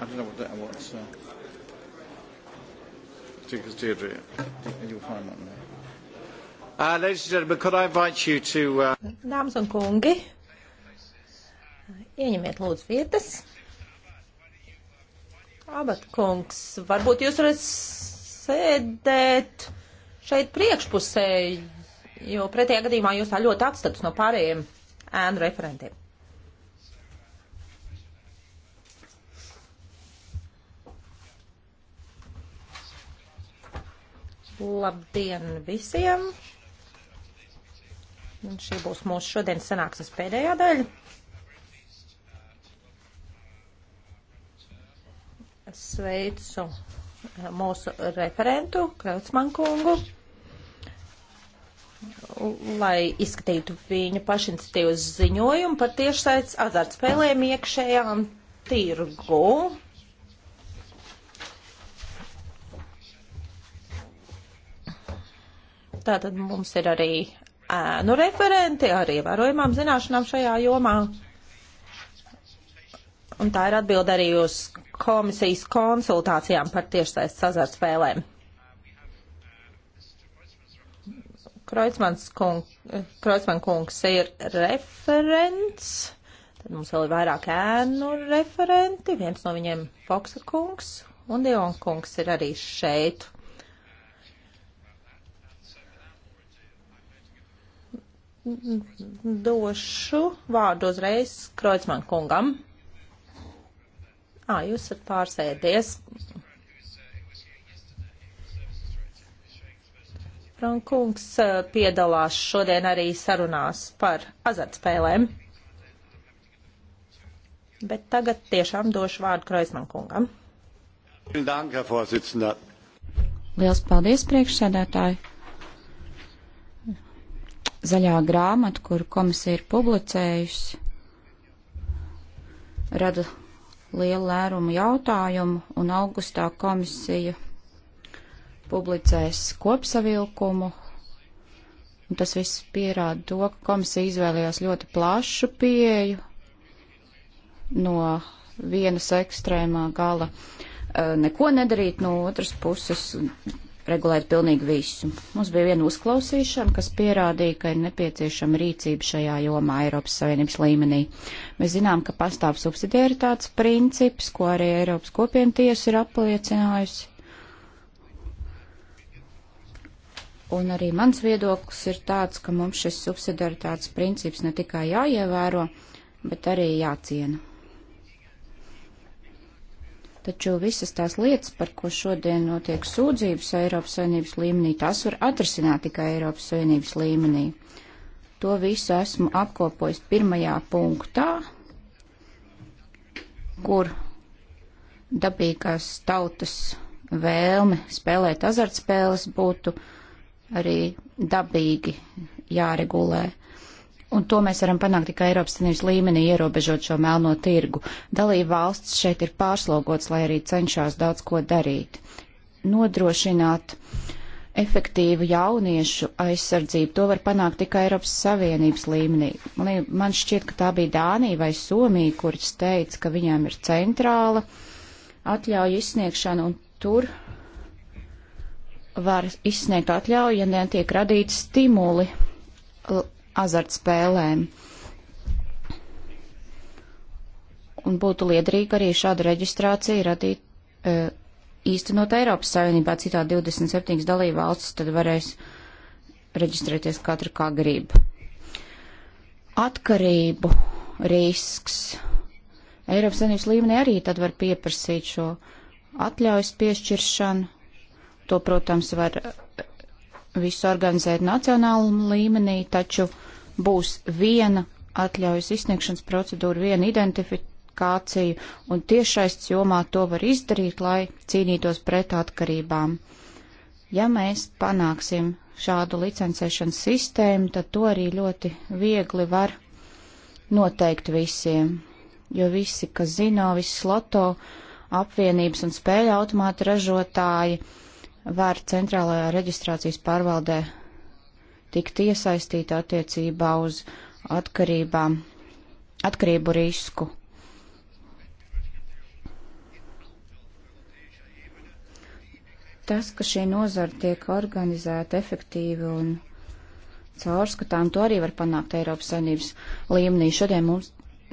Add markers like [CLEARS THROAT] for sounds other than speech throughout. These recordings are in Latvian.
I don't know what that was. Uh, because Deirdre, you'll find one there. Uh, ladies and gentlemen, could I invite you to... Uh... Dāmas un kungi, ieņemiet lūdzu vietas. Abat kungs, varbūt jūs varat sēdēt šeit priekšpusē, jo pretējā gadījumā jūs tā ļoti atstatus no pārējiem ēnu referentiem. Labdien visiem! Un šī būs mūsu šodienas sanāksmes pēdējā daļa. Sveicu eh, mūsu referentu, Krautsmankungu, lai izskatītu viņa pašiniciatīvas ziņojumu par tiešsaits azartspēlēm iekšējām tirgu. Tātad mums ir arī ēnu referenti ar ievērojumām zināšanām šajā jomā. Un tā ir atbilde arī uz komisijas konsultācijām par tiešsaistes azartspēlēm. Kreutzmanns kung, Kreutzmann kungs ir referents, tad mums vēl ir vairāk ēnu referenti, viens no viņiem Foksa kungs un Dion kungs ir arī šeit. došu vārdu uzreiz Kreutzmann kungam. Ā, jūs esat pārsēdies. Frankungs piedalās šodien arī sarunās par azartspēlēm. Bet tagad tiešām došu vārdu Kreuzman kungam. Liels paldies, priekšsēdētāji! zaļā grāmata, kur komisija ir publicējusi, rada lielu lērumu jautājumu, un augustā komisija publicēs kopsavilkumu. Un tas viss pierāda to, ka komisija izvēlējās ļoti plašu pieeju no vienas ekstrēmā gala eh, neko nedarīt, no otras puses regulēt pilnīgi visu. Mums bija viena uzklausīšana, kas pierādīja, ka ir nepieciešama rīcība šajā jomā Eiropas Savienības līmenī. Mēs zinām, ka pastāv subsidiaritātes princips, ko arī Eiropas kopientiesa ir apliecinājusi. Un arī mans viedoklis ir tāds, ka mums šis subsidiaritātes princips ne tikai jāievēro, bet arī jāciena taču visas tās lietas, par ko šodien notiek sūdzības Eiropas Savienības līmenī, tās var atrisināt tikai Eiropas Savienības līmenī. To visu esmu apkopojis pirmajā punktā, kur dabīgās tautas vēlme spēlēt azartspēles būtu arī dabīgi jāregulē. Uh, un to mēs varam panākt tikai Eiropas Savienības līmenī, ierobežot šo melno tirgu. Dalība valsts šeit ir pārslogots, lai arī cenšas daudz ko darīt. Nodrošināt efektīvu jauniešu aizsardzību, to var panākt tikai Eiropas Savienības līmenī. Man šķiet, ka tā bija Dānija vai Somija, kuras teica, ka viņām ir centrāla atļauja izsniegšana, un tur var izsniegt atļauju, ja netiek radīti stimuli azartspēlēm. Un būtu liederīgi arī šāda reģistrācija radīt, e, īstenot Eiropas Savienībā, citā 27 dalību valstis tad varēs reģistrēties katra kā grib. Atkarību risks. Eiropas Savienības līmenī arī tad var pieprasīt šo atļaujas piešķiršanu. To, protams, var visu organizēt nacionālu līmenī, taču būs viena atļaujas izsniegšanas procedūra, viena identifikācija, un tiešais jomā to var izdarīt, lai cīnītos pret atkarībām. Ja mēs panāksim šādu licencēšanas sistēmu, tad to arī ļoti viegli var noteikt visiem, jo visi, kas zina, visas loto apvienības un spēļu automāta ražotāji, uh, var centrālajā reģistrācijas pārvaldē tikt iesaistīta attiecībā uz atkarībām, atkarību risku. Tas, ka šī nozara tiek organizēta efektīvi un caurskatām, to arī var panākt Eiropas saimnības līmenī. Šodien mums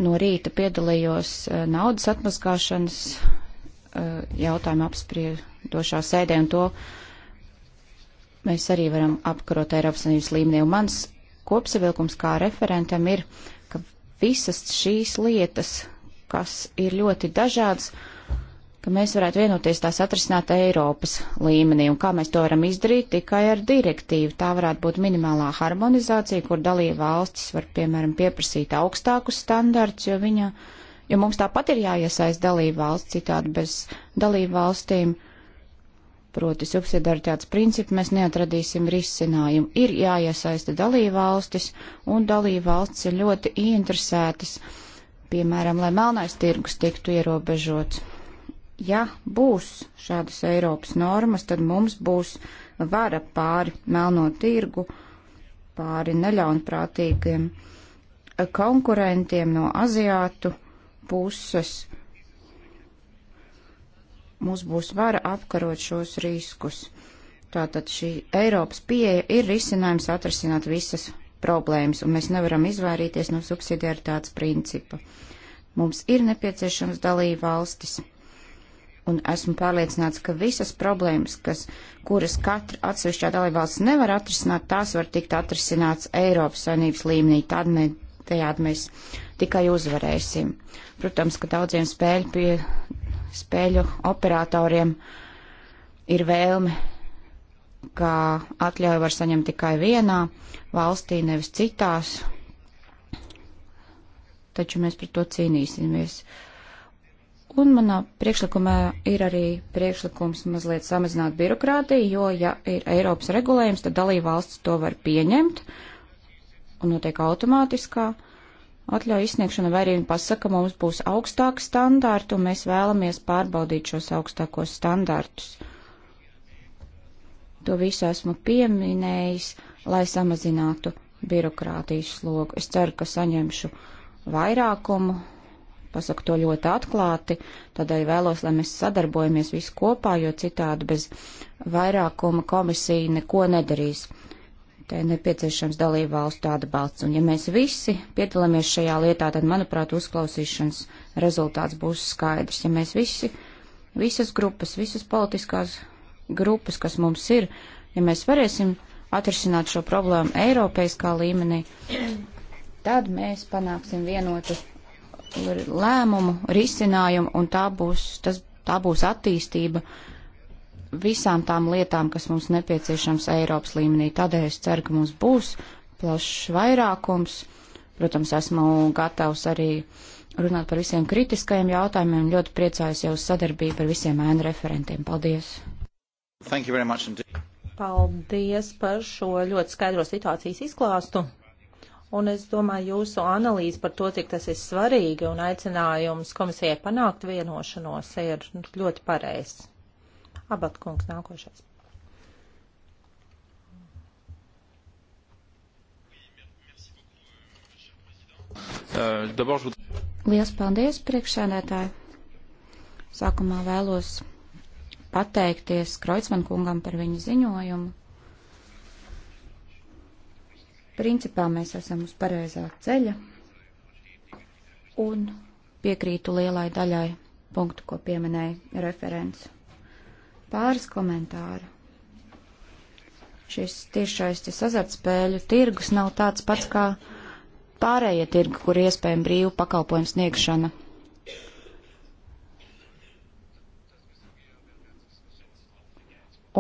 no rīta piedalījos eh, naudas atmaskāšanas Eh, jautājumu apspriedošā sēdē, un to mēs arī varam apkarot Eiropas Savienības līmenī. Un mans kopsavilkums kā referentam ir, ka visas šīs lietas, kas ir ļoti dažādas, ka mēs varētu vienoties tās atrisināt Eiropas līmenī, un kā mēs to varam izdarīt tikai ar direktīvu. Tā varētu būt minimālā harmonizācija, kur dalība valstis var, piemēram, pieprasīt augstākus standarts, jo viņa uh, jo mums tāpat ir jāiesaist dalību valsts citādi bez dalību valstīm. Proti subsidaritātes principu mēs neatradīsim risinājumu. Ir jāiesaista dalību valstis, un dalību valstis ir ļoti interesētas, piemēram, lai melnais tirgus tiktu ierobežots. Ja būs šādas Eiropas normas, tad mums būs vara pāri melno tirgu, pāri neļaunprātīgiem konkurentiem no Aziātu puses mums būs vara apkarot šos riskus. Tātad šī Eiropas pieeja ir risinājums atrasināt visas problēmas, un mēs nevaram izvairīties no subsidiaritātes principa. Mums ir nepieciešams dalība valstis, un esmu pārliecināts, ka visas problēmas, kas, kuras katra atsevišķā dalība valsts nevar atrisināt, tās var tikt atrisināts Eiropas saimnības līmenī. Tad mē, tajādi mēs tikai uzvarēsim. Protams, ka daudziem spēļu, pie, spēļu operatoriem ir vēlme, ka atļauju var saņemt tikai vienā valstī, nevis citās, taču mēs pret to cīnīsimies. Un manā priekšlikumā ir arī priekšlikums mazliet samazināt birokrātiju, jo, ja ir Eiropas regulējums, tad dalība valsts to var pieņemt un notiek automātiskā. Uh, atļauju izsniegšana vai arī pasaka, ka mums būs augstāki standārti un mēs vēlamies pārbaudīt šos augstākos standārtus. To visu esmu pieminējis, lai samazinātu birokrātijas slogu. Es ceru, ka saņemšu vairākumu, pasaku to ļoti atklāti, tādēļ vēlos, lai mēs sadarbojamies visi kopā, jo citādi bez vairākuma komisija neko nedarīs. Te ir nepieciešams dalību valstu atbalsts. Un ja mēs visi piedalāmies šajā lietā, tad, manuprāt, uzklausīšanas rezultāts būs skaidrs. Ja mēs visi, visas grupas, visas politiskās grupas, kas mums ir, ja mēs varēsim atrisināt šo problēmu Eiropeiskā līmenī, tad mēs panāksim vienotu lēmumu, risinājumu, un tā būs, tas, tā būs attīstība. Uh, visām tām lietām, kas mums nepieciešams Eiropas līmenī. Tādēļ es ceru, ka mums būs plašs vairākums. Protams, esmu gatavs arī runāt par visiem kritiskajiem jautājumiem un ļoti priecājos jau uz sadarbību ar visiem ēnu referentiem. Paldies! Paldies par šo ļoti skaidro situācijas izklāstu. Un es domāju, jūsu analīze par to, cik tas ir svarīgi un aicinājums komisijai panākt vienošanos ir ļoti pareizs. Abat kungs nākošais. Uh, Lielas paldies, priekšsēdētāji! Sākumā vēlos pateikties Kreutzmann kungam par viņa ziņojumu. Principā mēs esam uz pareizā ceļa un piekrītu lielai daļai punktu, ko pieminēja referents. Pāris komentāru. Šis tiešsaistes azartspēļu tirgus nav tāds pats kā pārējie tirgi, kur iespējama brīva pakalpojuma sniegšana.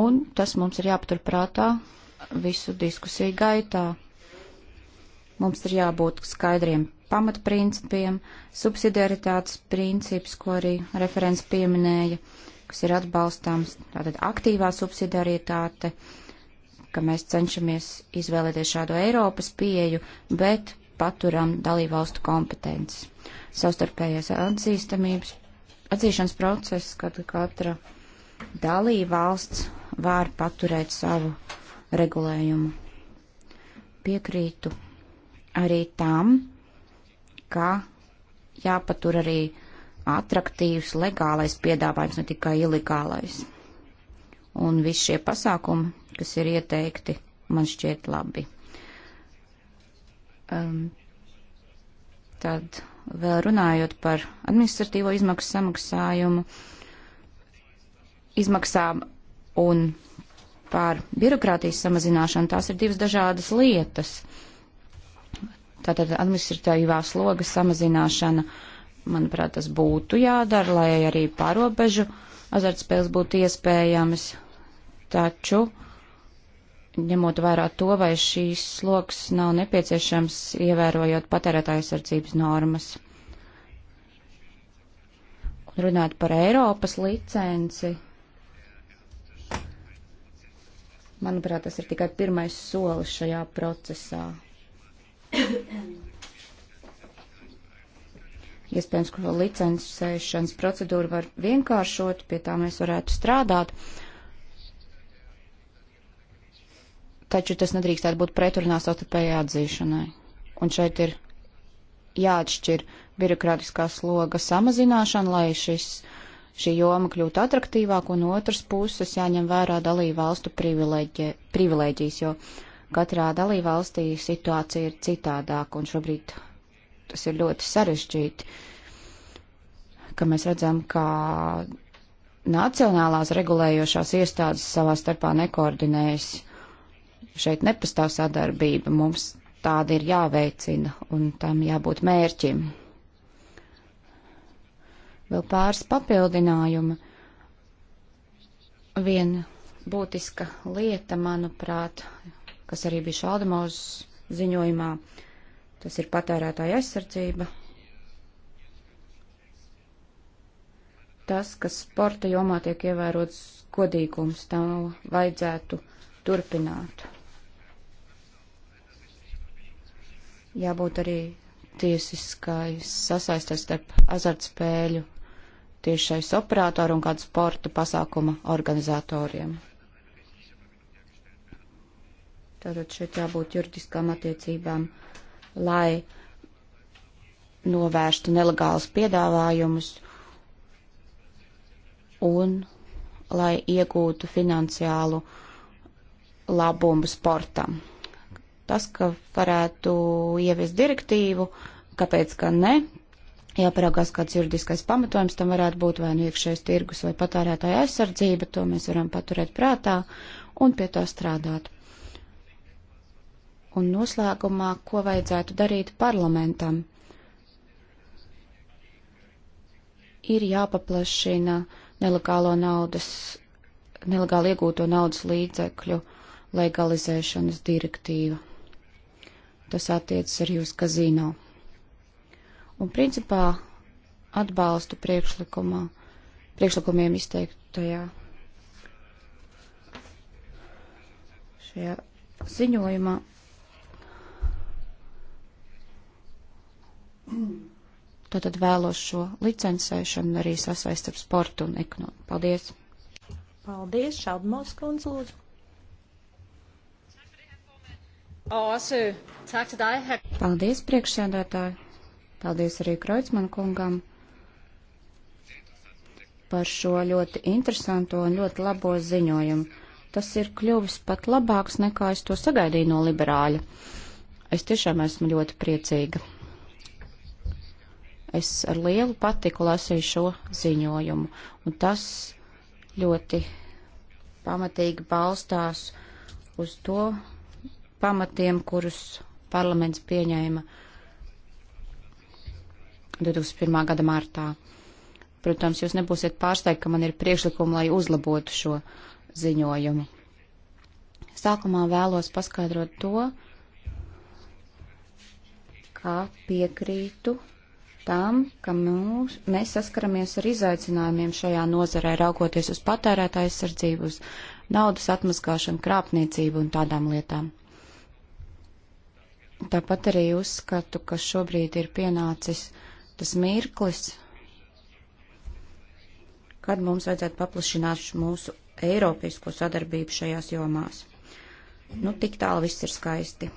Un tas mums ir jāpatur prātā visu diskusiju gaitā. Mums ir jābūt skaidriem pamatprincipiem, subsidiaritātes princips, ko arī referents pieminēja. Uh, kas ir atbalstāms, tātad aktīvā subsidiarietāte, ka mēs cenšamies izvēlēties šādu Eiropas pieju, bet paturam dalībvalstu kompetences. Savstarpējais atzīstamības, atzīšanas process, kad katra dalībvalsts var paturēt savu regulējumu. Piekrītu arī tam, ka jāpatur arī attraktīvs legālais piedāvājums, ne tikai ilegālais. Un visi šie pasākumi, kas ir ieteikti, man šķiet labi. Um, tad vēl runājot par administratīvo izmaksu samaksājumu, izmaksām un par birokrātijas samazināšanu, tās ir divas dažādas lietas. Tātad administratīvā sloga samazināšana uh, Manuprāt, tas būtu jādara, lai arī pārobežu azartspēles būtu iespējamas. Taču, ņemot vērā to, vai šīs sloks nav nepieciešams, ievērojot patērētāju sardzības normas. Un runāt par Eiropas licenci. Manuprāt, tas ir tikai pirmais solis šajā procesā. Iespējams, ka licencēšanas procedūru var vienkāršot, pie tā mēs varētu strādāt. Taču tas nedrīkstētu būt pretrunā sastapējai atzīšanai. Un šeit ir jāatšķir birokrātiskā sloga samazināšana, lai šis, šī joma kļūtu atraktīvāka, un otrs puses jāņem vērā dalību valstu privilēģijas, jo katrā dalību valstī situācija ir citādāka, un šobrīd tas ir ļoti sarežģīti, ka mēs redzam, ka nacionālās regulējošās iestādes savā starpā nekoordinējas. Šeit nepastāv sadarbība, mums tāda ir jāveicina un tam jābūt mērķim. Vēl pāris papildinājumi. Viena būtiska lieta, manuprāt, kas arī bija Šaldemovas ziņojumā, uh, Tas ir patērētāja aizsardzība. Tas, kas sporta jomā tiek ievērots godīgums, tam vajadzētu turpināt. Jābūt arī tiesiskai sasaistē starp azartspēļu tiešais operātoru un kādu sporta pasākuma organizatoriem. Tātad šeit jābūt juridiskām attiecībām lai novērstu nelegālus piedāvājumus un lai iegūtu finansiālu labumu sportam. Tas, ka varētu ieviest direktīvu, kāpēc gan ne, jāparaugās kāds juridiskais pamatojums tam varētu būt vai nu iekšējais tirgus vai patērētāja aizsardzība, to mēs varam paturēt prātā un pie tā strādāt. Un noslēgumā, ko vajadzētu darīt parlamentam? Ir jāpaplašina nelegālo naudas, nelegāli iegūto naudas līdzekļu legalizēšanas direktīva. Tas attiecas arī uz kazino. Un principā atbalstu priekšlikumā, priekšlikumiem izteiktajā šajā ziņojumā Tātad vēlos šo licencēšanu arī sasaist ar sportu un ekonomiku. Paldies! Paldies, Šaldmos kundz, lūdzu! Paldies, priekšsēdētāji! Paldies arī Kreutzmanu kungam par šo ļoti interesanto un ļoti labo ziņojumu. Tas ir kļuvis pat labāks nekā es to sagaidīju no liberāļa. Es tiešām esmu ļoti priecīga. Es ar lielu patiku lasīju šo ziņojumu, un tas ļoti pamatīgi balstās uz to pamatiem, kurus parlaments pieņēma 2001. gada martā. Protams, jūs nebūsiet pārsteigti, ka man ir priekšlikumi, lai uzlabotu šo ziņojumu. Sākumā vēlos paskaidrot to, kā piekrītu tam, ka mūs, mēs saskaramies ar izaicinājumiem šajā nozarē, raugoties uz patērētāju aizsardzību, uz naudas atmaskāšanu, krāpniecību un tādām lietām. Tāpat arī uzskatu, ka šobrīd ir pienācis tas mirklis, kad mums vajadzētu paplašināt mūsu eiropeisko sadarbību šajās jomās. Nu, tik tālu viss ir skaisti.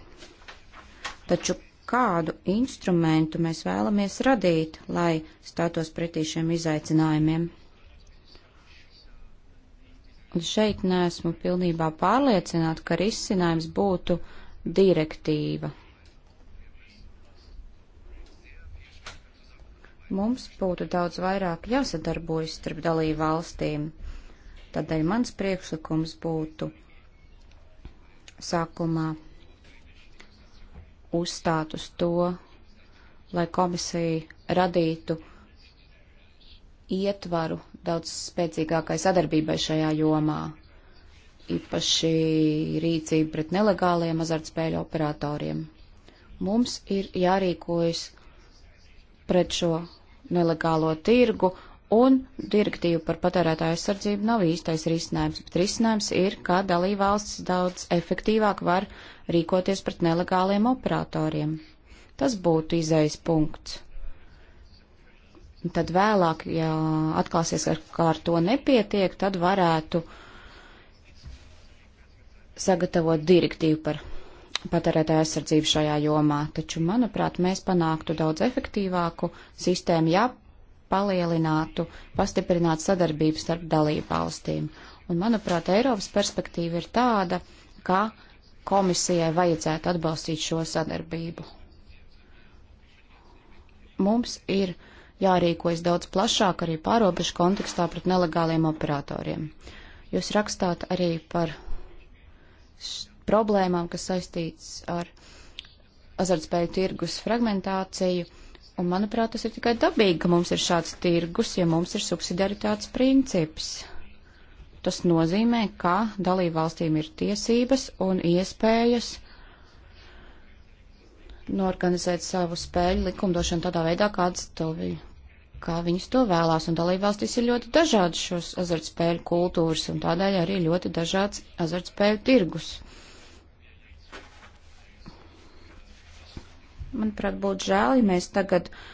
Taču kādu instrumentu mēs vēlamies radīt, lai stātos pretī šiem izaicinājumiem. Un šeit nesmu pilnībā pārliecināta, ka risinājums būtu direktīva. Mums būtu daudz vairāk jāsadarbojas starp dalību valstīm. Tādēļ mans priekšlikums būtu sākumā uzstāt uz to, lai komisija radītu ietvaru daudz spēcīgākai sadarbībai šajā jomā, īpaši rīcība pret nelegāliem azartspēļu operatoriem. Mums ir jārīkojas pret šo nelegālo tirgu, un direktīva par patērētāju aizsardzību nav īstais risinājums, bet risinājums ir, kā dalībvalsts daudz efektīvāk var uh, rīkoties pret nelegāliem operatoriem. Tas būtu izējas punkts. Un tad vēlāk, ja atklāsies, ka ar to nepietiek, tad varētu sagatavot direktīvu par patērētāja aizsardzību šajā jomā. Taču, manuprāt, mēs panāktu daudz efektīvāku sistēmu, ja palielinātu, pastiprinātu sadarbību starp dalību valstīm. Un, manuprāt, Eiropas perspektīva ir tāda, ka komisijai vajadzētu atbalstīt šo sadarbību. Mums ir jārīkojas daudz plašāk arī pārobežu kontekstā pret nelegāliem operatoriem. Jūs rakstāt arī par problēmām, kas saistīts ar azartspēju tirgus fragmentāciju, un manuprāt, tas ir tikai dabīgi, ka mums ir šāds tirgus, ja mums ir subsidiaritātes princips. Tas nozīmē, ka dalībvalstīm ir tiesības un iespējas norganizēt savu spēļu likumdošanu tādā veidā, kāds to viņu, kā viņas to vēlās. Un dalībvalstīs ir ļoti dažādas šos azartspēļu kultūras un tādēļ arī ļoti dažāds azartspēļu tirgus. Manuprāt, būtu žēl, ja mēs tagad uh,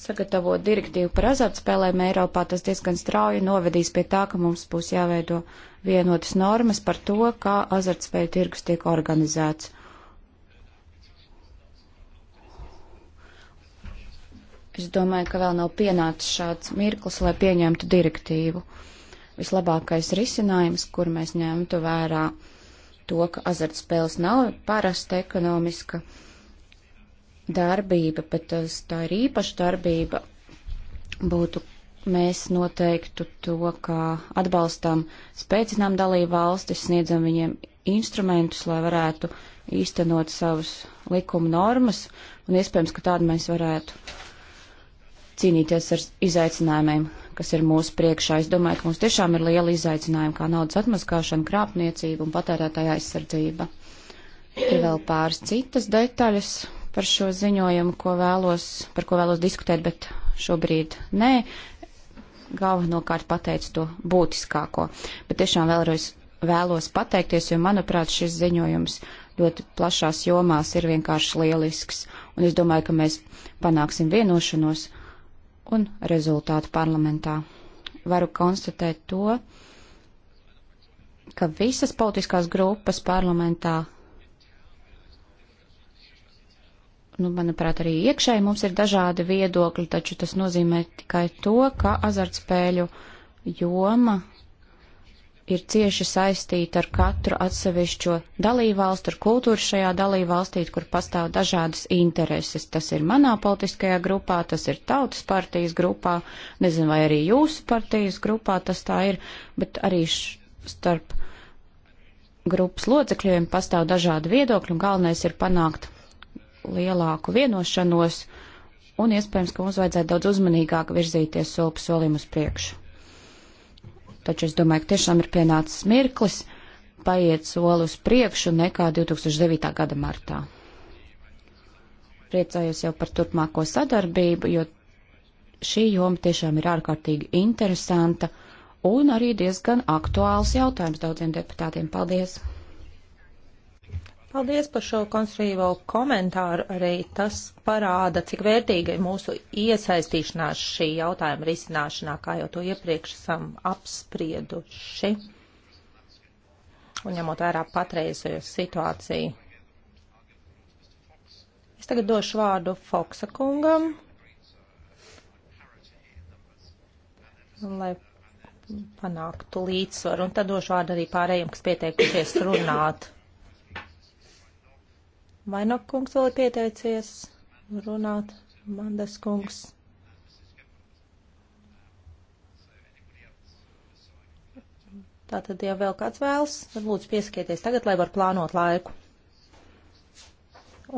sagatavot direktīvu par azartspēlēm Eiropā, tas diezgan strauji novedīs pie tā, ka mums būs jāveido vienotas normas par to, kā azartspēļu tirgus tiek organizēts. Es domāju, ka vēl nav pienācis šāds mirklis, lai pieņemtu direktīvu. Vislabākais risinājums, kur mēs ņemtu vērā to, ka azartspēles nav parasta ekonomiska uh, darbība, bet tas, tā ir īpaša darbība, būtu mēs noteiktu to, kā atbalstam, spēcinām dalību valstis, sniedzam viņiem instrumentus, lai varētu īstenot savas likuma normas, un iespējams, ka tādu mēs varētu cīnīties ar izaicinājumiem, kas ir mūsu priekšā. Es domāju, ka mums tiešām ir liela izaicinājuma, kā naudas atmaskāšana, krāpniecība un patērētāja aizsardzība. Ir vēl pāris citas detaļas, par šo ziņojumu, ko vēlos, par ko vēlos diskutēt, bet šobrīd nē. Galvenokārt pateicu to būtiskāko. Bet tiešām vēlreiz vēlos pateikties, jo, manuprāt, šis ziņojums ļoti plašās jomās ir vienkārši lielisks. Un es domāju, ka mēs panāksim vienošanos un rezultātu parlamentā. Varu konstatēt to, ka visas politiskās grupas parlamentā nu, manuprāt, arī iekšēji mums ir dažādi viedokļi, taču tas nozīmē tikai to, ka azartspēļu joma ir cieši saistīta ar katru atsevišķo dalībvalstu, ar kultūru šajā dalībvalstī, kur pastāv dažādas intereses. Tas ir manā politiskajā grupā, tas ir tautas partijas grupā, nezinu, vai arī jūsu partijas grupā tas tā ir, bet arī starp grupas locekļiem pastāv dažādi viedokļi un galvenais ir panākt lielāku vienošanos, un iespējams, ka mums vajadzētu daudz uzmanīgāk virzīties soli pa solim uz priekšu. Taču es domāju, ka tiešām ir pienācis mirklis paiet soli uz priekšu nekā 2009. gada martā. Priecājos jau par turpmāko sadarbību, jo šī joma tiešām ir ārkārtīgi interesanta un arī diezgan aktuāls jautājums daudziem deputātiem. Paldies! Paldies par šo konstruktīvo komentāru. Arī tas parāda, cik vērtīga ir mūsu iesaistīšanās šī jautājuma risināšanā, kā jau to iepriekš esam apsprieduši. Un ņemot vērā patreizējo situāciju. Es tagad došu vārdu Foksa kungam, lai panāktu līdzsvaru, un tad došu vārdu arī pārējiem, kas pieteikušies runāt. Vainok kungs vēl ir pieteicies runāt. Mandas kungs. Tātad, ja vēl kāds vēlas, tad lūdzu pieskieties tagad, lai var plānot laiku.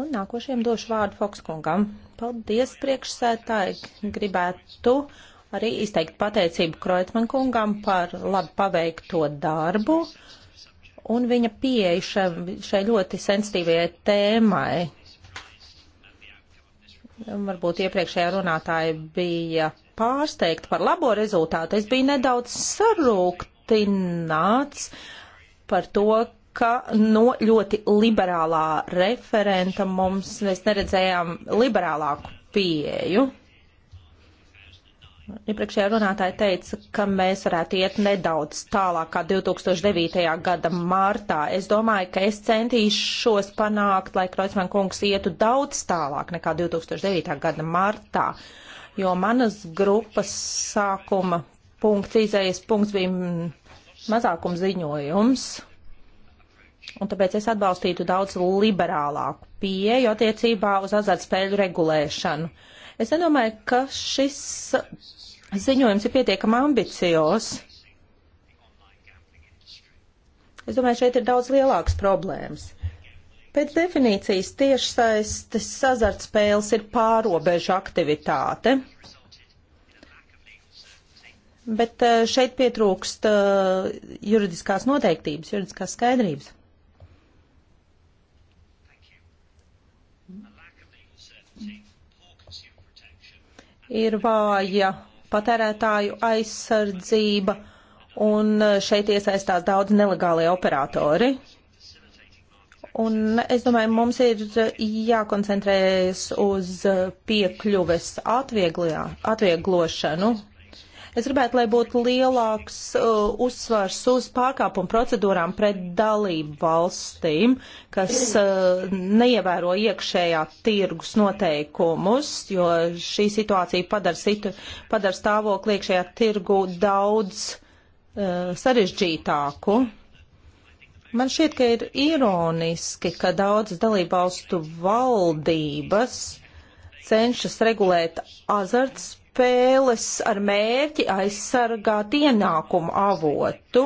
Un nākošiem došu vārdu Fokskungam. Paldies priekšsētāji. Gribētu arī izteikt pateicību Kroitman kungam par labi paveikto darbu. Uh, un viņa pieeja šai, šai ļoti sensitīvajai tēmai. Varbūt iepriekšējā runātāja bija pārsteigta par labo rezultātu. Es biju nedaudz sarūktināts par to, ka no ļoti liberālā referenta mums mēs neredzējām liberālāku pieeju. Iepriekšējā runātāja teica, ka mēs varētu iet nedaudz tālāk kā 2009. gada martā. Es domāju, ka es centīšos panākt, lai Kreutzmann kungs ietu daudz tālāk nekā 2009. gada martā, jo manas grupas sākuma punkts, izējas punkts bija mazākums ziņojums. Un tāpēc es atbalstītu daudz liberālāku pieeju attiecībā uz azartspēļu regulēšanu. Es nedomāju, ka šis ziņojums ir pietiekami ambiciozs. Es domāju, šeit ir daudz lielākas problēmas. Pēc definīcijas tiešsaistes azartspēles ir pārobežu aktivitāte, bet eh, šeit pietrūkst eh, juridiskās noteiktības, juridiskās skaidrības. Ir vāja patērētāju aizsardzība, un šeit iesaistās daudz nelegālie operatori. Un es domāju, mums ir jākoncentrējas uz piekļuves atvieglošanu Es gribētu, lai būtu lielāks uh, uzsvars uz pārkāpumu procedūrām pret dalību valstīm, kas uh, neievēro iekšējā tirgus noteikumus, jo šī situācija padara, situ, padara stāvokli iekšējā tirgu daudz uh, sarežģītāku. Man šķiet, ka ir ironiski, ka daudzas dalībvalstu valdības cenšas regulēt azarts spēles ar mērķi aizsargāt ienākumu avotu.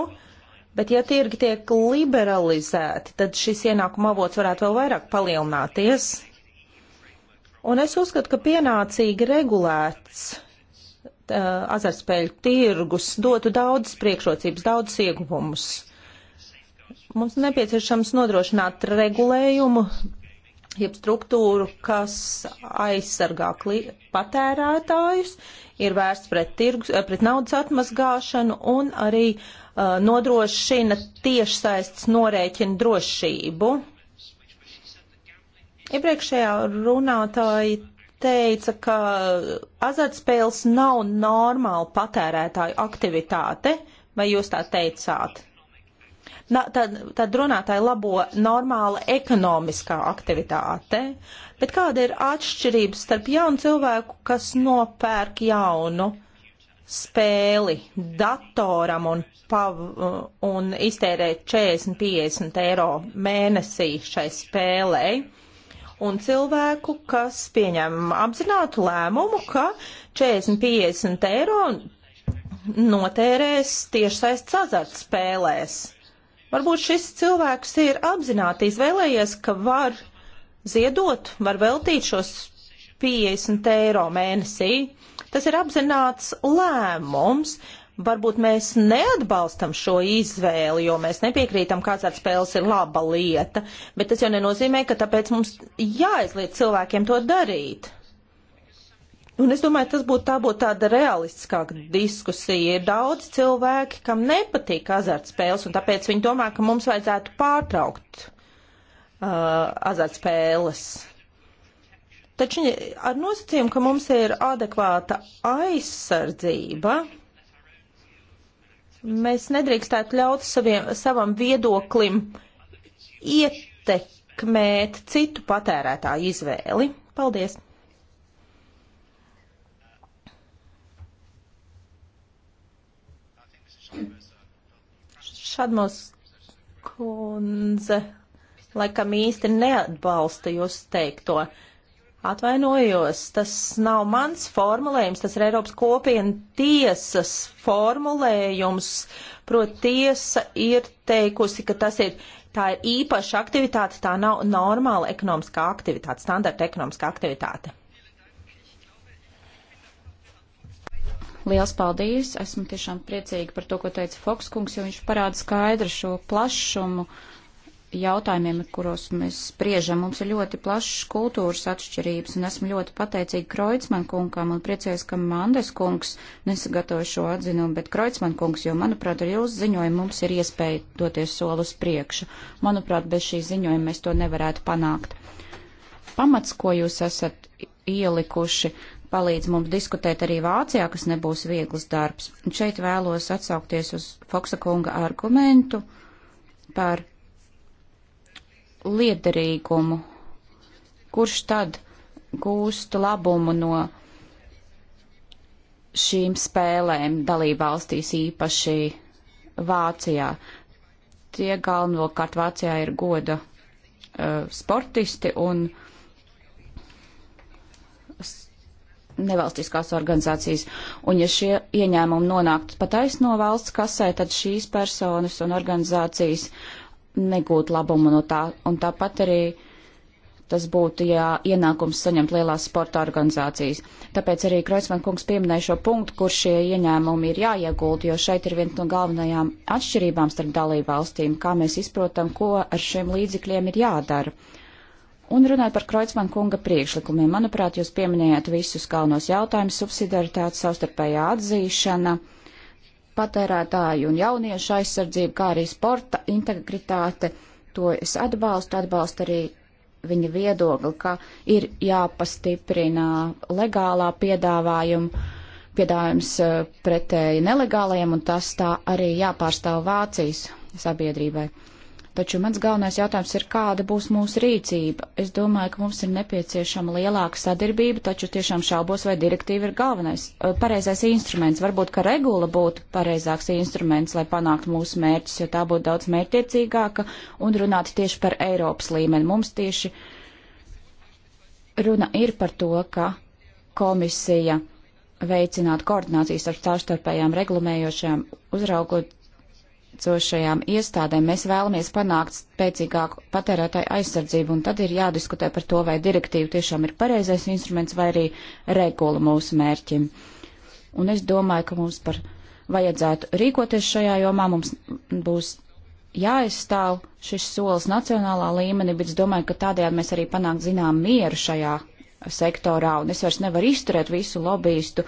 Bet, ja tirgi tiek liberalizēti, tad šis ienākuma avots varētu vēl vairāk palielināties. Un es uzskatu, ka pienācīgi regulēts uh, azartspēļu tirgus dotu daudz priekšrocības, daudz ieguvumus. Mums nepieciešams nodrošināt regulējumu jeb struktūru, kas aizsargā patērētājus, ir vērsts pret, tirgus, eh, pret naudas atmazgāšanu un arī uh, nodrošina tiešsaistes norēķinu drošību. Iepriekšējā runātāji teica, ka azartspēles nav normāla patērētāju aktivitāte, vai jūs tā teicāt? Na, tad, tad runātāji labo normāla ekonomiskā aktivitāte, bet kāda ir atšķirība starp jaunu cilvēku, kas nopērk jaunu spēli datoram un, pav, un iztērē 40-50 eiro mēnesī šai spēlei? un cilvēku, kas pieņem apzinātu lēmumu, ka 40-50 eiro notērēs tiešsaistes azartspēlēs. Varbūt šis cilvēks ir apzināti izvēlējies, ka var ziedot, var veltīt šos 50 eiro mēnesī. Tas ir apzināts lēmums. Varbūt mēs neatbalstam šo izvēli, jo mēs nepiekrītam, kāds ar spēles ir laba lieta, bet tas jau nenozīmē, ka tāpēc mums jāizliet cilvēkiem to darīt. Un es domāju, tas būtu tā būtu tāda realistiskāka diskusija. Ir daudz cilvēki, kam nepatīk azartspēles, un tāpēc viņi domā, ka mums vajadzētu pārtraukt uh, azartspēles. Taču ar nosacījumu, ka mums ir adekvāta aizsardzība, mēs nedrīkstētu ļaut saviem, savam viedoklim ietekmēt citu patērētāju izvēli. Paldies! Šadmos kundze laikam īsti neatbalsta jūs teikto. Atvainojos, tas nav mans formulējums, tas ir Eiropas kopiena tiesas formulējums. Proti, tiesa ir teikusi, ka tas ir, tā ir īpaša aktivitāte, tā nav normāla ekonomiskā aktivitāte, standarta ekonomiskā aktivitāte. Liels paldies! Esmu tiešām priecīga par to, ko teica Fokskungs, jo viņš parāda skaidru šo plašumu jautājumiem, kuros mēs spriežam. Mums ir ļoti plašas kultūras atšķirības, un esmu ļoti pateicīga Kreutzmann kungam un priecājos, ka Mandes kungs nesagatavoja šo atzinumu, bet Kreutzmann kungs, jo, manuprāt, ar jūsu ziņojumu mums ir iespēja doties soli uz priekšu. Manuprāt, bez šī ziņojuma mēs to nevarētu panākt. Pamats, ko jūs esat ielikuši, palīdz mums diskutēt arī Vācijā, kas nebūs viegls darbs. Un šeit vēlos atsaukties uz Foksa kunga argumentu par liederīgumu, kurš tad gūst labumu no šīm spēlēm dalībvalstīs īpaši Vācijā. Tie galvenokārt Vācijā ir goda uh, sportisti un uh, nevalstiskās organizācijas. Un ja šie ieņēmumi nonāktu patais no valsts kasē, tad šīs personas un organizācijas negūtu labumu no tā. Un tāpat arī tas būtu, ja ienākums saņemt lielās sporta organizācijas. Tāpēc arī Kreisman kungs pieminēja šo punktu, kur šie ieņēmumi ir jāiegulda, jo šeit ir viena no galvenajām atšķirībām starp dalību valstīm, kā mēs izprotam, ko ar šiem līdzekļiem ir jādara. Un runāt par Kreutzmann kunga priekšlikumiem. Manuprāt, jūs pieminējāt visus galvenos jautājumus - subsidiaritāte, savstarpējā atzīšana, patērētāju un jauniešu aizsardzība, kā arī sporta integritāte. To es atbalstu, atbalstu arī viņa viedokli, ka ir jāpastiprina legālā piedāvājuma piedāvājums eh, pretēji nelegālajiem, un tas tā arī jāpārstāv Vācijas sabiedrībai. Taču mans galvenais jautājums ir, kāda būs mūsu rīcība. Es domāju, ka mums ir nepieciešama lielāka sadarbība, taču tiešām šaubos, vai direktīva ir galvenais, eh, pareizais instruments. Varbūt, ka regula būtu pareizāks instruments, lai panāktu mūsu mērķus, jo tā būtu daudz mērķiecīgāka un runātu tieši par Eiropas līmeni. Mums tieši runa ir par to, ka komisija veicinātu koordinācijas ar starptautējām regulējošajām uzraugot cošajām iestādēm mēs vēlamies panākt spēcīgāku patērētāju aizsardzību, un tad ir jādiskutē par to, vai direktīva tiešām ir pareizais instruments vai arī regula mūsu mērķim. Un es domāju, ka mums par vajadzētu rīkoties šajā jomā, mums būs jāizstāv šis solis nacionālā līmenī, bet es domāju, ka tādējādi mēs arī panākt zinām mieru šajā sektorā, un es vairs nevaru izturēt visu lobbyistu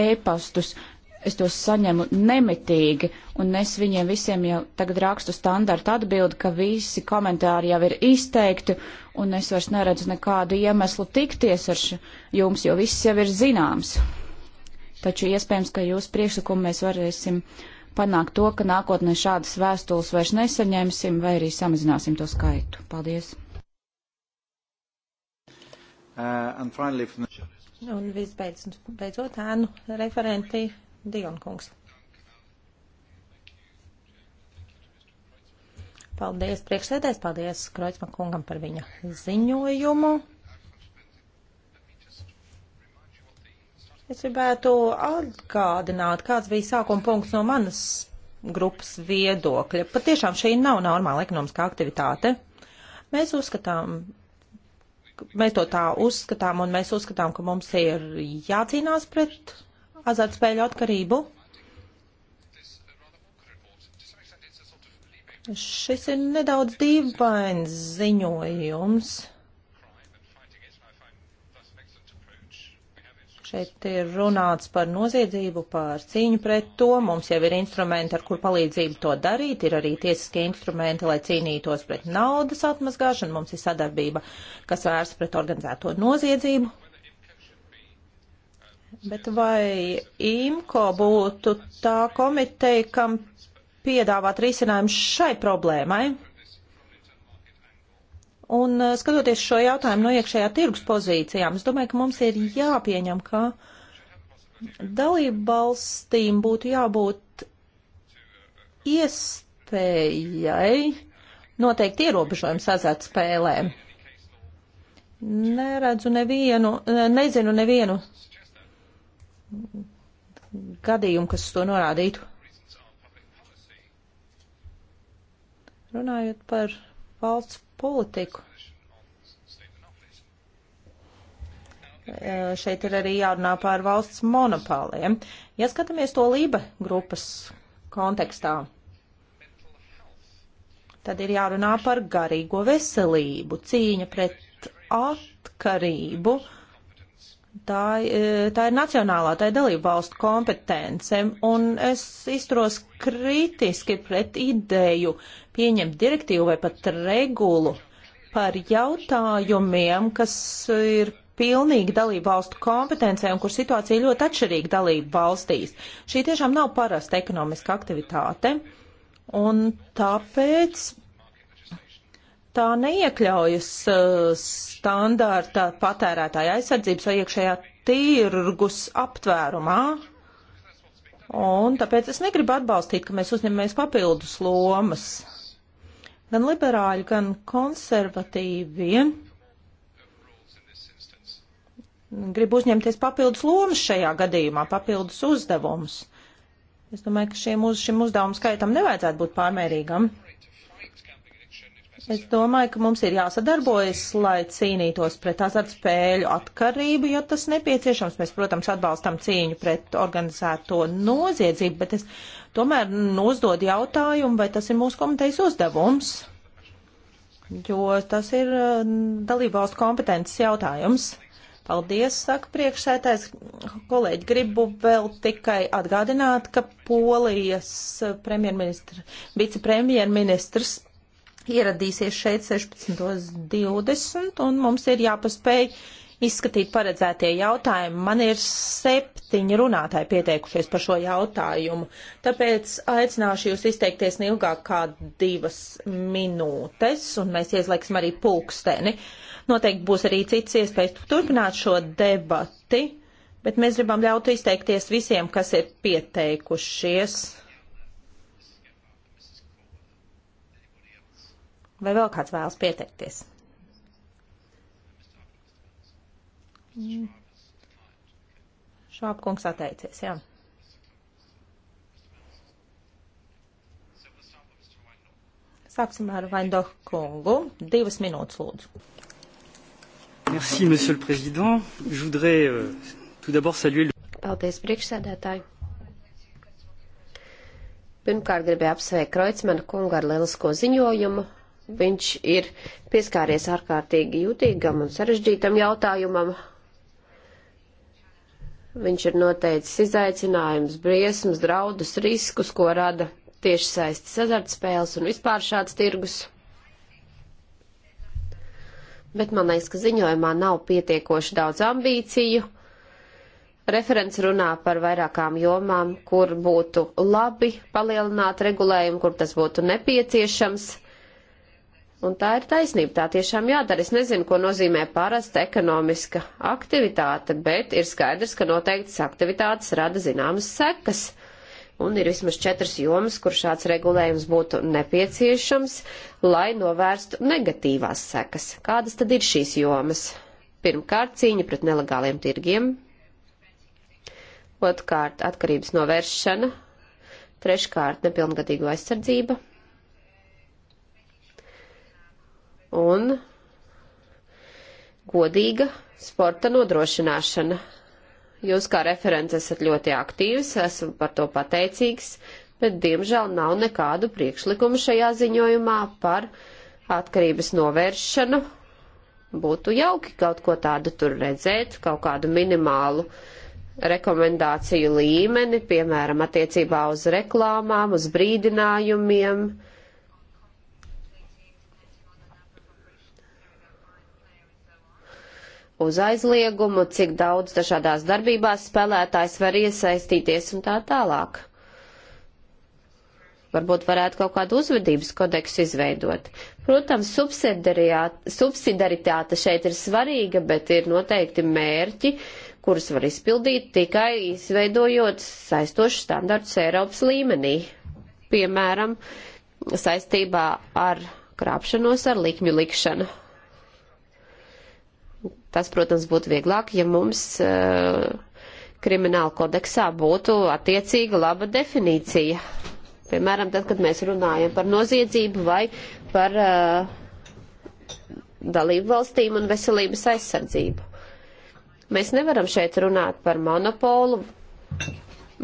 ēpastus, e es tos saņemu nemitīgi, un es viņiem visiem jau tagad rakstu standartu atbildi, ka visi komentāri jau ir izteikti, un es vairs neredzu nekādu iemeslu tikties ar jums, jo viss jau ir zināms. Taču iespējams, ka jūs priekšlikumu mēs varēsim panākt to, ka nākotnē šādas vēstules vairs nesaņemsim vai arī samazināsim to skaitu. Paldies! Uh, finally... Un visbeidzot, ēnu referenti Dionkungs. Paldies priekšsēdēs, paldies Kroicma kungam par viņa ziņojumu. Es gribētu atgādināt, kāds bija sākuma punkts no manas grupas viedokļa. Patiešām šī nav normāla ekonomiskā aktivitāte. Mēs uzskatām, mēs to tā uzskatām un mēs uzskatām, ka mums ir jācīnās pret azartspēļu atkarību. Šis ir nedaudz dīvains ziņojums. Šeit ir runāts par noziedzību, par cīņu pret to. Mums jau ir instrumenti, ar kur palīdzību to darīt. Ir arī tiesiskie instrumenti, lai cīnītos pret naudas atmazgāšanu. Mums ir sadarbība, kas vērsta pret organizēto noziedzību. Bet vai IMCO būtu tā komiteja, kam piedāvāt risinājumu šai problēmai? Un eh, skatoties šo jautājumu no iekšējā tirgus pozīcijām, es domāju, ka mums ir jāpieņem, ka dalībvalstīm būtu jābūt iespējai noteikti ierobežojumu sazēt spēlēm. Neredzu nevienu, nezinu nevienu gadījumu, kas to norādītu. Runājot par valsts politiku. E, šeit ir arī jārunā par valsts monopāliem. Ja skatāmies to Lība grupas kontekstā, tad ir jārunā par garīgo veselību, cīņa pret atkarību, uh, Tā, e, tā ir nacionālā, tā ir dalība valstu kompetence, un es izturos kritiski pret ideju pieņemt direktīvu vai pat regulu par jautājumiem, kas ir pilnīgi dalību valstu kompetencē un kur situācija ļoti atšķirīga dalību valstīs. Šī tiešām nav parasta ekonomiska aktivitāte, un tāpēc tā neiekļaujas uh, standārta patērētāja aizsardzības vai iekšējā tirgus aptvērumā. Un tāpēc es negribu atbalstīt, ka mēs uzņemamies papildus lomas. Gan liberāļi, gan konservatīvi grib uzņemties papildus lomas šajā gadījumā, papildus uzdevumus. Es domāju, ka šiem uz, šim uzdevumu skaitam nevajadzētu būt pārmērīgam. Es domāju, ka mums ir jāsadarbojas, lai cīnītos pret azartspēļu atkarību, jo tas nepieciešams. Mēs, protams, atbalstam cīņu pret organizēto noziedzību, bet es tomēr uzdod jautājumu, vai tas ir mūsu komitejas uzdevums, jo tas ir uh, dalībvalstu kompetences jautājums. Paldies, saka priekšsētājs. Kolēģi, gribu vēl tikai atgādināt, ka Polijas premjerministra, vicepremjerministrs ieradīsies šeit 16.20 un mums ir jāpaspēj izskatīt paredzētie jautājumi. Man ir septiņi runātāji pieteikušies par šo jautājumu, tāpēc aicināšu jūs izteikties neilgāk kā divas minūtes un mēs ieslēgsim arī pulksteni. Noteikti būs arī cits iespējas turpināt šo debati, bet mēs gribam ļaut izteikties visiem, kas ir pieteikušies. Vai vēl kāds vēlas pieteikties? Šāpkungs atteicies, jā. Sāksim ar Vaindoh kungu. Divas minūtes lūdzu. Merci, monsieur le président. Je voudrais euh, tout d'abord saluer le... Paldies, priekšsēdētāji. Pirmkārt, gribēju apsveikt Kreutzmanu kungu ar lielisko ziņojumu Viņš ir pieskāries ārkārtīgi jutīgam un sarežģītam jautājumam. Viņš ir noteicis izaicinājums, briesmas, draudus, riskus, ko rada tieši saistas azartspēles un vispār šāds tirgus. Bet man liekas, ka ziņojumā nav pietiekoši daudz ambīciju. Referents runā par vairākām jomām, kur būtu labi palielināt regulējumu, kur tas būtu nepieciešams. Un tā ir taisnība, tā tiešām jādara. Es nezinu, ko nozīmē parasta ekonomiska aktivitāte, bet ir skaidrs, ka noteiktas aktivitātes rada zināmas sekas. Un ir vismaz četras jomas, kur šāds regulējums būtu nepieciešams, lai novērstu negatīvās sekas. Kādas tad ir šīs jomas? Pirmkārt, cīņa pret nelegāliem tirgiem. Otkārt, atkarības novēršana. Treškārt, nepilngadīgu aizsardzība un godīga sporta nodrošināšana. Jūs kā referents esat ļoti aktīvs, esmu par to pateicīgs, bet diemžēl nav nekādu priekšlikumu šajā ziņojumā par atkarības novēršanu. Būtu jauki kaut ko tādu tur redzēt, kaut kādu minimālu rekomendāciju līmeni, piemēram, attiecībā uz reklāmām, uz brīdinājumiem. Uh, uz aizliegumu, cik daudz dažādās darbībās spēlētājs var iesaistīties un tā tālāk. Varbūt varētu kaut kādu uzvedības kodeksu izveidot. Protams, subsidiaritāte šeit ir svarīga, bet ir noteikti mērķi, kurus var izpildīt tikai izveidojot saistošu standartus Eiropas līmenī. Piemēram, saistībā ar krāpšanos ar likmju likšanu. Tas, protams, būtu vieglāk, ja mums eh, krimināla kodeksā būtu attiecīga laba definīcija. Piemēram, tad, kad mēs runājam par noziedzību vai par uh, dalību valstīm un veselības aizsardzību. Mēs nevaram šeit runāt par monopolu.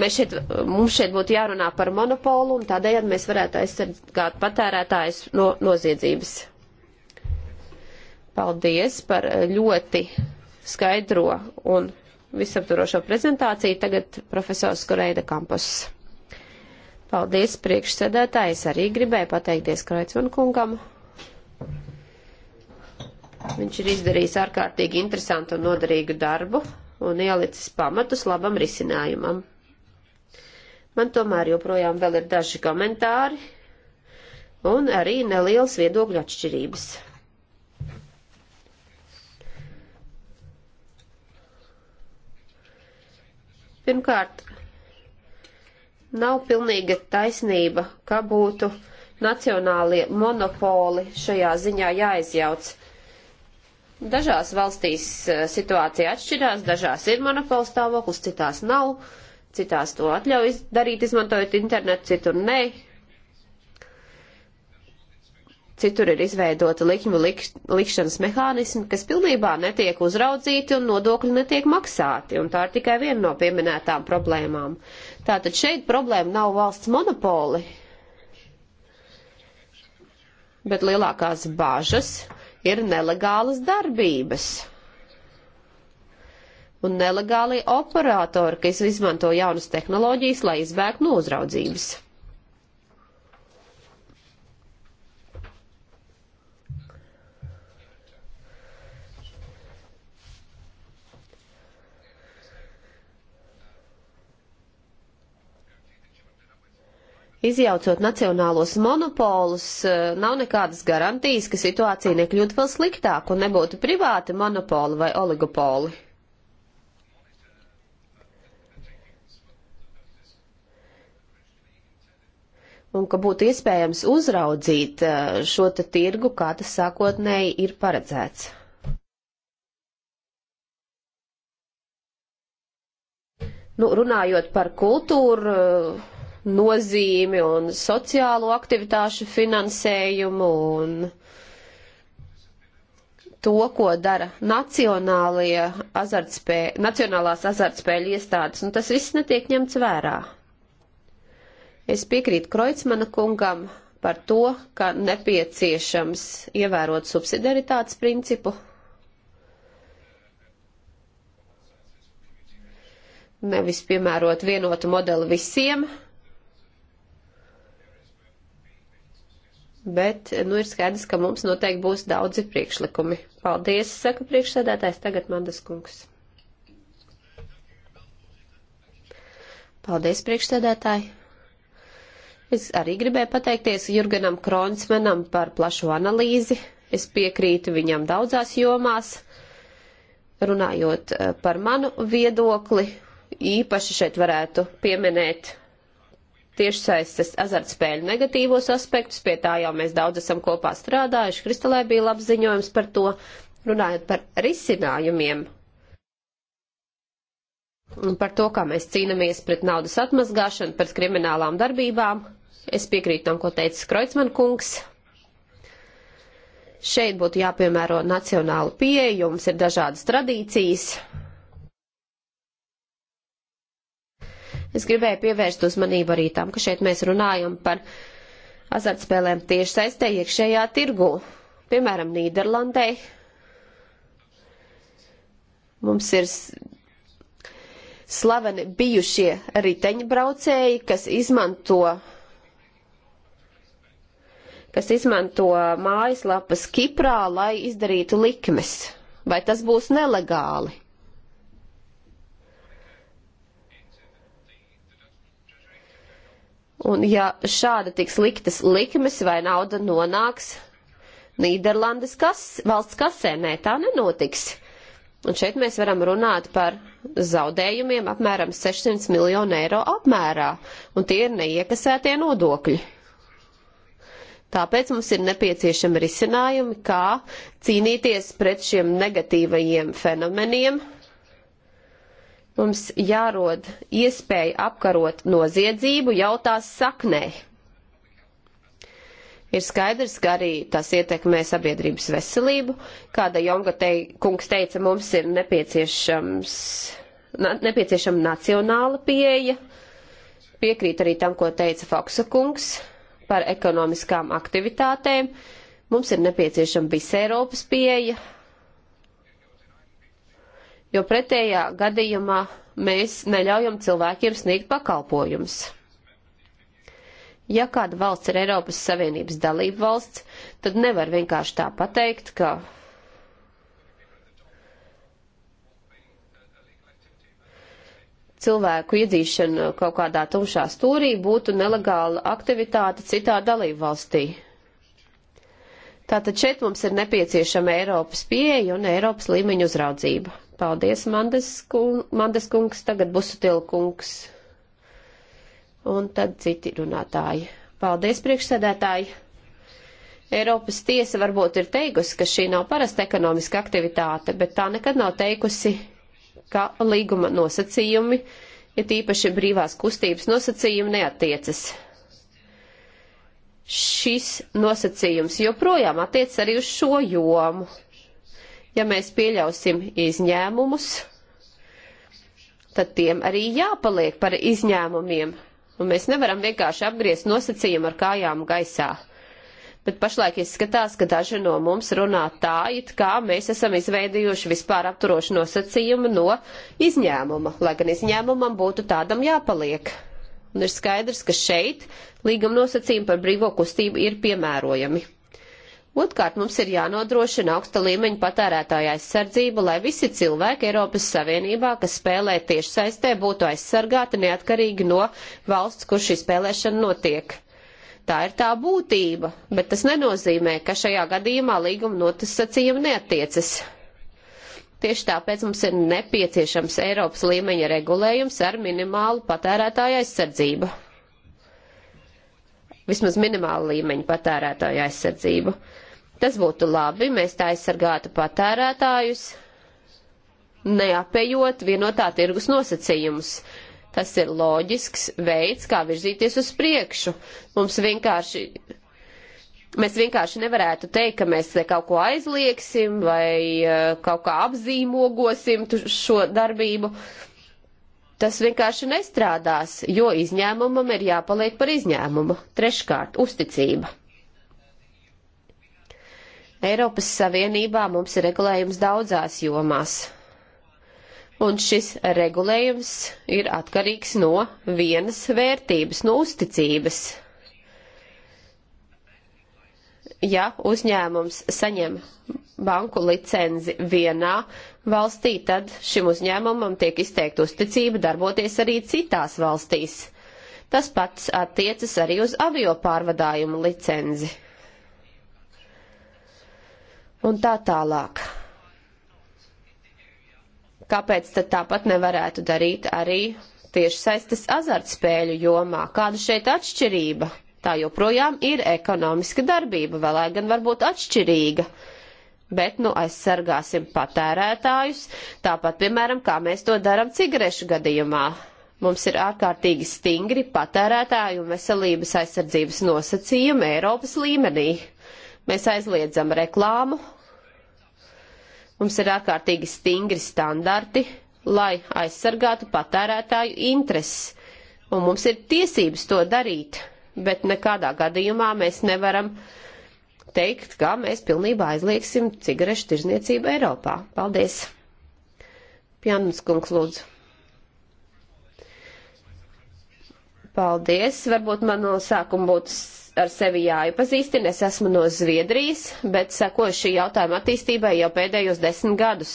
Mēs šeit, mums šeit būtu jārunā par monopolu un tādējādi mēs varētu aizsargāt patērētājus no noziedzības. Paldies par eh, ļoti skaidro un visaptvarošo prezentāciju. Tagad profesors Koreida Kampus. Paldies priekšsēdētājs. Arī gribēju pateikties Kreitsman kungam. Viņš ir izdarījis ārkārtīgi interesantu un noderīgu darbu un ielicis pamatus labam risinājumam. Man tomēr joprojām vēl ir daži komentāri un arī nelielas viedokļu atšķirības. Pirmkārt, nav pilnīga taisnība, ka būtu nacionālie monopoli šajā ziņā jāizjauc. Dažās valstīs eh, situācija atšķirās, dažās ir monopols stāvoklis, citās nav, citās to atļauj darīt, izmantojot internetu, citur nē, Citur ir izveidota likņu lik, likšanas mehānismi, kas pilnībā netiek uzraudzīti un nodokļi netiek maksāti, un tā ir tikai viena no pieminētām problēmām. Tātad šeit problēma nav valsts monopoli, bet lielākās bažas ir nelegālas darbības un nelegālie operatori, kas izmanto jaunas tehnoloģijas, lai izbēgtu no uzraudzības. Izjaucot nacionālos monopolus, eh, nav nekādas garantijas, ka situācija nekļūtu vēl sliktāk un nebūtu privāti monopoli vai oligopoli. Un ka būtu iespējams uzraudzīt eh, šo te tirgu, kā tas sākotnēji ir paredzēts. Nu, runājot par kultūru nozīmi un sociālo aktivitāšu finansējumu un to, ko dara azartspēļ, nacionālās azartspēļu iestādes, un tas viss netiek ņemts vērā. Es piekrītu Kreutzmana kungam par to, ka nepieciešams ievērot subsidiaritātes principu. Nevis piemērot vienotu modeli visiem, bet nu, ir skaidrs, ka mums noteikti būs daudzi priekšlikumi. Paldies, saka priekšsēdētājs, tagad Mandas kungs. Paldies, priekšsēdētāji. Es arī gribēju pateikties Jurganam Kronsmanam par plašu analīzi. Es piekrītu viņam daudzās jomās, runājot eh, par manu viedokli. Īpaši šeit varētu pieminēt tiešsaistes azartspēļu negatīvos aspektus, pie tā jau mēs daudz esam kopā strādājuši, Kristalē bija labs ziņojums par to, runājot par risinājumiem. Un par to, kā mēs cīnāmies pret naudas atmazgāšanu, pret kriminālām darbībām. Es piekrītu tam, ko teica Kreutzmann kungs. Šeit būtu jāpiemēro nacionāla pieeja, jums ir dažādas tradīcijas, Es gribēju pievērst uzmanību arī tam, ka šeit mēs runājam par azartspēlēm tieši saistē iekšējā tirgu. Piemēram, Nīderlandē mums ir slaveni bijušie riteņbraucēji, kas izmanto kas izmanto mājaslapas Kiprā, lai izdarītu likmes. Vai tas būs nelegāli? Un ja šāda tiks liktas likmes vai nauda nonāks Nīderlandes kas, valsts kasē, nē, tā nenotiks. Un šeit mēs varam runāt par zaudējumiem apmēram 600 miljonu eiro apmērā, un tie ir neiekasētie nodokļi. Tāpēc mums ir nepieciešami risinājumi, kā cīnīties pret šiem negatīvajiem fenomeniem, Mums jārod iespēja apkarot noziedzību jau tās saknē. Ir skaidrs, ka arī tas ietekmē sabiedrības veselību. Kāda Jonga tei, kungs teica, mums ir nepieciešams, na, nepieciešama nacionāla pieeja. Piekrīt arī tam, ko teica Foksa kungs par ekonomiskām aktivitātēm. Mums ir nepieciešama visa Eiropas pieeja, jo pretējā gadījumā mēs neļaujam cilvēkiem sniegt pakalpojumus. Ja kāda valsts ir Eiropas Savienības dalība valsts, tad nevar vienkārši tā pateikt, ka cilvēku iedzīšana kaut kādā tumšā stūrī būtu nelegāla aktivitāte citā dalību valstī. Tātad šeit mums ir nepieciešama Eiropas pieeja un Eiropas līmeņa uzraudzība. Paldies, Mandes kungs, tagad Busutil kungs. Un tad citi runātāji. Paldies, priekšsēdētāji! Eiropas tiesa varbūt ir teikusi, ka šī nav parasta ekonomiska aktivitāte, bet tā nekad nav teikusi, ka līguma nosacījumi, ja tīpaši brīvās kustības nosacījumi neatiecas. Šis nosacījums joprojām attiec arī uz šo jomu. Ja mēs pieļausim izņēmumus, tad tiem arī jāpaliek par izņēmumiem, un mēs nevaram vienkārši apgriezt nosacījumu ar kājām gaisā. Bet pašlaik izskatās, ka daži no mums runā tā, it kā mēs esam izveidojuši vispār apturošu nosacījumu no izņēmuma, lai gan izņēmumam būtu tādam jāpaliek. Un ir skaidrs, ka šeit līguma nosacījumi par brīvo kustību ir piemērojami. Otkārt, mums ir jānodrošina augsta līmeņa patērētāja aizsardzība, lai visi cilvēki Eiropas Savienībā, kas spēlē tieši saistē, būtu aizsargāti neatkarīgi no valsts, kur šī spēlēšana notiek. Tā ir tā būtība, bet tas nenozīmē, ka šajā gadījumā līguma notasacījumi neatiecas. Tieši tāpēc mums ir nepieciešams Eiropas līmeņa regulējums ar minimālu patērētāju aizsardzību. Vismaz minimālu līmeņu patērētāju aizsardzību. Tas būtu labi, mēs tā aizsargātu patērētājus, neapējot vienotā tirgus nosacījumus. Tas ir loģisks veids, kā virzīties uz priekšu. Mums vienkārši mēs vienkārši nevarētu teikt, ka mēs kaut ko aizliegsim vai eh, kaut kā apzīmogosim šo darbību. Tas vienkārši nestrādās, jo izņēmumam ir jāpaliek par izņēmumu. Treškārt, uzticība. Eiropas Savienībā mums ir regulējums daudzās jomās. Un šis regulējums ir atkarīgs no vienas vērtības, no uzticības. Ja uzņēmums saņem banku licenzi vienā valstī, tad šim uzņēmumam tiek izteikta uzticība darboties arī citās valstīs. Tas pats attiecas arī uz avio pārvadājumu licenzi un tā tālāk. Kāpēc tad tāpat nevarētu darīt arī tieši saistas azartspēļu jomā? Kāda šeit atšķirība? Tā joprojām ir ekonomiska darbība, vēl lai gan varbūt atšķirīga. Bet, nu, aizsargāsim patērētājus, tāpat, piemēram, kā mēs to daram cigarešu gadījumā. Mums ir ārkārtīgi stingri patērētāju un veselības aizsardzības nosacījumi Eiropas līmenī. Mēs aizliedzam reklāmu, Mums ir ārkārtīgi stingri standarti, lai aizsargātu patērētāju intereses, un mums ir tiesības to darīt, bet nekādā gadījumā mēs nevaram teikt, ka mēs pilnībā aizliegsim cigarešu tirzniecību Eiropā. Paldies! Pjānums kungs lūdzu. Paldies! Varbūt man no sākuma būtu ar sevi jāiepazīstina. Es esmu no Zviedrijas, bet sekoju šī jautājuma attīstībai jau pēdējos desmit gadus.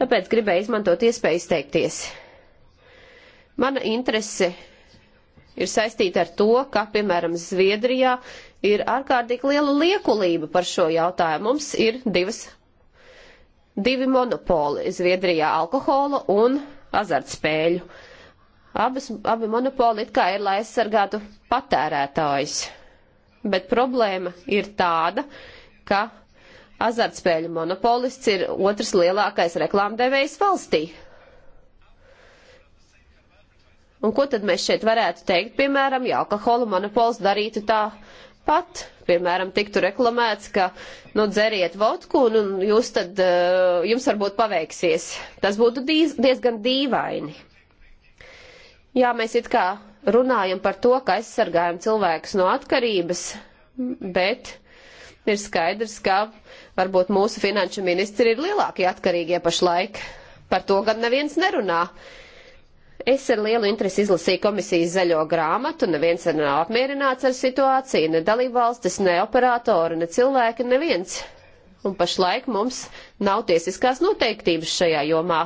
Tāpēc gribēju izmantot iespēju izteikties. Mana interese ir saistīta ar to, ka, piemēram, Zviedrijā ir ārkārtīgi liela liekulība par šo jautājumu. Mums ir divas, divi monopoli Zviedrijā - alkohola un azartspēļu abas, abi monopoli it kā ir, lai aizsargātu patērētājus bet problēma ir tāda, ka azartspēļu monopolists ir otrs lielākais reklāmdevējs valstī. Un ko tad mēs šeit varētu teikt, piemēram, ja alkohola monopols darītu tā pat? Piemēram, tiktu reklamēts, ka, nu, dzeriet vodku un, un jūs tad, eh, jums varbūt paveiksies. Tas būtu diez, diezgan dīvaini. Jā, mēs it kā runājam par to, ka aizsargājam cilvēkus no atkarības, bet ir skaidrs, ka varbūt mūsu finanšu ministri ir lielākie atkarīgie pašlaik. Par to gan neviens nerunā. Es ar lielu interesi izlasīju komisijas zaļo grāmatu, neviens nav apmierināts ar situāciju, ne dalībvalstis, ne operatori, ne cilvēki, neviens. Un pašlaik mums nav tiesiskās noteiktības šajā jomā.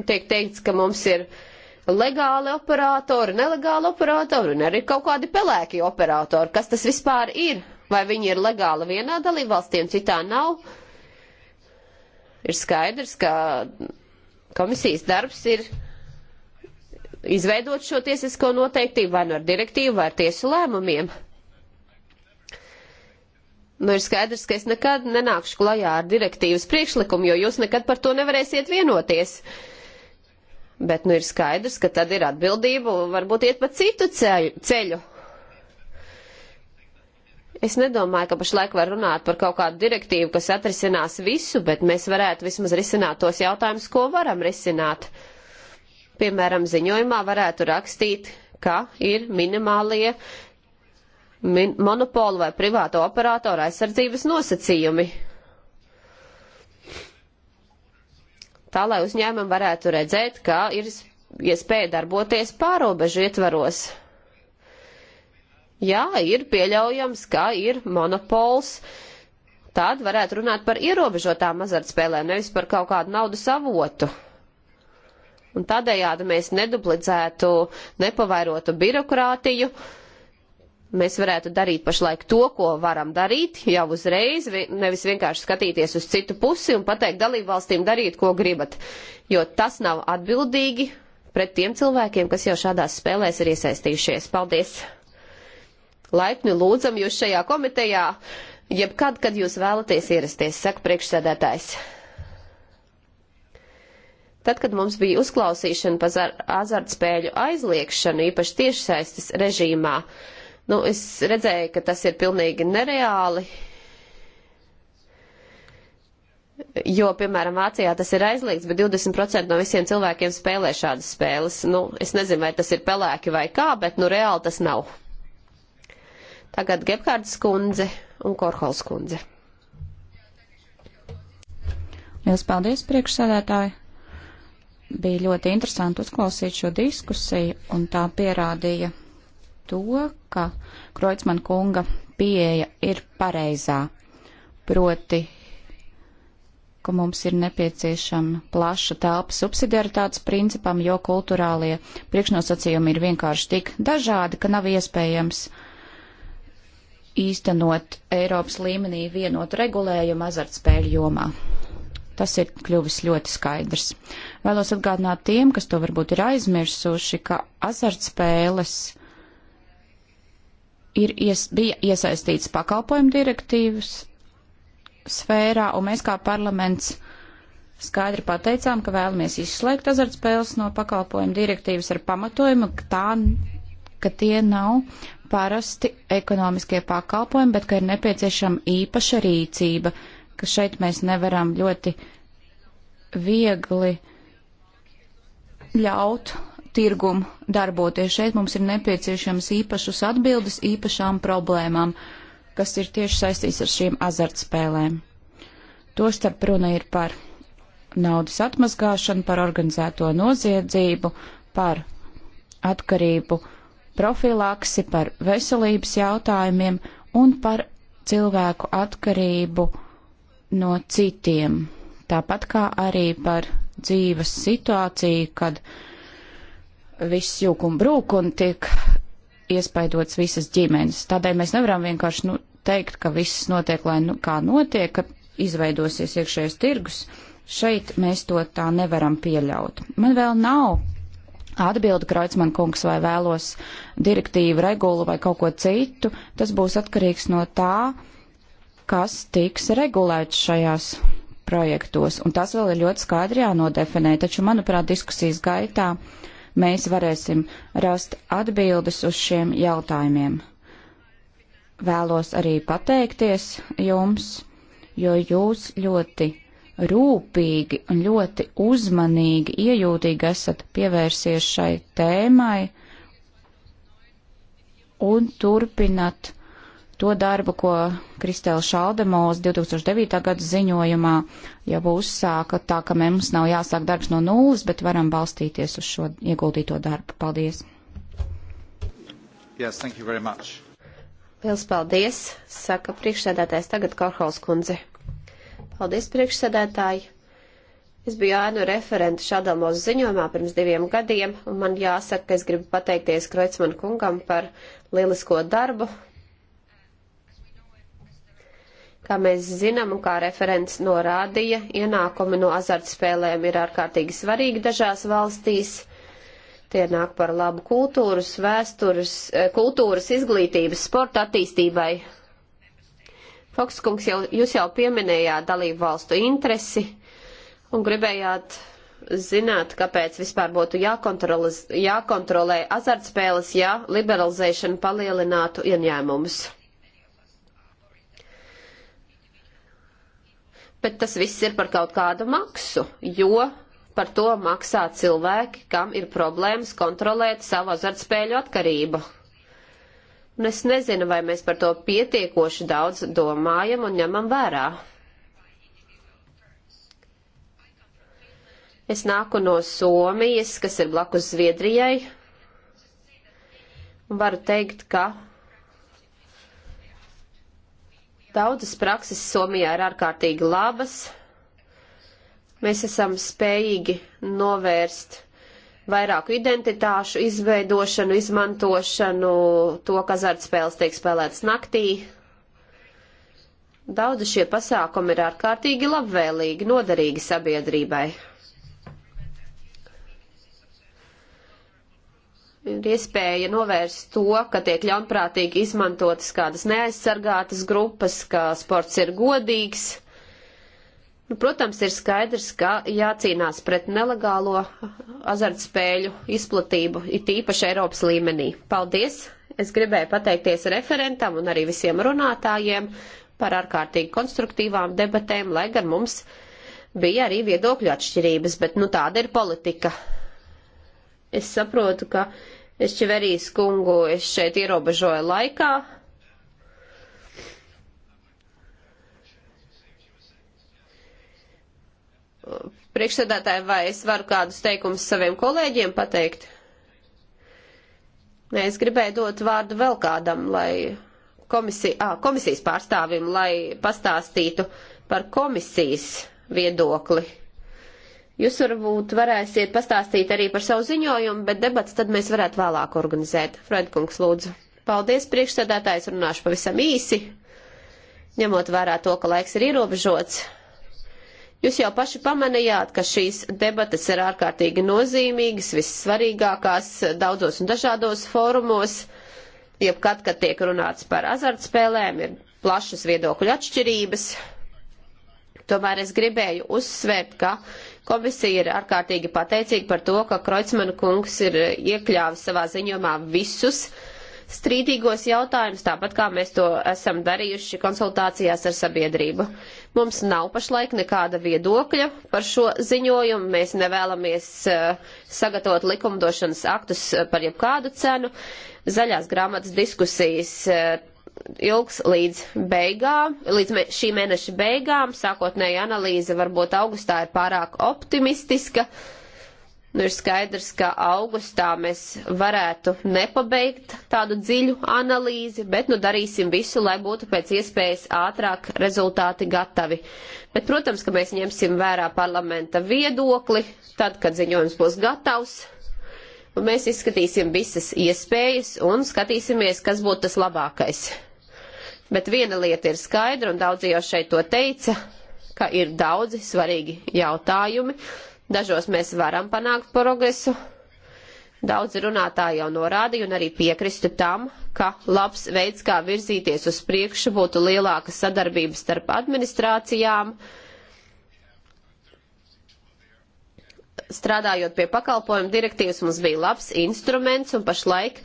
Tiek teikts, ka mums ir legāli operatori, nelegāli operatori un arī kaut kādi pelēki operatori. Kas tas vispār ir? Vai viņi ir legāli vienā dalībvalstī un citā nav? Ir skaidrs, ka komisijas darbs ir izveidot šo tiesisko noteiktību vai nu ar direktīvu vai ar tiesu lēmumiem. Nu, ir skaidrs, ka es nekad nenākšu klajā ar direktīvas priekšlikumu, jo jūs nekad par to nevarēsiet vienoties. Uh, Bet nu ir skaidrs, ka tad ir atbildība varbūt iet pa citu ceļu. Es nedomāju, ka pašlaik var runāt par kaut kādu direktīvu, kas atrisinās visu, bet mēs varētu vismaz risināt tos jautājumus, ko varam risināt. Piemēram, ziņojumā varētu rakstīt, ka ir minimālie min monopolu vai privāto operātoru aizsardzības nosacījumi tā lai uzņēmumi varētu redzēt, ka ir iespēja ja darboties pārobežu ietvaros. Jā, ir pieļaujams, ka ir monopols. Tad varētu runāt par ierobežotām azartspēlēm, nevis par kaut kādu naudas avotu. Un tādējādi mēs neduplicētu, nepavairotu birokrātiju, uh, mēs varētu darīt pašlaik to, ko varam darīt jau uzreiz, nevis vienkārši skatīties uz citu pusi un pateikt dalībvalstīm darīt, ko gribat, jo tas nav atbildīgi pret tiem cilvēkiem, kas jau šādās spēlēs ir iesaistījušies. Paldies! Laipni lūdzam jūs šajā komitejā, jebkad, kad jūs vēlaties ierasties, saka priekšsēdētājs. Tad, kad mums bija uzklausīšana par azartspēļu aizliekšanu, īpaši tiešsaistes režīmā, uh, Nu, es redzēju, ka tas ir pilnīgi nereāli, jo, piemēram, Vācijā tas ir aizliegts, bet 20% no visiem cilvēkiem spēlē šādas spēles. Nu, es nezinu, vai tas ir pelēki vai kā, bet, nu, reāli tas nav. Tagad Gebkārdas kundze un Korhols kundze. Liels paldies, priekšsēdētāji! Bija ļoti interesanti uzklausīt šo diskusiju, un tā pierādīja to, ka Kreutzmann kunga pieeja ir pareizā, proti, ka mums ir nepieciešama plaša telpa subsidiaritātes principam, jo kulturālie priekšnosacījumi ir vienkārši tik dažādi, ka nav iespējams īstenot Eiropas līmenī vienotu regulējumu azartspēļu jomā. Tas ir kļuvis ļoti skaidrs. Vēlos atgādināt tiem, kas to varbūt ir aizmirsuši, ka azartspēles ir, ies, bija iesaistīts pakalpojumu direktīvas sfērā, un mēs kā parlaments skaidri pateicām, ka vēlamies izslēgt azartspēles no pakalpojumu direktīvas ar pamatojumu, ka, tā, ka tie nav parasti ekonomiskie pakalpojumi, bet ka ir nepieciešama īpaša rīcība, ka šeit mēs nevaram ļoti viegli ļaut tirgumu darboties. Šeit mums ir nepieciešams īpašas atbildes īpašām problēmām, kas ir tieši saistīts ar šīm azartspēlēm. Tostarp runa ir par naudas atmazgāšanu, par organizēto noziedzību, par atkarību profilaksi, par veselības jautājumiem un par cilvēku atkarību no citiem. Tāpat kā arī par dzīves situāciju, kad viss jūk un brūk un tiek iespaidots visas ģimenes. Tādēļ mēs nevaram vienkārši nu, teikt, ka viss notiek, lai nu, kā notiek, ka izveidosies iekšējais tirgus. Šeit mēs to tā nevaram pieļaut. Man vēl nav atbildi, Kreutzmann kungs, vai vēlos direktīvu, regulu vai kaut ko citu. Tas būs atkarīgs no tā, kas tiks regulēts šajās projektos. Un tas vēl ir ļoti skaidri jānodefinē. Taču, manuprāt, diskusijas gaitā uh, mēs varēsim rast atbildes uz šiem jautājumiem. Vēlos arī pateikties jums, jo jūs ļoti rūpīgi un ļoti uzmanīgi, iejūtīgi esat pievērsies šai tēmai un turpinat to darbu, ko Kristēla Šaldemos 2009. gada ziņojumā jau uzsāka, tā ka mums nav jāsāk darbs no nulles, bet varam balstīties uz šo ieguldīto darbu. Paldies! Yes, thank you very much. Pils paldies, saka priekšsēdētājs tagad Korhols kundze. Paldies, priekšsēdētāji! Es biju ēnu referenta šādamos ziņojumā pirms diviem gadiem, un man jāsaka, ka es gribu pateikties Kreutzmann kungam par lielisko darbu, Kā mēs zinām un kā referents norādīja, ienākumi no azartspēlēm ir ārkārtīgi svarīgi dažās valstīs. Tie nāk par labu kultūras, vēstures, eh, kultūras izglītības, sporta attīstībai. Fokskungs, jau, jūs jau pieminējāt dalību valstu interesi un gribējāt zināt, kāpēc vispār būtu jākontrolē azartspēles, ja liberalizēšana palielinātu ieņēmumus. bet tas viss ir par kaut kādu maksu, jo par to maksā cilvēki, kam ir problēmas kontrolēt savu azartspēļu atkarību. Un es nezinu, vai mēs par to pietiekoši daudz domājam un ņemam vērā. Es nāku no Somijas, kas ir blakus Zviedrijai. Varu teikt, ka Daudzas prakses Somijā ir ārkārtīgi labas. Mēs esam spējīgi novērst vairāku identitāšu izveidošanu, izmantošanu, to, ka azartspēles tiek spēlētas naktī. Daudz šie pasākumi ir ārkārtīgi labvēlīgi, noderīgi sabiedrībai. ir iespēja novērst to, ka tiek ļaunprātīgi izmantotas kādas neaizsargātas grupas, ka sports ir godīgs. Nu, protams, ir skaidrs, ka jācīnās pret nelegālo azartspēļu izplatību, it īpaši Eiropas līmenī. Paldies! Es gribēju pateikties referentam un arī visiem runātājiem par ārkārtīgi konstruktīvām debatēm, lai gan mums bija arī viedokļu atšķirības, bet nu tāda ir politika. Es saprotu, ka es Čeverijas kungu es šeit ierobežoju laikā. Priekšsēdētāji, vai es varu kādus teikumus saviem kolēģiem pateikt? Nē, es gribēju dot vārdu vēl kādam, lai komisija, ah, komisijas pārstāvim, lai pastāstītu par komisijas viedokli. Jūs varbūt varēsiet pastāstīt arī par savu ziņojumu, bet debats tad mēs varētu vēlāk organizēt. Freudkungs, lūdzu. Paldies, priekšstādātājs, runāšu pavisam īsi, ņemot vērā to, ka laiks ir ierobežots. Jūs jau paši pamanījāt, ka šīs debatas ir ārkārtīgi nozīmīgas, vissvarīgākās daudzos un dažādos fórumos. Jebkad, kad tiek runāts par azartspēlēm, ir plašas viedokļu atšķirības. Tomēr es gribēju uzsvērt, ka Komisija ir ārkārtīgi pateicīga par to, ka Kreutzmanu kungs ir iekļāvis savā ziņomā visus strīdīgos jautājumus, tāpat kā mēs to esam darījuši konsultācijās ar sabiedrību. Mums nav pašlaik nekāda viedokļa par šo ziņojumu. Mēs nevēlamies eh, sagatavot likumdošanas aktus eh, par jebkādu cenu. Zaļās grāmatas diskusijas eh, ilgs līdz beigām, līdz me, šī mēneša beigām. Sākotnēja analīze varbūt augustā ir pārāk optimistiska. Nu, ir skaidrs, ka augustā mēs varētu nepabeigt tādu dziļu analīzi, bet nu darīsim visu, lai būtu pēc iespējas ātrāk rezultāti gatavi. Bet, protams, ka mēs ņemsim vērā parlamenta viedokli, tad, kad ziņojums būs gatavs, un mēs izskatīsim visas iespējas un skatīsimies, kas būtu tas labākais. Bet viena lieta ir skaidra, un daudzi jau šeit to teica, ka ir daudzi svarīgi jautājumi. Dažos mēs varam panākt progresu. Daudzi runātāji jau norādīja un arī piekristu tam, ka labs veids, kā virzīties uz priekšu, būtu lielāka sadarbība starp administrācijām, strādājot pie pakalpojumu direktīvas, mums bija labs instruments un pašlaik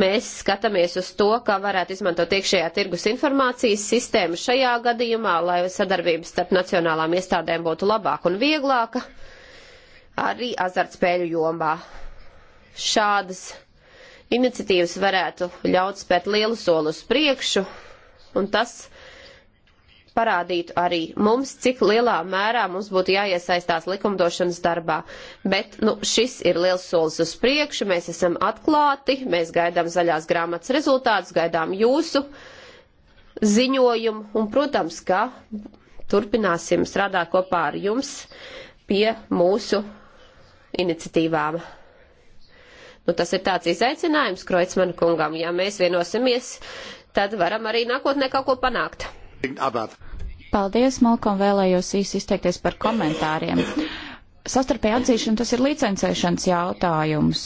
Mēs skatāmies uz to, kā varētu izmantot iekšējā tirgus informācijas sistēmu šajā gadījumā, lai sadarbības starp nacionālām iestādēm būtu labāka un vieglāka, arī azartspēļu jomā. Šādas iniciatīvas varētu ļaut spēt lielu soli uz priekšu, un tas parādītu arī mums, cik lielā mērā mums būtu jāiesaistās likumdošanas darbā. Bet nu, šis ir liels solis uz priekšu, mēs esam atklāti, mēs gaidām zaļās grāmatas rezultātus, gaidām jūsu ziņojumu un, protams, ka turpināsim strādāt kopā ar jums pie mūsu iniciatīvām. Nu, tas ir tāds izaicinājums Kreutzmann kungam. Ja mēs vienosimies, tad varam arī nākotnē kaut ko panākt. Abāt. Paldies, Malkom, vēlējos īsi izteikties par komentāriem. Sastarpēja atzīšana tas ir licencēšanas jautājums.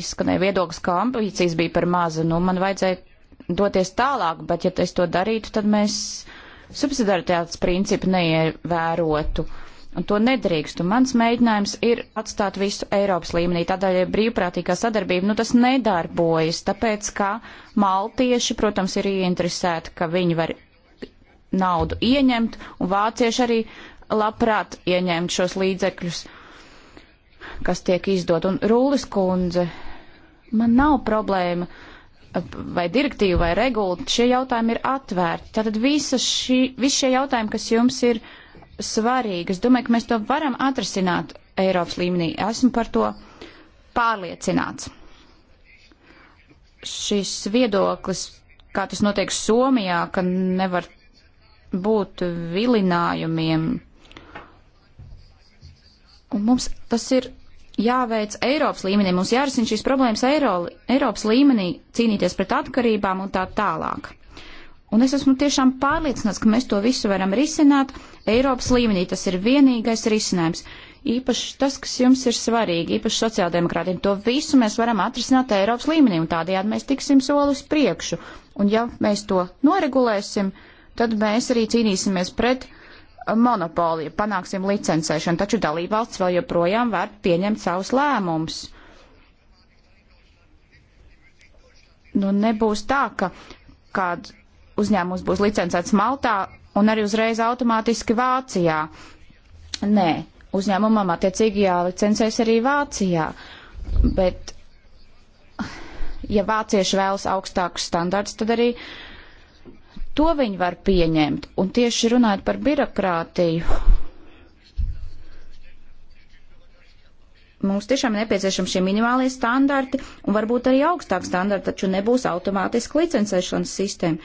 Izskanēja viedoklis, ka ambīcijas bija par maza, nu man vajadzēja doties tālāk, bet ja es to darītu, tad mēs subsidaritātes principu neievērotu. Un to nedrīkst. Un mans mēģinājums ir atstāt visu Eiropas līmenī. Tādēļ brīvprātīgā sadarbība, nu tas nedarbojas, tāpēc ka maltieši, protams, ir ieinteresēti, ka viņi var naudu ieņemt, un vācieši arī labprāt ieņemt šos līdzekļus, kas tiek izdot. Un Rūlis kundze, man nav problēma vai direktīva vai regula, šie jautājumi ir atvērti. Tātad šī, visi šie jautājumi, kas jums ir svarīgi, es domāju, ka mēs to varam atrasināt Eiropas līmenī. Esmu par to pārliecināts. Šis viedoklis, kā tas notiek Somijā, ka nevar būt vilinājumiem. Un mums tas ir jāveic Eiropas līmenī, mums jārisina šīs problēmas Eiro, Eiropas līmenī, cīnīties pret atkarībām un tā tālāk. Un es esmu tiešām pārliecināts, ka mēs to visu varam risināt Eiropas līmenī. Tas ir vienīgais risinājums. Īpaši tas, kas jums ir svarīgi, īpaši sociāldemokrātiem, to visu mēs varam atrisināt Eiropas līmenī, un tādējādi mēs tiksim soli uz priekšu. Un ja mēs to noregulēsim, uh, tad mēs arī cīnīsimies pret uh, monopoliju, panāksim licencēšanu, taču dalībvalsts vēl joprojām var pieņemt savus lēmumus. Nu, nebūs tā, ka kāds uzņēmums būs licencēts Maltā un arī uzreiz automātiski Vācijā. Nē, uzņēmumam attiecīgi jālicencēs arī Vācijā. Bet, ja vācieši vēlas augstākus standarts, tad arī uh, To viņi var pieņemt. Un tieši runājot par birokrātiju, mums tiešām nepieciešami šie minimālie standarti un varbūt arī augstāk standarti, taču nebūs automātiski licencēšanas sistēma.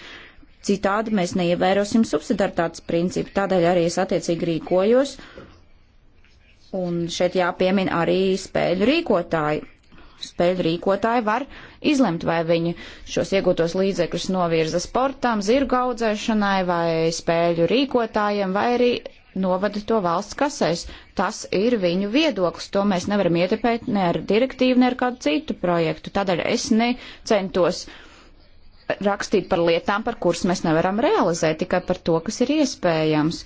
Citādi mēs neievērosim subsidaritātes principu, tādēļ arī es attiecīgi rīkojos. Un šeit jāpiemina arī spēļu rīkotāji. Spēļu rīkotāji var izlemt, vai viņi šos iegūtos līdzekļus novirza sportām, zirga audzēšanai vai spēļu rīkotājiem, vai arī novada to valsts kasēs. Tas ir viņu viedoklis, to mēs nevaram ietepēt ne ar direktīvu, ne ar kādu citu projektu. Tādēļ es necentos rakstīt par lietām, par kuras mēs nevaram realizēt, tikai par to, kas ir iespējams.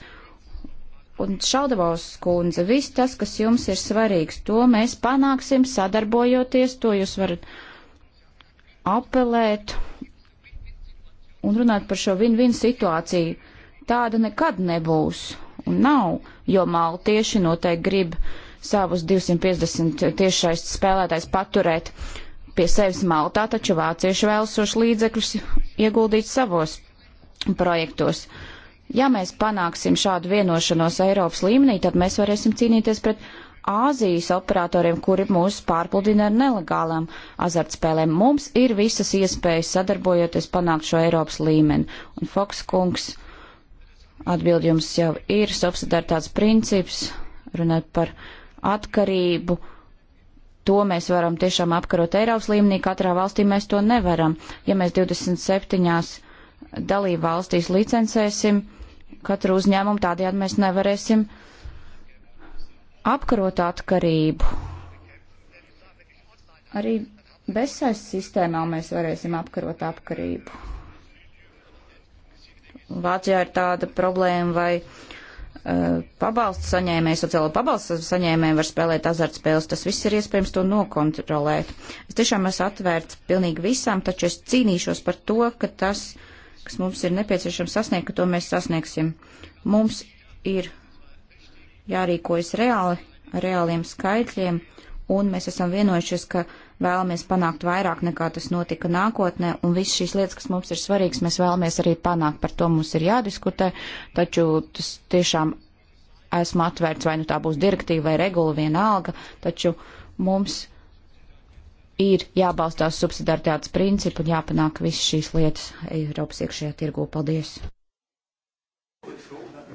Un šaudavos skundze, viss tas, kas jums ir svarīgs, to mēs panāksim sadarbojoties, to jūs varat apelēt un runāt par šo win-win situāciju. Tāda nekad nebūs un nav, jo maltieši noteikti grib savus 250 tiešais spēlētājs paturēt pie sevis Maltā, taču vācieši vēlasoši līdzekļus ieguldīt savos projektos. Ja mēs panāksim šādu vienošanos Eiropas līmenī, tad mēs varēsim cīnīties pret Āzijas operatoriem, kuri mūs pārpludina ar nelegālām azartspēlēm. Mums ir visas iespējas sadarbojoties panākt šo Eiropas līmeni. Un Foks kungs atbild jums jau ir subsidaritāts princips, runāt par atkarību. To mēs varam tiešām apkarot Eiropas līmenī, katrā valstī mēs to nevaram. Ja mēs 27 dalību valstīs licencēsim katru uzņēmumu, tādējādi mēs nevarēsim uh, apkarot atkarību. Arī bezsais sistēmā mēs varēsim apkarot apkarību. Vācijā ir tāda problēma, vai uh, pabalstu saņēmēji, sociālo pabalstu saņēmēji var spēlēt azartspēles. Tas viss ir iespējams to nokontrolēt. Es tiešām esmu atvērts pilnīgi visām, taču es cīnīšos par to, ka tas, kas mums ir nepieciešams sasniegt, ka to mēs sasniegsim. Mums ir jārīkojas reāli, ar reāliem skaitļiem, un mēs esam vienojušies, ka vēlamies panākt vairāk nekā tas notika nākotnē, un viss šīs lietas, kas mums ir svarīgas, mēs vēlamies arī panākt, par to mums ir jādiskutē, taču tas tiešām esmu atvērts, vai nu tā būs direktīva vai regula vienalga, taču mums ir jābalstās subsidartātes principu un jāpanāk visas šīs lietas Eiropas iekšējā tirgū. Paldies!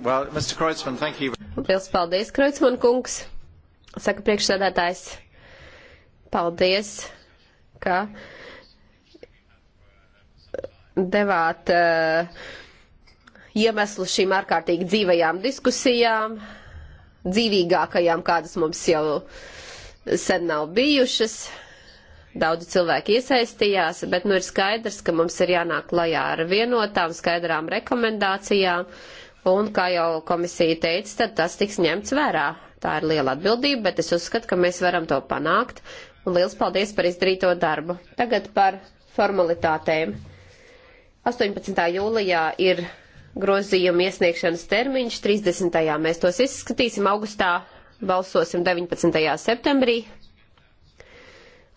Well, Mr. Kreutzmann, thank you. Liels paldies, Kreutzmann kungs, saka priekšsēdētājs. Paldies, ka devāt uh, iemeslu šīm ārkārtīgi dzīvajām diskusijām, dzīvīgākajām, kādas mums jau sen nav bijušas. Daudz cilvēku iesaistījās, bet nu ir skaidrs, ka mums ir jānāk lajā ar vienotām, skaidrām rekomendācijām. Uh, Un, kā jau komisija teica, tad tas tiks ņemts vērā. Tā ir liela atbildība, bet es uzskatu, ka mēs varam to panākt. Un liels paldies par izdarīto darbu. Tagad par formalitātēm. 18. jūlijā ir grozījuma iesniegšanas termiņš, 30. mēs tos izskatīsim augustā, balsosim 19. septembrī.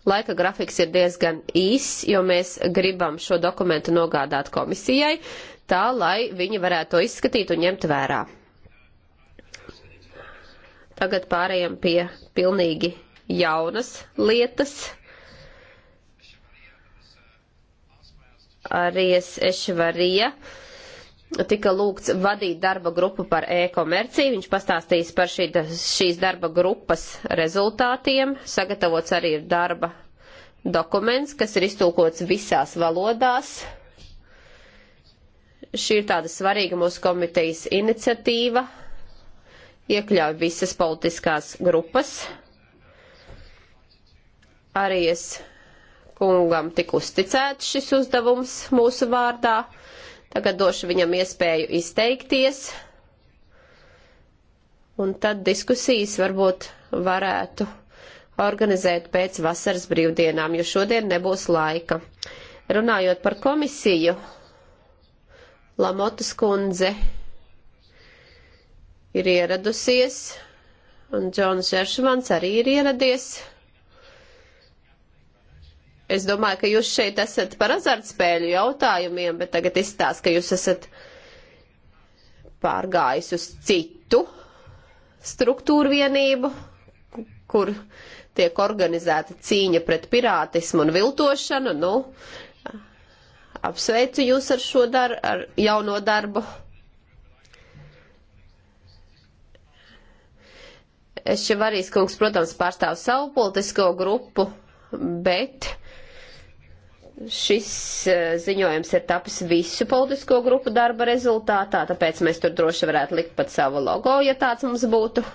Laika grafiks ir diezgan īs, jo mēs gribam šo dokumentu nogādāt komisijai tā, lai viņi varētu to izskatīt un ņemt vērā. Tagad pārējām pie pilnīgi jaunas lietas. Arī es Ešvarija tika lūgts vadīt darba grupu par e-komerciju. Viņš pastāstīs par šī, šīs darba grupas rezultātiem. Sagatavots arī ir darba dokuments, kas ir iztulkots visās valodās. Šī ir tāda svarīga mūsu komitejas iniciatīva, iekļauj visas politiskās grupas. Arī es kungam tik uzticēts šis uzdevums mūsu vārdā. Tagad došu viņam iespēju izteikties, un tad diskusijas varbūt varētu organizēt pēc vasaras brīvdienām, jo šodien nebūs laika. Runājot par komisiju, Lamotas kundze ir ieradusies, un Džons Šeršmans arī ir ieradies. Es domāju, ka jūs šeit esat par azartspēļu jautājumiem, bet tagad izstāst, ka jūs esat pārgājis uz citu struktūru vienību, kur tiek organizēta cīņa pret pirātismu un viltošanu. Nu, Apsveicu jūs ar šo dar, ar jauno darbu. Es šeit varīs kungs, protams, pārstāv savu politisko grupu, bet šis e, ziņojums ir tapis visu politisko grupu darba rezultātā, tāpēc mēs tur droši varētu likt pat savu logo, ja tāds mums būtu.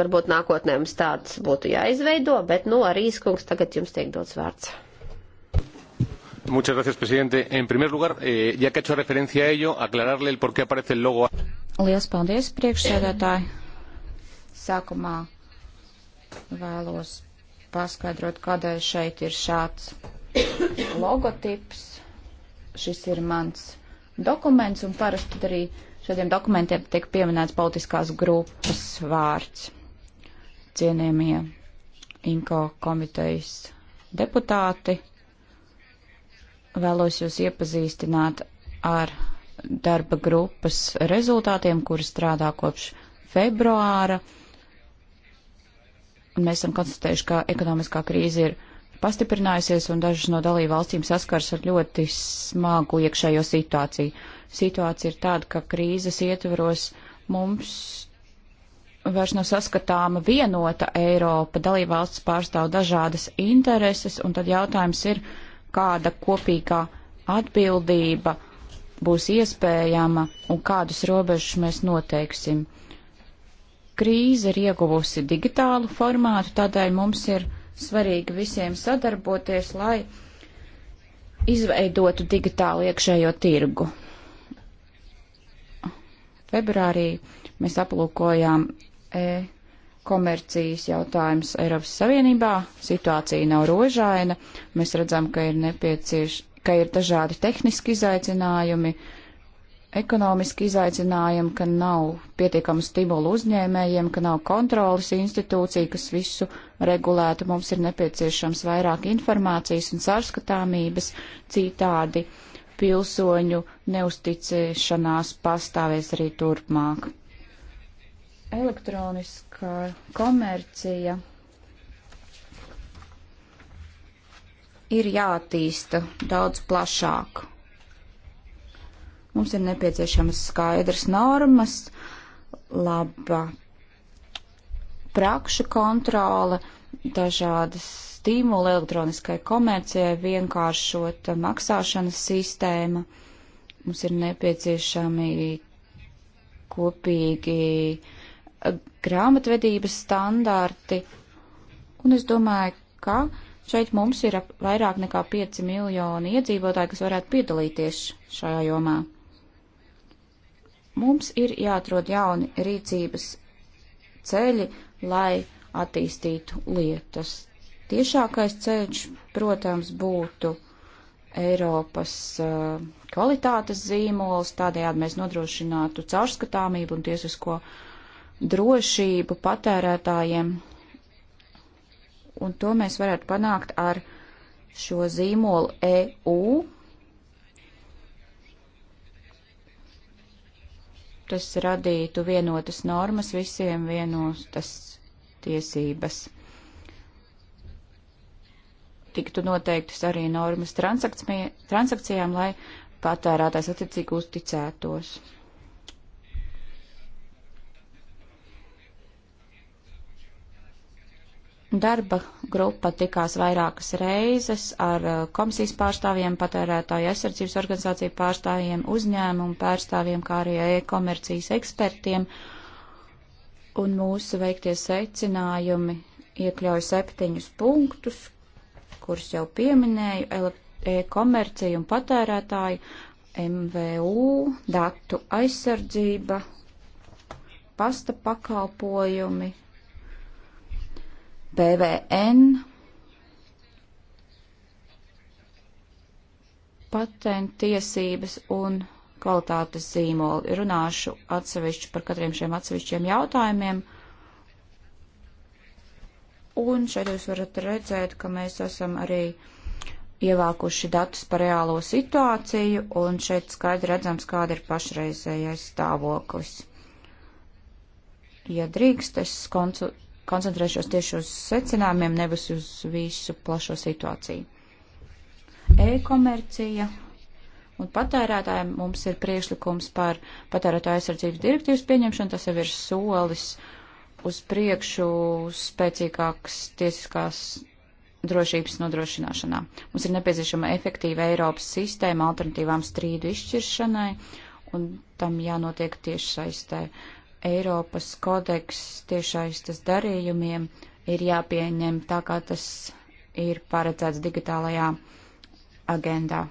Varbūt nākotnē mums tāds būtu jāizveido, bet, nu, arī skunks tagad jums tiek dots vārds. Muchas gracias, presidente. En primer lugar, eh, ya que ha hecho referencia a ello, aclararle el por qué aparece el logo. Lielas paldies, priekšsēdētāji. Sākumā vēlos paskaidrot, kādēļ šeit ir šāds logotips. Šis ir mans dokuments, un parasti arī šādiem dokumentiem tiek pieminēts politiskās grupas vārds. Cienījamie Inko komitejas deputāti vēlos jūs iepazīstināt ar darba grupas rezultātiem, kuri strādā kopš februāra. Un mēs esam konstatējuši, ka ekonomiskā krīze ir pastiprinājusies un dažas no dalību valstīm saskars ar ļoti smagu iekšējo situāciju. Situācija ir tāda, ka krīzes ietveros mums vairs nav no saskatāma vienota Eiropa, dalībvalsts pārstāv dažādas intereses, un tad jautājums ir, kāda kopīgā atbildība būs iespējama un kādus robežus mēs noteiksim. Krīze ir ieguvusi digitālu formātu, tādēļ mums ir svarīgi visiem sadarboties, lai izveidotu digitālu iekšējo tirgu. Februārī mēs aplūkojām e komercijas jautājums Eiropas Savienībā. Situācija nav rožaina. Mēs redzam, ka ir nepiecieš, ka ir dažādi tehniski izaicinājumi, ekonomiski izaicinājumi, ka nav pietiekamu stimulu uzņēmējiem, ka nav kontrolas institūcija, kas visu regulētu. Mums ir nepieciešams vairāk informācijas un sārskatāmības citādi pilsoņu neusticēšanās pastāvēs arī turpmāk elektroniskā komercija ir jātīsta daudz plašāk. Mums ir nepieciešamas skaidras normas, laba prakšu kontrole, dažādas stimuli elektroniskai komercijai, vienkāršota maksāšanas sistēma. Mums ir nepieciešami kopīgi uh, grāmatvedības standarti, un es domāju, ka šeit mums ir vairāk nekā 5 miljoni iedzīvotāji, kas varētu piedalīties šajā jomā. Mums ir jāatrod jauni rīcības ceļi, lai attīstītu lietas. Tiešākais ceļš, protams, būtu Eiropas uh, kvalitātes zīmols, tādējādi mēs nodrošinātu caurskatāmību un tiesisko uh, drošību patērētājiem. Un to mēs varētu panākt ar šo zīmolu EU. Tas radītu vienotas normas visiem, vienotas tiesības. Tiktu noteiktas arī normas transakcijām, lai patērētājs attiecīgi uzticētos. Darba grupa tikās vairākas reizes ar uh, komisijas pārstāvjiem, patērētāju aizsardzības organizāciju pārstāvjiem, uzņēmumu pārstāvjiem, kā arī e-komercijas ekspertiem, un mūsu veiktie secinājumi iekļauj septiņus punktus, kurus jau pieminēju, e-komercija un patērētāji, MVU, datu aizsardzība, pasta pakalpojumi, PVN, patentiesības un kvalitātes zīmoli. Runāšu atsevišķi par katriem šiem atsevišķiem jautājumiem. Un šeit jūs varat redzēt, ka mēs esam arī ievākuši datus par reālo situāciju, un šeit skaidri redzams, kāda ir pašreizējais stāvoklis. Ja drīkst, es konsul koncentrēšos tieši uz secinājumiem, nevis uz visu plašo situāciju. E-komercija un patērētājiem mums ir priekšlikums par patērētāju aizsardzības direktīvas pieņemšanu. Tas jau ir solis uz priekšu spēcīgākas tiesiskās drošības nodrošināšanā. Mums ir nepieciešama efektīva Eiropas sistēma alternatīvām strīdu izšķiršanai, un tam jānotiek tieši saistē Eiropas kodeks tiešaistas darījumiem ir jāpieņem tā, kā tas ir paredzēts digitālajā agendā.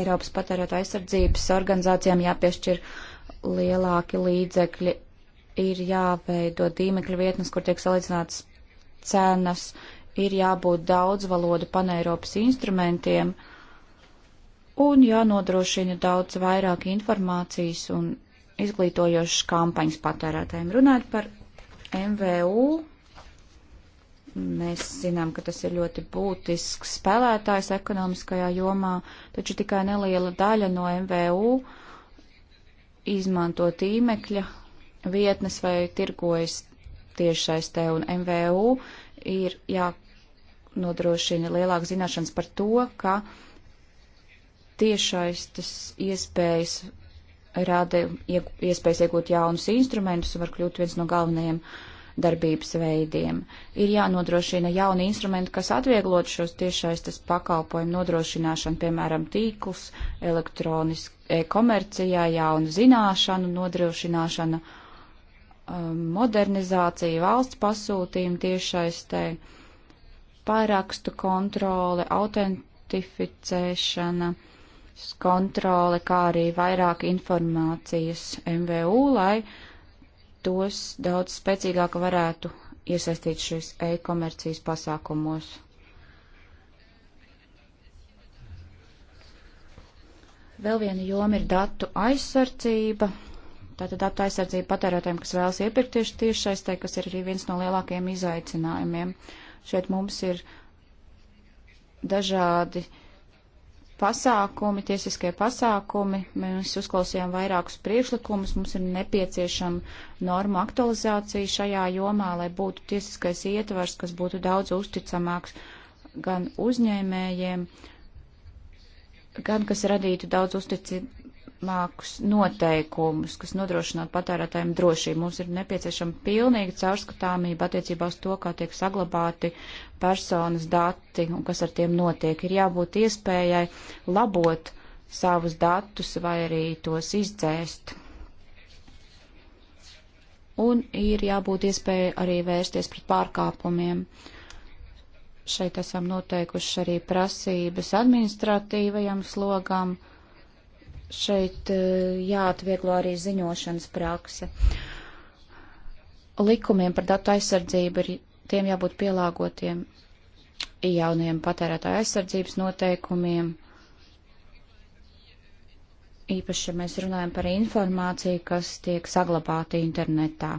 Eiropas patērētā aizsardzības organizācijām jāpiešķir lielāki līdzekļi, ir jāveido tīmekļa vietnes, kur tiek salīdzināts cenas, ir jābūt daudz valodu paneiropas instrumentiem. Uh, un jānodrošina daudz vairāk informācijas un izglītojošas kampaņas patērētājiem. Runājot par MVU, mēs zinām, ka tas ir ļoti būtisks spēlētājs ekonomiskajā jomā, taču tikai neliela daļa no MVU izmanto tīmekļa vietnes vai tirgojas tiešsaistē, un MVU ir jānodrošina lielāka zināšanas par to, ka uh, tiešaistas iespējas rada iespējas iegūt jaunus instrumentus un var kļūt viens no galvenajiem darbības veidiem. Ir jānodrošina jauni instrumenti, kas atvieglot šos tiešaistas pakalpojumu nodrošināšanu, piemēram, tīklus, elektroniskajā e komercijā, jaunu zināšanu nodrošināšana, um, modernizācija valsts pasūtījumu tiešaistē, pārakstu kontrole, autentificēšana kontrole, kā arī vairāk informācijas MVU, lai tos daudz spēcīgāk varētu iesaistīt šīs e-komercijas pasākumos. Vēl viena joma ir datu aizsardzība. Tātad datu aizsardzība patērētājiem, kas vēlas iepirkt tieši tiešsaistē, kas ir arī viens no lielākajiem izaicinājumiem. Šeit mums ir dažādi uh, pasākumi, tiesiskie pasākumi. Mēs uzklausījām vairākus priekšlikumus, mums ir nepieciešama norma aktualizācija šajā jomā, lai būtu tiesiskais ietvars, kas būtu daudz uzticamāks gan uzņēmējiem, gan kas radītu daudz uztici, zināmākus noteikumus, kas nodrošinātu patērētājiem drošību. Mums ir nepieciešama pilnīga caurskatāmība attiecībā uz to, kā tiek saglabāti personas dati un kas ar tiem notiek. Ir jābūt iespējai labot savus datus vai arī tos izdzēst. Un ir jābūt iespēja arī vērsties pret pārkāpumiem. Šeit esam noteikuši arī prasības administratīvajam slogam šeit eh, jāatvieglo arī ziņošanas prakse. Likumiem par datu aizsardzību ir tiem jābūt pielāgotiem jauniem patērētāju aizsardzības noteikumiem. Īpaši, ja mēs runājam par informāciju, kas tiek saglabāta internetā.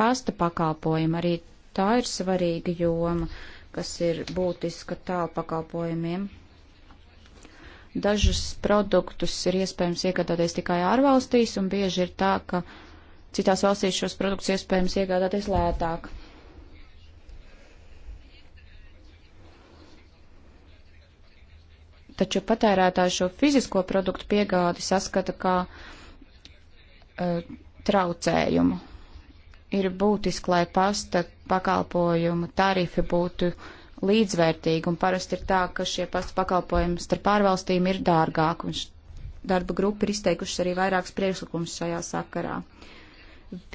Pasta pakalpojumi arī tā ir svarīga joma, kas ir būtiska tālpakalpojumiem. pakalpojumiem Dažus produktus ir iespējams iegādāties tikai ārvalstīs, un bieži ir tā, ka citās valstīs šos produktus iespējams iegādāties lētāk. Taču patērētāji šo fizisko produktu piegādi saskata kā uh, traucējumu. Ir būtiski, lai pasta pakalpojumu tarifi būtu uh, līdzvērtīgi, un parasti ir tā, ka šie pastu pakalpojumi starp ārvalstīm ir dārgāk, un darba grupa ir izteikušas arī vairākas priekšlikumus šajā sakarā.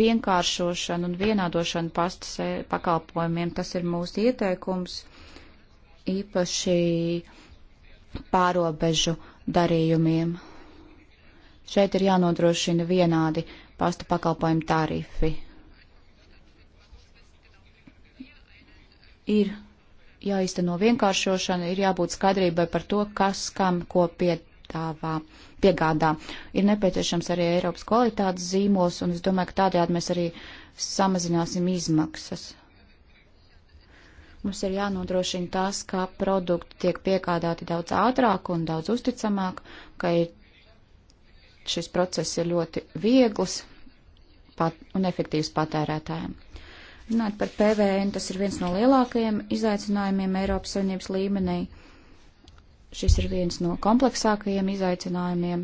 Vienkāršošana un vienādošana pastas pakalpojumiem, tas ir mūsu ieteikums, īpaši pārobežu darījumiem. Šeit ir jānodrošina vienādi pasta pakalpojumu tarifi. Ir jāizteno vienkāršošana, ir jābūt skaidrībai par to, kas kam ko piedāvā, piegādā. Ir nepieciešams arī Eiropas kvalitātes zīmos, un es domāju, ka tādējādi mēs arī samazināsim izmaksas. Mums ir jānodrošina tas, ka produkti tiek piegādāti daudz ātrāk un daudz uzticamāk, ka ir, šis process ir ļoti viegls pat, un efektīvs patērētājiem. Runājot par PVN, tas ir viens no lielākajiem izaicinājumiem Eiropas Savienības līmenī. Šis ir viens no kompleksākajiem izaicinājumiem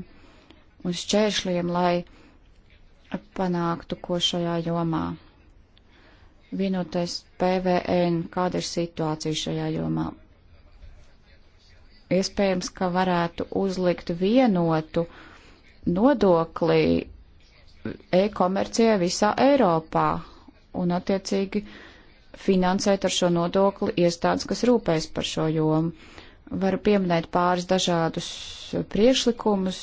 un šķēršļiem, lai panāktu ko šajā jomā vienotais PVN, kāda ir situācija šajā jomā? Iespējams, ka varētu uzlikt vienotu nodokli e-komercijai visā Eiropā un attiecīgi finansēt ar šo nodokli iestādes, kas rūpējas par šo jomu. Varu pieminēt pāris dažādus priekšlikumus,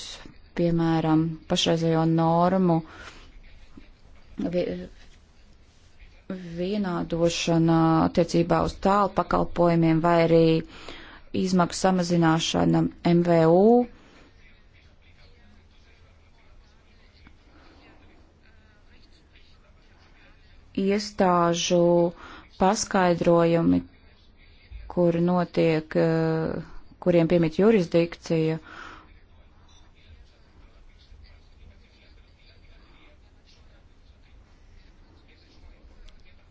piemēram, pašreizējo normu vienādošana attiecībā uz tālu pakalpojumiem vai arī izmaksu samazināšana MVU iestāžu paskaidrojumi, kuri notiek, eh, kuriem piemīt jurisdikcija.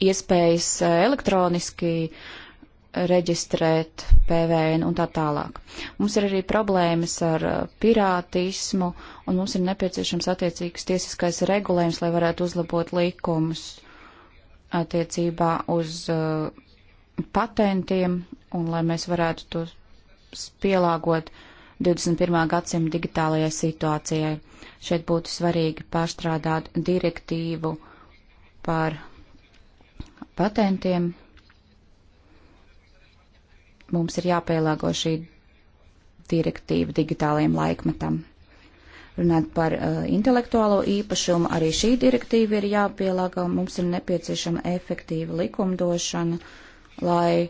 Iespējas eh, elektroniski reģistrēt PVN un tā tālāk. Mums ir arī problēmas ar eh, pirātismu, un mums ir nepieciešams attiecīgs tiesiskais regulējums, lai varētu uzlabot likumus. Uh, attiecībā uz uh, patentiem un lai mēs varētu tos pielāgot 21. gadsimta digitālajai situācijai. Šeit būtu svarīgi pārstrādāt direktīvu par patentiem. Mums ir jāpielāgo šī direktīva digitālajiem laikmetam runāt par uh, intelektuālo īpašumu. Arī šī direktīva ir jāpielāgo. Mums ir nepieciešama efektīva likumdošana, lai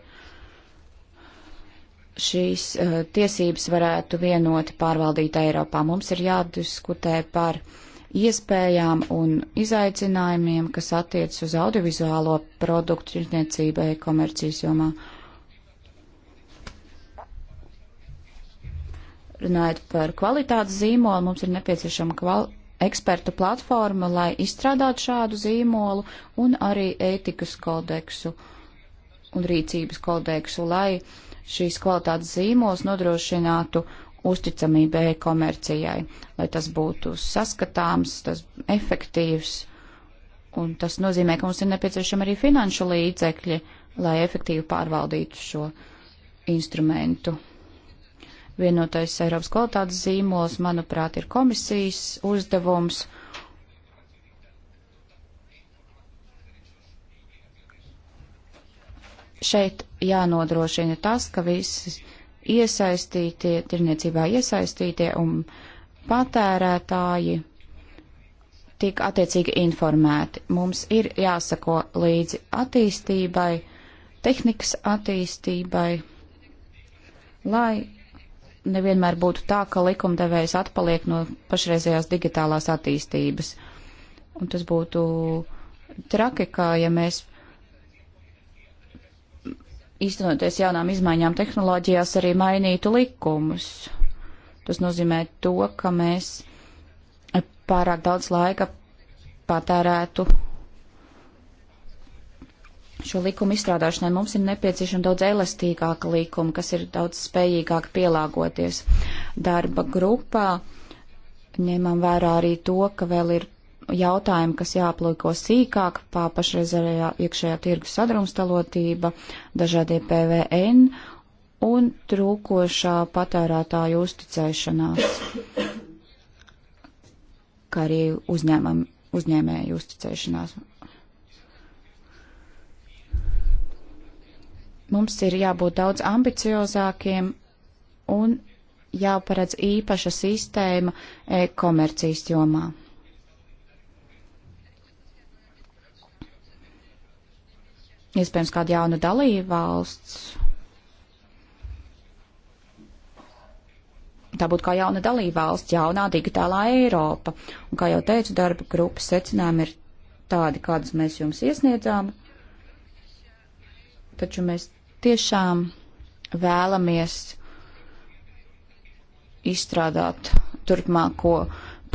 šīs uh, tiesības varētu vienoti pārvaldīt Eiropā. Mums ir jādiskutē par iespējām un izaicinājumiem, kas attiec uz audiovizuālo produktu tirdzniecībai komercijas jomā. Uh, Runājot par kvalitātes zīmolu, mums ir nepieciešama kval ekspertu platforma, lai izstrādātu šādu zīmolu un arī ētikas kodeksu un rīcības kodeksu, lai šīs kvalitātes zīmols nodrošinātu uzticamību e-komercijai, lai tas būtu saskatāms, tas efektīvs. Un tas nozīmē, ka mums ir nepieciešama arī finanšu līdzekļi, lai efektīvi pārvaldītu šo instrumentu. Vienotais Eiropas kvalitātes zīmols, manuprāt, ir komisijas uzdevums. Šeit jānodrošina tas, ka visi iesaistītie, tirniecībā iesaistītie un patērētāji tiek attiecīgi informēti. Mums ir jāsako līdzi attīstībai, tehnikas attīstībai, lai nevienmēr būtu tā, ka likumdevējs atpaliek no pašreizējās digitālās attīstības. Un tas būtu traki, kā ja mēs īstenoties jaunām izmaiņām tehnoloģijās arī mainītu likumus. Tas nozīmē to, ka mēs pārāk daudz laika patērētu šo likumu izstrādāšanai mums ir nepieciešama daudz elastīgāka likuma, kas ir daudz spējīgāk pielāgoties. Darba grupā ņemam vērā arī to, ka vēl ir jautājumi, kas jāaplūko sīkāk, pā pašreizējā iekšējā tirgus sadrumstalotība, dažādie PVN un trūkošā patērētāju uzticēšanās, kā arī uzņēmēju uzticēšanās Mums ir jābūt daudz ambiciozākiem un jāparedz īpaša sistēma e-komercijas jomā. Iespējams, kāda jauna dalībvalsts. Tā būtu kā jauna dalībvalsts, jaunā digitālā Eiropa. Un, kā jau teicu, darba grupas secinājumi ir tādi, kādus mēs jums iesniedzām. Taču mēs tiešām vēlamies izstrādāt turpmāko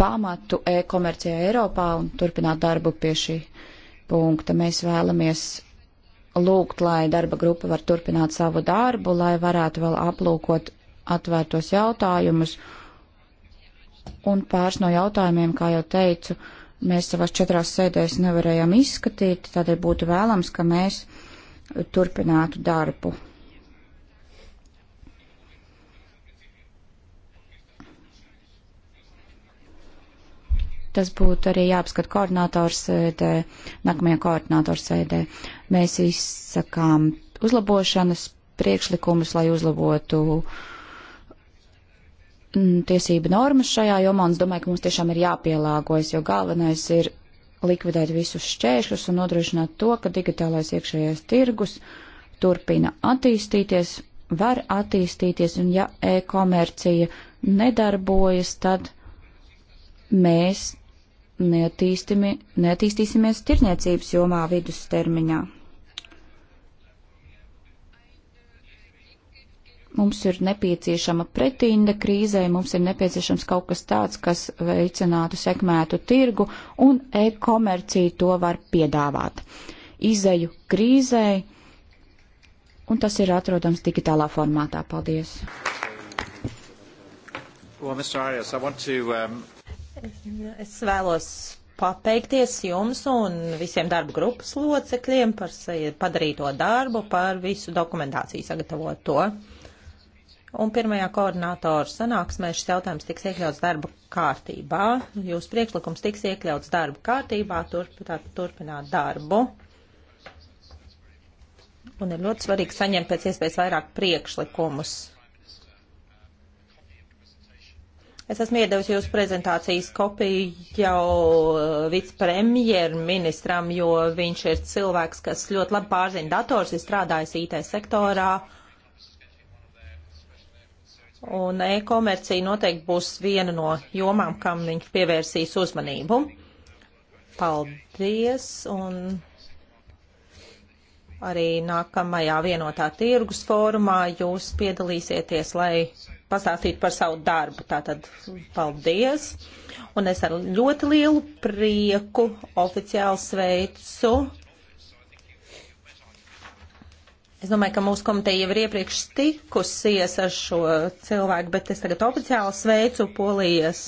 pamatu e-komercijā Eiropā un turpināt darbu pie šī punkta. Mēs vēlamies lūgt, lai darba grupa var turpināt savu darbu, lai varētu vēl aplūkot atvērtos jautājumus. Un pāris no jautājumiem, kā jau teicu, mēs savās četrās sēdēs nevarējām izskatīt, tādēļ būtu vēlams, ka mēs turpinātu darbu. Tas būtu arī jāapskata koordinātors sēdē, nākamajā koordinātors sēdē. Mēs izsakām uzlabošanas priekšlikumus, lai uzlabotu uh, mm, tiesība normas šajā jomā, un es domāju, ka mums tiešām ir jāpielāgojas, jo galvenais ir likvidēt visus šķēršļus un nodrošināt to, ka digitālais iekšējais tirgus turpina attīstīties, var attīstīties, un ja e-komercija nedarbojas, tad mēs neattīstimi, neattīstīsimies tirniecības jomā vidustermiņā. Mums ir nepieciešama pretinda krīzē, mums ir nepieciešams kaut kas tāds, kas veicinātu, sekmētu tirgu, un e-komercija to var piedāvāt. Izeju krīzē, un tas ir atrodams digitālā formātā. Paldies! Well, Arias, to, um... Es vēlos pateikties jums un visiem darba grupas locekļiem par padarīto darbu, par visu dokumentāciju sagatavot to. Un pirmajā koordinātoru sanāksmē šis jautājums tiks iekļauts darba kārtībā. Jūsu priekšlikums tiks iekļauts darba kārtībā, turpināt, turpināt darbu. Un ir ļoti svarīgi saņemt pēc iespējas vairāk priekšlikumus. Es esmu iedevusi jūsu prezentācijas kopiju jau eh, vicepremjerministram, jo viņš ir cilvēks, kas ļoti labi pārzina dators, ir strādājis IT sektorā un e-komercija noteikti būs viena no jomām, kam viņš pievērsīs uzmanību. Paldies, un arī nākamajā vienotā tirgus fórumā jūs piedalīsieties, lai pastāstītu par savu darbu. Tātad paldies, un es ar ļoti lielu prieku oficiāli sveicu Es domāju, ka mūsu komiteja jau ir iepriekš tikusies ar šo cilvēku, bet es tagad oficiāli sveicu Polijas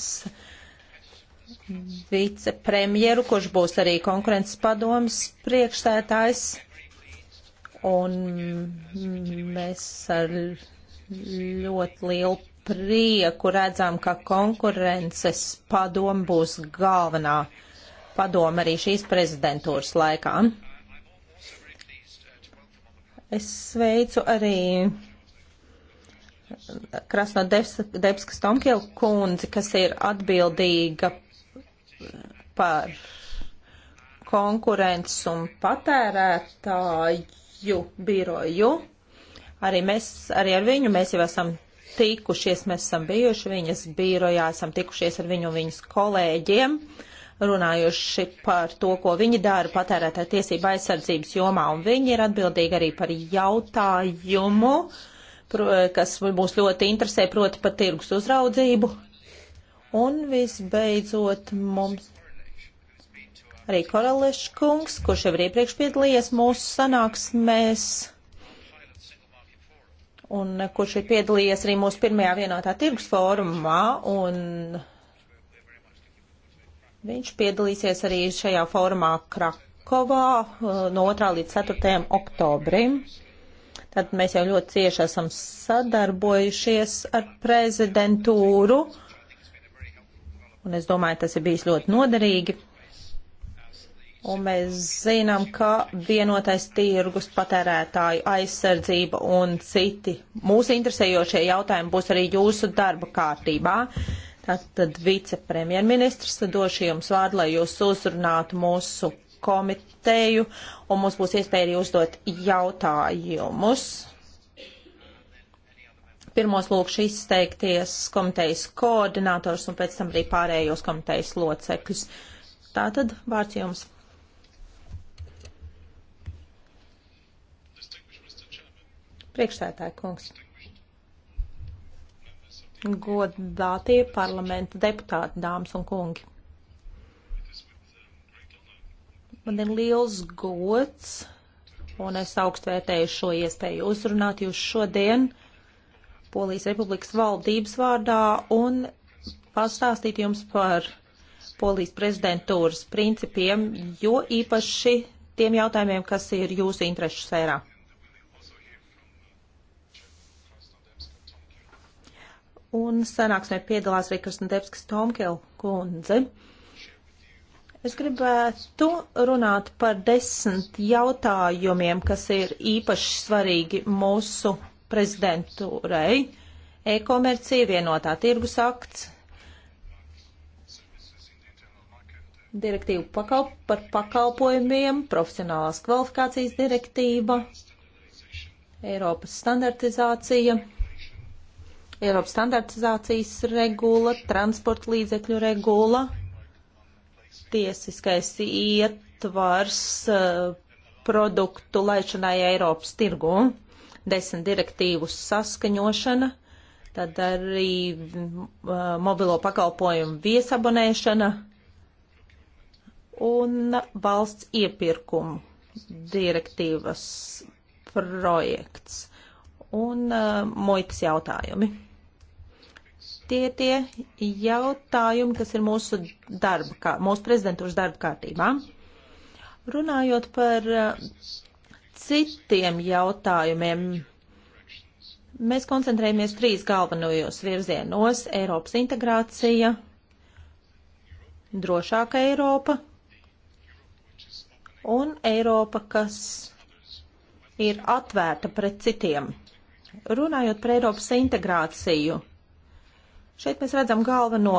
vicepremjeru, kurš būs arī konkurences padomas priekšstētājs. Un mēs ar ļoti lielu prieku redzam, ka konkurences padoma būs galvenā padoma arī šīs prezidentūras laikā. Es sveicu arī Krasno Debskas Tomkielu kundzi, kas ir atbildīga par konkurences un patērētāju biroju. Arī mēs, arī ar viņu mēs jau esam tikušies, mēs esam bijuši viņas birojā, esam tikušies ar viņu un viņas kolēģiem. Uh, runājuši par to, ko viņi dara patērētāja tiesība aizsardzības jomā, un viņi ir atbildīgi arī par jautājumu, kas mūs ļoti interesē, proti par tirgus uzraudzību. Un visbeidzot mums arī Koralešs kungs, kurš jau ir iepriekš piedalījies mūsu sanāksmēs un kurš ir piedalījies arī mūsu pirmajā vienotā tirgus fórumā un Viņš piedalīsies arī šajā formā Krakovā uh, no 2. līdz 4. oktobrim. Tad mēs jau ļoti cieši esam sadarbojušies ar prezidentūru. Un es domāju, tas ir bijis ļoti noderīgi. Un mēs zinām, ka vienotais tirgus, patērētāju aizsardzība un citi mūsu interesējošie jautājumi būs arī jūsu darba kārtībā. Uh, Tad vicepremjerministrs došu jums vārdu, lai jūs uzrunātu mūsu komiteju, un mums būs iespēja arī uzdot jautājumus. Pirmos lūkšu izteikties komitejas koordinators un pēc tam arī pārējos komitejas locekļus. Tātad vārds jums. Priekšsētāja kungs godātie parlamenta deputāti, dāmas un kungi. Man ir liels gods, un es augstvērtēju šo iespēju uzrunāt jūs šodien Polijas Republikas valdības vārdā un pastāstīt jums par Polijas prezidentūras principiem, jo īpaši tiem jautājumiem, kas ir jūsu interešu sērā. un sanāksmē piedalās arī Krasnodebskas Tomkela kundze. Es gribētu runāt par desmit jautājumiem, kas ir īpaši svarīgi mūsu prezidentūrai. E-komercija, vienotā tirgus akts, direktīva pakalp par pakalpojumiem, profesionālās kvalifikācijas direktīva, Eiropas standartizācija. Eiropas standartizācijas regula, transporta līdzekļu regula, tiesiskais ietvars eh, produktu laišanai Eiropas tirgu, desmit direktīvu saskaņošana, tad arī eh, mobilo pakalpojumu viesabonēšana un valsts iepirkumu direktīvas projekts un uh, muitas jautājumi tie tie jautājumi, kas ir mūsu darba, kā, mūsu prezidentūras darba kārtībā. Runājot par eh, citiem jautājumiem, mēs koncentrējamies trīs galvenajos virzienos - Eiropas integrācija, drošāka Eiropa un Eiropa, kas ir atvērta pret citiem. Runājot par Eiropas integrāciju, Šeit mēs redzam galveno,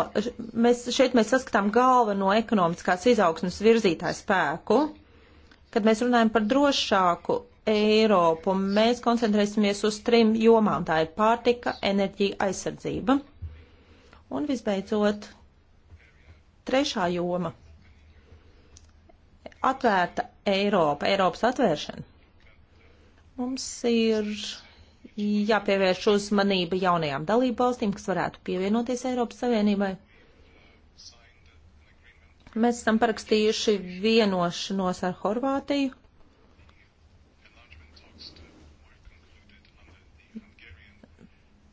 mēs, šeit mēs saskatām galveno ekonomiskās izaugsmas virzītāju spēku. Kad mēs runājam par drošāku Eiropu, mēs koncentrēsimies uz trim jomām. Tā ir pārtika, enerģija, aizsardzība. Un visbeidzot, trešā joma - atvērta Eiropa, Eiropas atvēršana. Mums ir jāpievērš uzmanība jaunajām dalību valstīm, kas varētu pievienoties Eiropas Savienībai. Mēs esam parakstījuši vienošanos ar Horvātiju.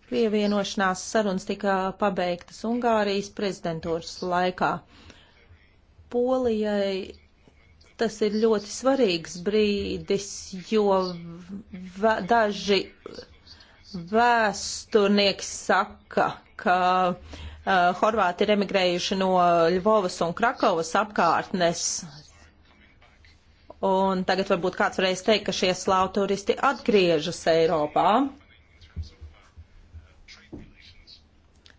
Pievienošanās sarunas tika pabeigtas Ungārijas prezidentūras laikā. Polijai tas ir ļoti svarīgs brīdis, jo daži Vēsturnieks saka, ka uh, Horvāti ir emigrējuši no Ļuvovas un Krakovas apkārtnes. Un tagad varbūt kāds varēs teikt, ka šie slāvturisti atgriežas Eiropā.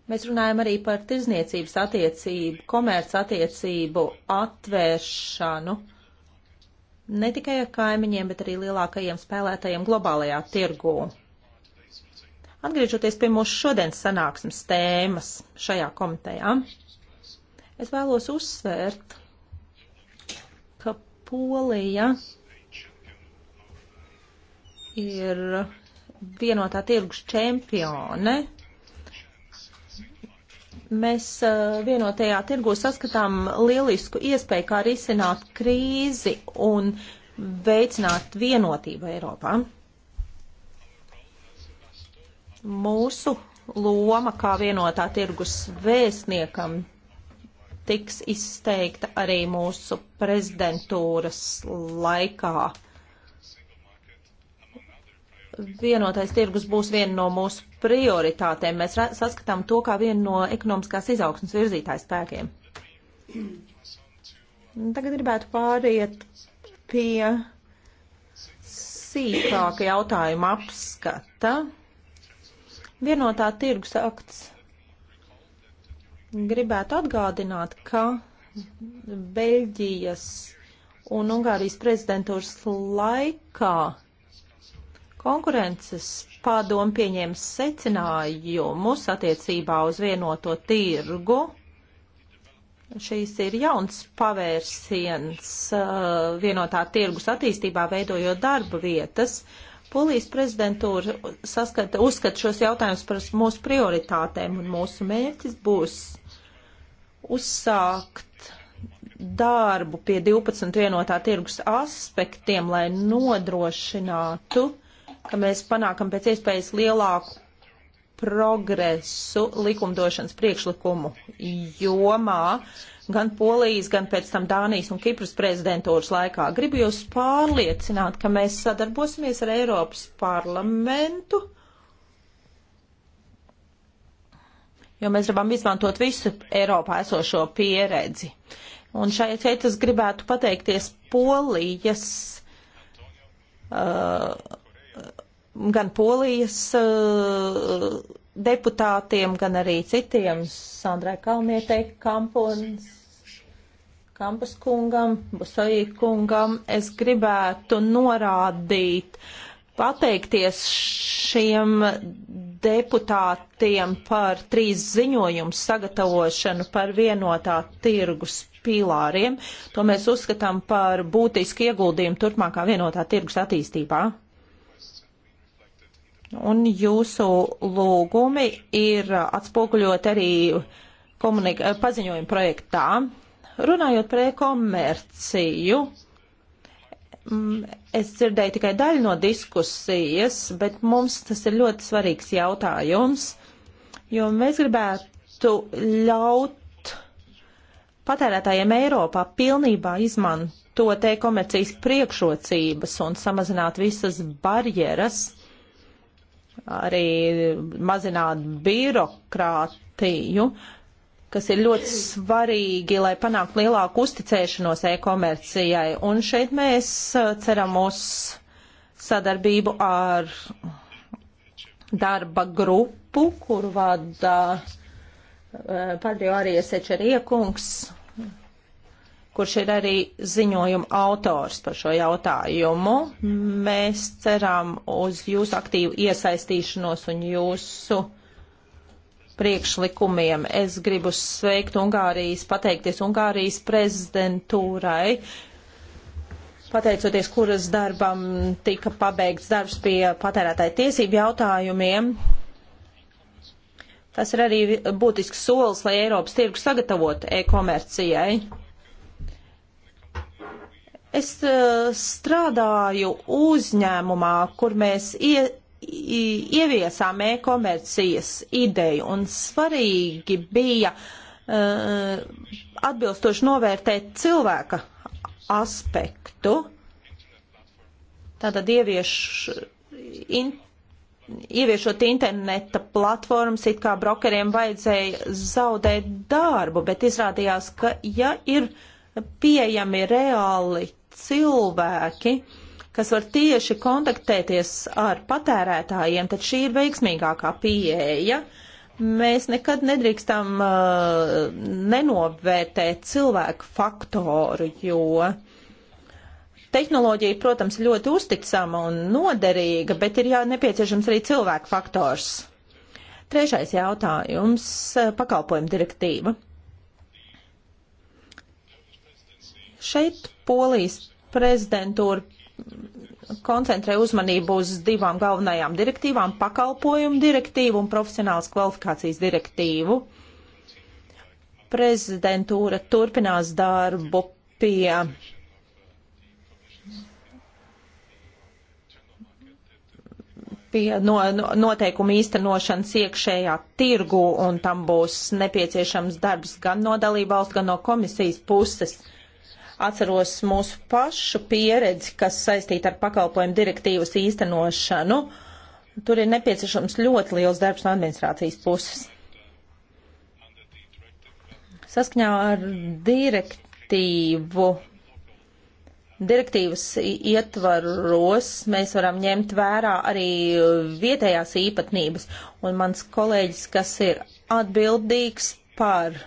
Mēs runājam arī par tirzniecības attiecību, komerc attiecību atvēršanu ne tikai ar kaimiņiem, bet arī lielākajiem spēlētajiem globālajā tirgū. Atgriežoties pie mūsu šodienas sanāksmes tēmas šajā komitejā, es vēlos uzsvērt, ka Polija ir vienotā tirgus čempione. Mēs vienotajā tirgu saskatām lielisku iespēju, kā risināt krīzi un veicināt vienotību Eiropā. Mūsu loma kā vienotā tirgus vēstniekam tiks izteikta arī mūsu prezidentūras laikā. Vienotais tirgus būs viena no mūsu prioritātēm. Mēs saskatām to kā vienu no ekonomiskās izaugsmas virzītājs spēkiem. Tagad gribētu pāriet pie sīkāka jautājuma apskata. Vienotā tirgus akts gribētu atgādināt, ka Beļģijas un Ungārijas prezidentūras laikā konkurences padomu pieņēma secinājumus attiecībā uz vienoto tirgu. Šīs ir jauns pavērsiens uh, vienotā tirgus attīstībā, veidojot darba vietas. Uh, Polijas prezidentūra saskata, uzskata šos jautājumus par mūsu prioritātēm, un mūsu mērķis būs uzsākt darbu pie 12 vienotā tirgus aspektiem, lai nodrošinātu, ka mēs panākam pēc iespējas lielāku progresu likumdošanas priekšlikumu jomā, gan Polijas, gan pēc tam Dānijas un Kipras prezidentūras laikā. Gribu jūs pārliecināt, ka mēs sadarbosimies ar Eiropas parlamentu, jo mēs gribam izmantot visu Eiropā esošo pieredzi. Un šeit, šeit es gribētu pateikties Polijas. Uh, gan polijas uh, deputātiem, gan arī citiem, Sandrai Kalnietei, Kampons, Kampas kungam, Busoī kungam. Es gribētu norādīt, pateikties šiem deputātiem par trīs ziņojumu sagatavošanu par vienotā tirgus pīlāriem. To mēs uzskatām par būtisku ieguldījumu turpmākā vienotā tirgus attīstībā. Un jūsu lūgumi ir atspoguļot arī paziņojumu projektā. Runājot par e-komerciju, es dzirdēju tikai daļu no diskusijas, bet mums tas ir ļoti svarīgs jautājums, jo mēs gribētu ļaut patērētājiem Eiropā pilnībā izmantot e-komercijas priekšrocības un samazināt visas barjeras, arī mazināt birokrātiju. Uh, kas ir ļoti svarīgi, lai panāktu lielāku uzticēšanos e-komercijai. Un šeit mēs uh, ceram uz sadarbību ar darba grupu, kuru vada uh, Padrio Arijas Ečeriekungs, kurš ir arī ziņojuma autors par šo jautājumu. Mēs ceram uz jūsu aktīvu iesaistīšanos un jūsu priekšlikumiem. Es gribu sveikt Ungārijas, pateikties Ungārijas prezidentūrai, pateicoties kuras darbam tika pabeigts darbs pie patērētāju tiesību jautājumiem. Tas ir arī būtisks solis, lai Eiropas tirgu sagatavotu e-komercijai. Es uh, strādāju uzņēmumā, kur mēs ie, ieviesām e-komercijas ideju un svarīgi bija uh, atbilstoši novērtēt cilvēka aspektu. Tātad ievieš, in, ieviešot interneta platformas, it kā brokeriem vajadzēja zaudēt darbu, bet izrādījās, ka ja ir pieejami reāli cilvēki, kas var tieši kontaktēties ar patērētājiem, tad šī ir veiksmīgākā pieeja. Mēs nekad nedrīkstam uh, nenovērtēt cilvēku faktoru, jo tehnoloģija, protams, ļoti uzticama un noderīga, bet ir jā, nepieciešams arī cilvēku faktors. Trešais jautājums uh, - pakalpojuma direktīva. Šeit polijas prezidentūra koncentrē uzmanību uz divām galvenajām direktīvām - pakalpojumu direktīvu un profesionālas kvalifikācijas direktīvu. Prezidentūra turpinās darbu pie pie no, no, noteikumu īstenošanas iekšējā tirgu, un tam būs nepieciešams darbs gan no dalībvalstu, gan no komisijas puses. Uh, Atceros mūsu pašu pieredzi, kas saistīta ar pakalpojumu direktīvas īstenošanu. Tur ir nepieciešams ļoti liels darbs no administrācijas puses. Saskaņā ar direktīvu direktīvas ietvaros mēs varam ņemt vērā arī vietējās īpatnības. Un mans kolēģis, kas ir atbildīgs par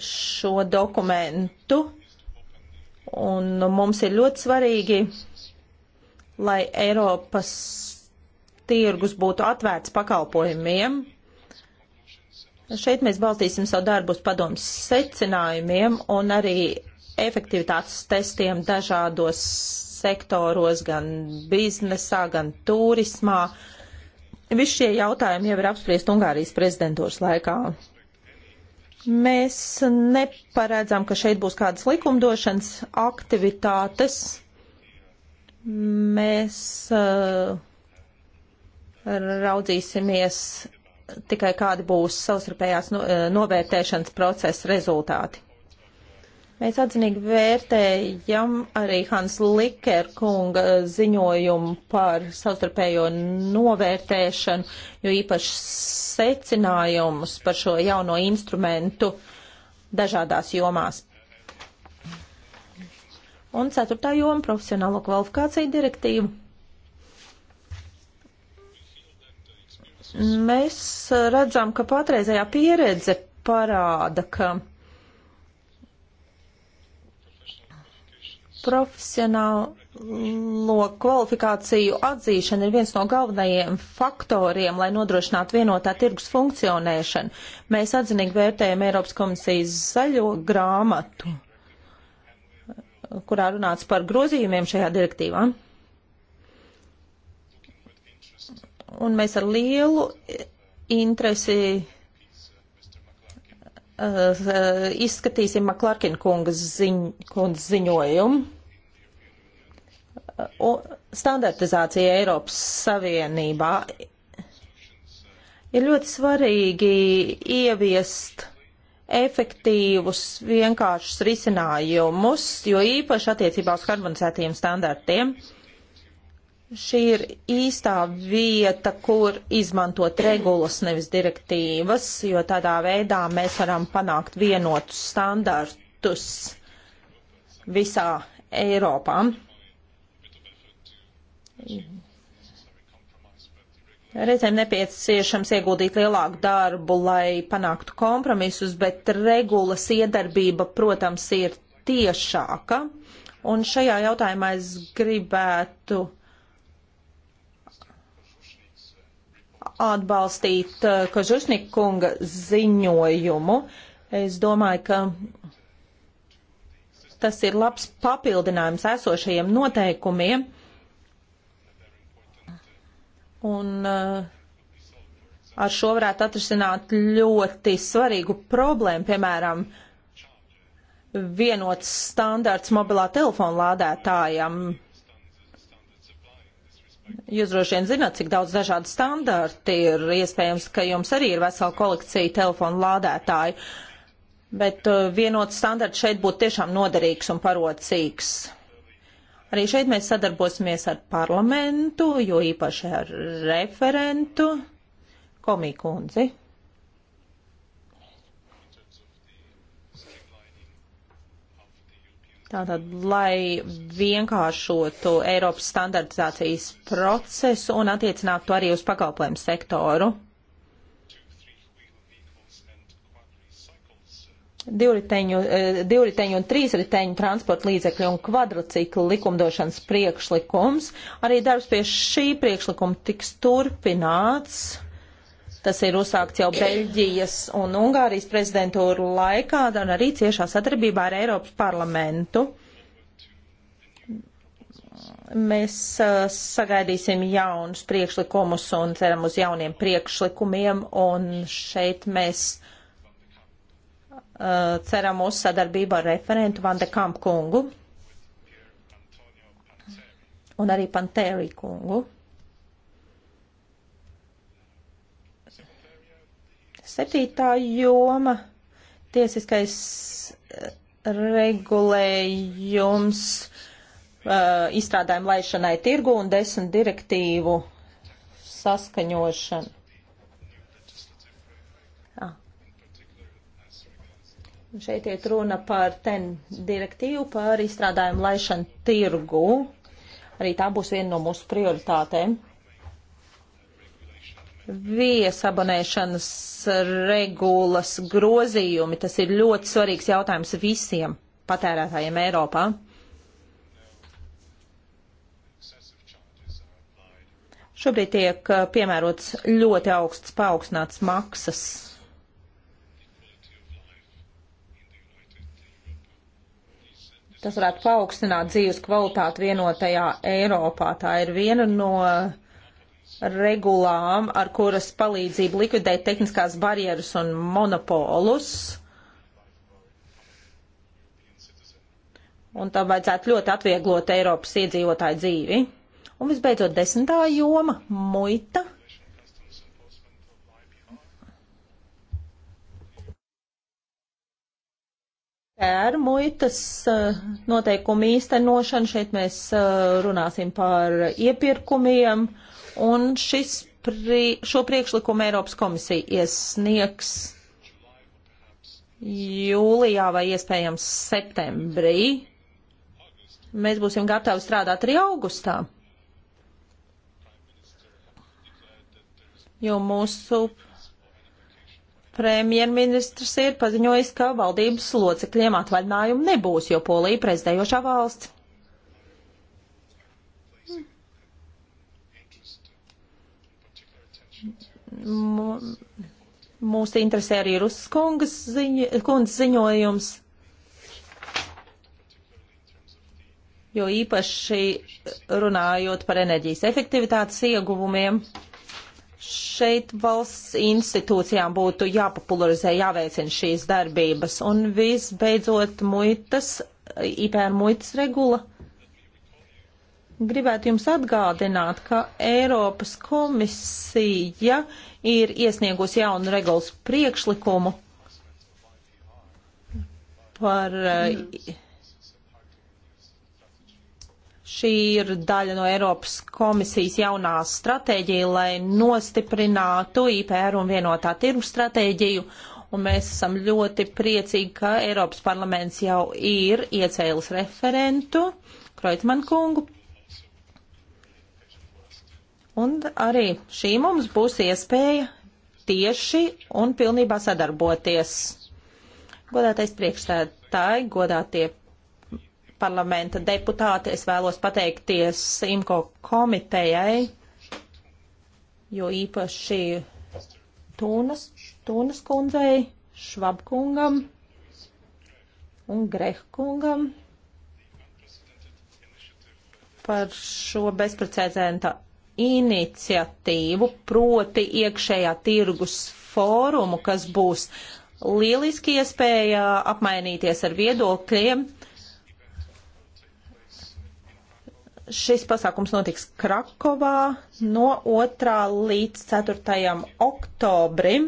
šo dokumentu, un mums ir ļoti svarīgi, lai Eiropas tirgus būtu atvērts pakalpojumiem. Šeit mēs balstīsim savu darbu uz padomus secinājumiem un arī efektivitātes testiem dažādos sektoros, gan biznesā, gan turismā. Visi šie jautājumi jau ir apspriest Ungārijas prezidentūras laikā. Mēs neparedzam, ka šeit būs kādas likumdošanas aktivitātes. Mēs uh, raudzīsimies tikai kādi būs savstarpējās uh, novērtēšanas procesa rezultāti. Mēs atzinīgi vērtējam arī Hans Liker kunga ziņojumu par savstarpējo novērtēšanu, jo īpaši secinājumus par šo jauno instrumentu dažādās jomās. Un ceturtā joma - profesionālo kvalifikāciju direktīvu. Mēs redzam, ka patreizējā pieredze parāda, ka Profesionālo kvalifikāciju atzīšana ir viens no galvenajiem faktoriem, lai nodrošinātu vienotā tirgus funkcionēšanu. Mēs atzinīgi vērtējam Eiropas komisijas zaļo grāmatu, kurā runāts par grozījumiem šajā direktīvā. Un mēs ar lielu interesi Eh, izskatīsim Maklārkina kungas ziņ, kundas ziņojumu. Standartizācija Eiropas Savienībā ir ļoti svarīgi ieviest efektīvus, vienkāršus risinājumus, jo īpaši attiecībā uz harmonizētiem standartiem. Uh, šī ir īstā vieta, kur izmantot regulas, nevis direktīvas, jo tādā veidā mēs varam panākt vienotus standartus visā Eiropā. Reizēm nepieciešams ieguldīt lielāku darbu, lai panāktu kompromisus, bet regulas iedarbība, protams, ir tiešāka. Un šajā jautājumā es gribētu uh, atbalstīt eh, Kožušnika kunga ziņojumu. Es domāju, ka tas ir labs papildinājums esošajiem noteikumiem. Un eh, ar šo varētu atrisināt ļoti svarīgu problēmu, piemēram, vienots standarts mobilā telefona lādētājam Jūs droši vien zināt, cik daudz dažādu standartu ir. Iespējams, ka jums arī ir vesela kolekcija telefonu lādētāju. Bet uh, vienots standarts šeit būtu tiešām noderīgs un parocīgs. Arī šeit mēs sadarbosimies ar parlamentu, jo īpaši ar referentu Komī kundzi. Tātad, lai vienkāršotu Eiropas standartizācijas procesu un attiecinātu to arī uz pakalpojumu sektoru. Divriteņu, eh, divriteņu un trīsriteņu transporta līdzekļu un kvadrociklu likumdošanas priekšlikums. Arī darbs pie šī priekšlikuma tiks turpināts Tas ir uzsākts jau Beļģijas un Ungārijas prezidentūru laikā un arī ciešā sadarbībā ar Eiropas parlamentu. Mēs uh, sagaidīsim jaunus priekšlikumus un ceram uz jauniem priekšlikumiem, un šeit mēs uh, ceram uz sadarbību ar referentu Vande Kamp kungu un arī Pantēri kungu. Septītā joma - tiesiskais eh, regulējums uh, izstrādājumu laišanai tirgu un desmit direktīvu saskaņošana. Ah. Šeit iet runa par ten direktīvu par izstrādājumu laišanu tirgu. Arī tā būs viena no mūsu prioritātēm viesabonēšanas regulas grozījumi. Tas ir ļoti svarīgs jautājums visiem patērētājiem Eiropā. Šobrīd tiek uh, piemērots ļoti augsts paaugstināts maksas. Tas varētu paaugstināt dzīves kvalitāti vienotajā Eiropā. Tā ir viena no uh, regulām, ar kuras palīdzību likvidēt tehniskās barjeras un monopolus. Un tam vajadzētu ļoti atvieglot Eiropas iedzīvotāju dzīvi. Un visbeidzot, desmitā joma - muita. ērmuitas eh, noteikumu īstenošanu. Šeit mēs eh, runāsim par iepirkumiem, un šis, pri, šo priekšlikumu Eiropas komisija iesniegs jūlijā vai iespējams septembrī. Mēs būsim gatavi strādāt arī augustā. Jo mūsu premjerministrs ir paziņojis, ka valdības locekļiem atvaļinājumu nebūs, jo Polija prezidējošā valsts. Mūs interesē arī Rusas ziņo, kundzes ziņojums, jo īpaši runājot par enerģijas efektivitātes ieguvumiem šeit valsts institūcijām būtu jāpopularizē, jāveicina šīs darbības. Un visbeidzot, muitas, IPR muitas regula. Gribētu jums atgādināt, ka Eiropas komisija ir iesniegusi jaunu regulas priekšlikumu par eh, Šī ir daļa no Eiropas komisijas jaunās stratēģija, lai nostiprinātu IPR un vienotā tirgus stratēģiju. Un mēs esam ļoti priecīgi, ka Eiropas parlaments jau ir iecēlis referentu Kreutmann kungu. Un arī šī mums būs iespēja tieši un pilnībā sadarboties. Godātais priekšstādātāji, godātie parlamenta deputāti. Es vēlos pateikties IMCO komitejai, jo īpaši Tūnas, Tūnas kundzei, Švabkungam un Grehkungam par šo bezprecedenta iniciatīvu, proti iekšējā tirgus fórumu, kas būs lieliski iespēja apmainīties ar viedokļiem Šis pasākums notiks Krakovā no 2. līdz 4. oktobrim.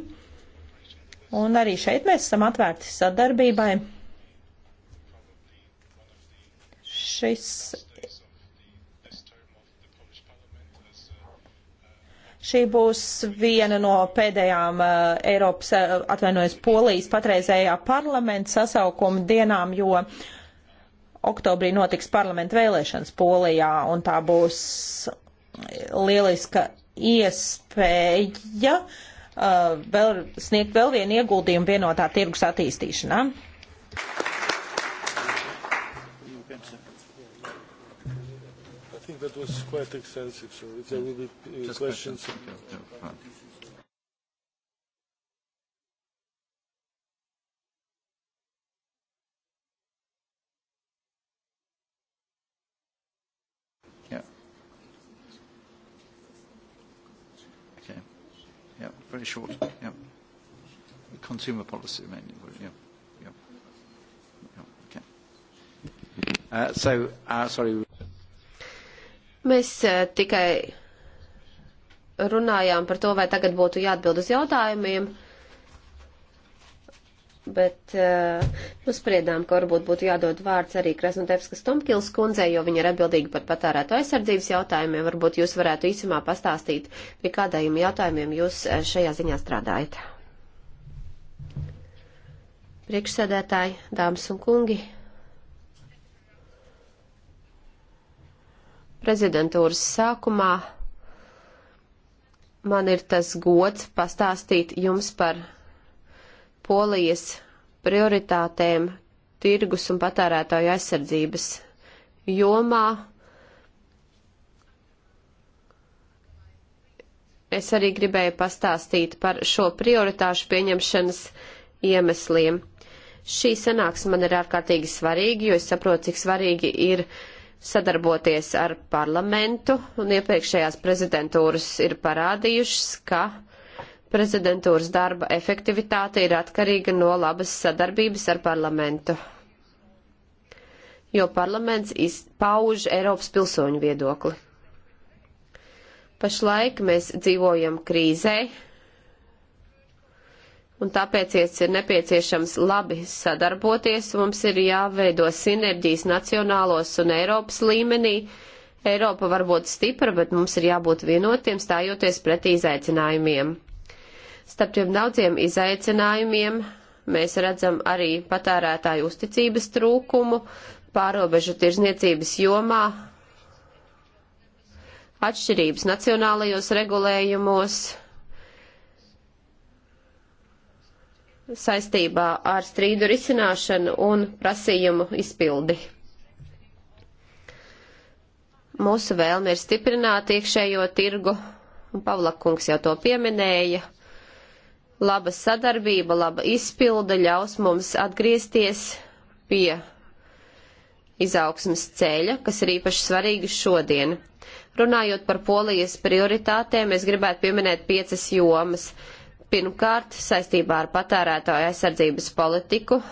Un arī šeit mēs esam atvērti sadarbībai. Šis Šī būs viena no pēdējām uh, Eiropas, uh, atvainojas, Polijas patreizējā parlamenta sasaukuma dienām, jo Oktobrī notiks parlamenta vēlēšanas Polijā, un tā būs lieliska iespēja uh, vēl, sniegt vēl vienu ieguldījumu vienotā tirgus attīstīšanā. That was quite extensive, so if there will be uh, questions. Question. Yeah, yeah. yeah, very short. Yeah. Consumer policy mainly. Yeah. Yeah. yeah. Okay. Uh, so, uh, sorry. Mēs uh, tikai runājām par to, vai tagad būtu jāatbild uz jautājumiem. Uh, bet uh, nu spriedām, ka varbūt būtu jādod vārds arī Krasnodebskas Tomkils kundzei, jo viņa ir atbildīga par patērēto aizsardzības jautājumiem. Varbūt jūs varētu īsumā pastāstīt, pie kādajiem jautājumiem jūs eh, šajā ziņā strādājat. Priekšsēdētāji, dāmas un kungi. Prezidentūras sākumā man ir tas gods pastāstīt jums par polijas prioritātēm tirgus un patērētāju aizsardzības jomā. Es arī gribēju pastāstīt par šo prioritāšu pieņemšanas iemesliem. Šī sanāksme man ir ārkārtīgi svarīga, jo es saprotu, cik svarīgi ir sadarboties ar parlamentu, un iepriekšējās prezidentūras ir parādījušas, ka uh, Prezidentūras darba efektivitāte ir atkarīga no labas sadarbības ar parlamentu, jo parlaments pauž Eiropas pilsoņu viedokli. Pašlaik mēs dzīvojam krīzē, un tāpēc ir nepieciešams labi sadarboties. Mums ir jāveido sinerģijas nacionālos un Eiropas līmenī. Eiropa var būt stipra, bet mums ir jābūt vienotiem, stājoties pret izaicinājumiem. Starp tiem daudziem izaicinājumiem mēs redzam arī patērētāju uzticības trūkumu pārobežu tirzniecības jomā, atšķirības nacionālajos regulējumos saistībā ar strīdu risināšanu un prasījumu izpildi. Mūsu vēlme ir stiprināt iekšējo tirgu, un Pavlakungs jau to pieminēja Laba sadarbība, laba izpilda ļaus mums atgriezties pie izaugsmas ceļa, kas ir īpaši svarīgi šodien. Runājot par polijas prioritātēm, es gribētu pieminēt piecas jomas. Pirmkārt, saistībā ar patērētāju aizsardzības politiku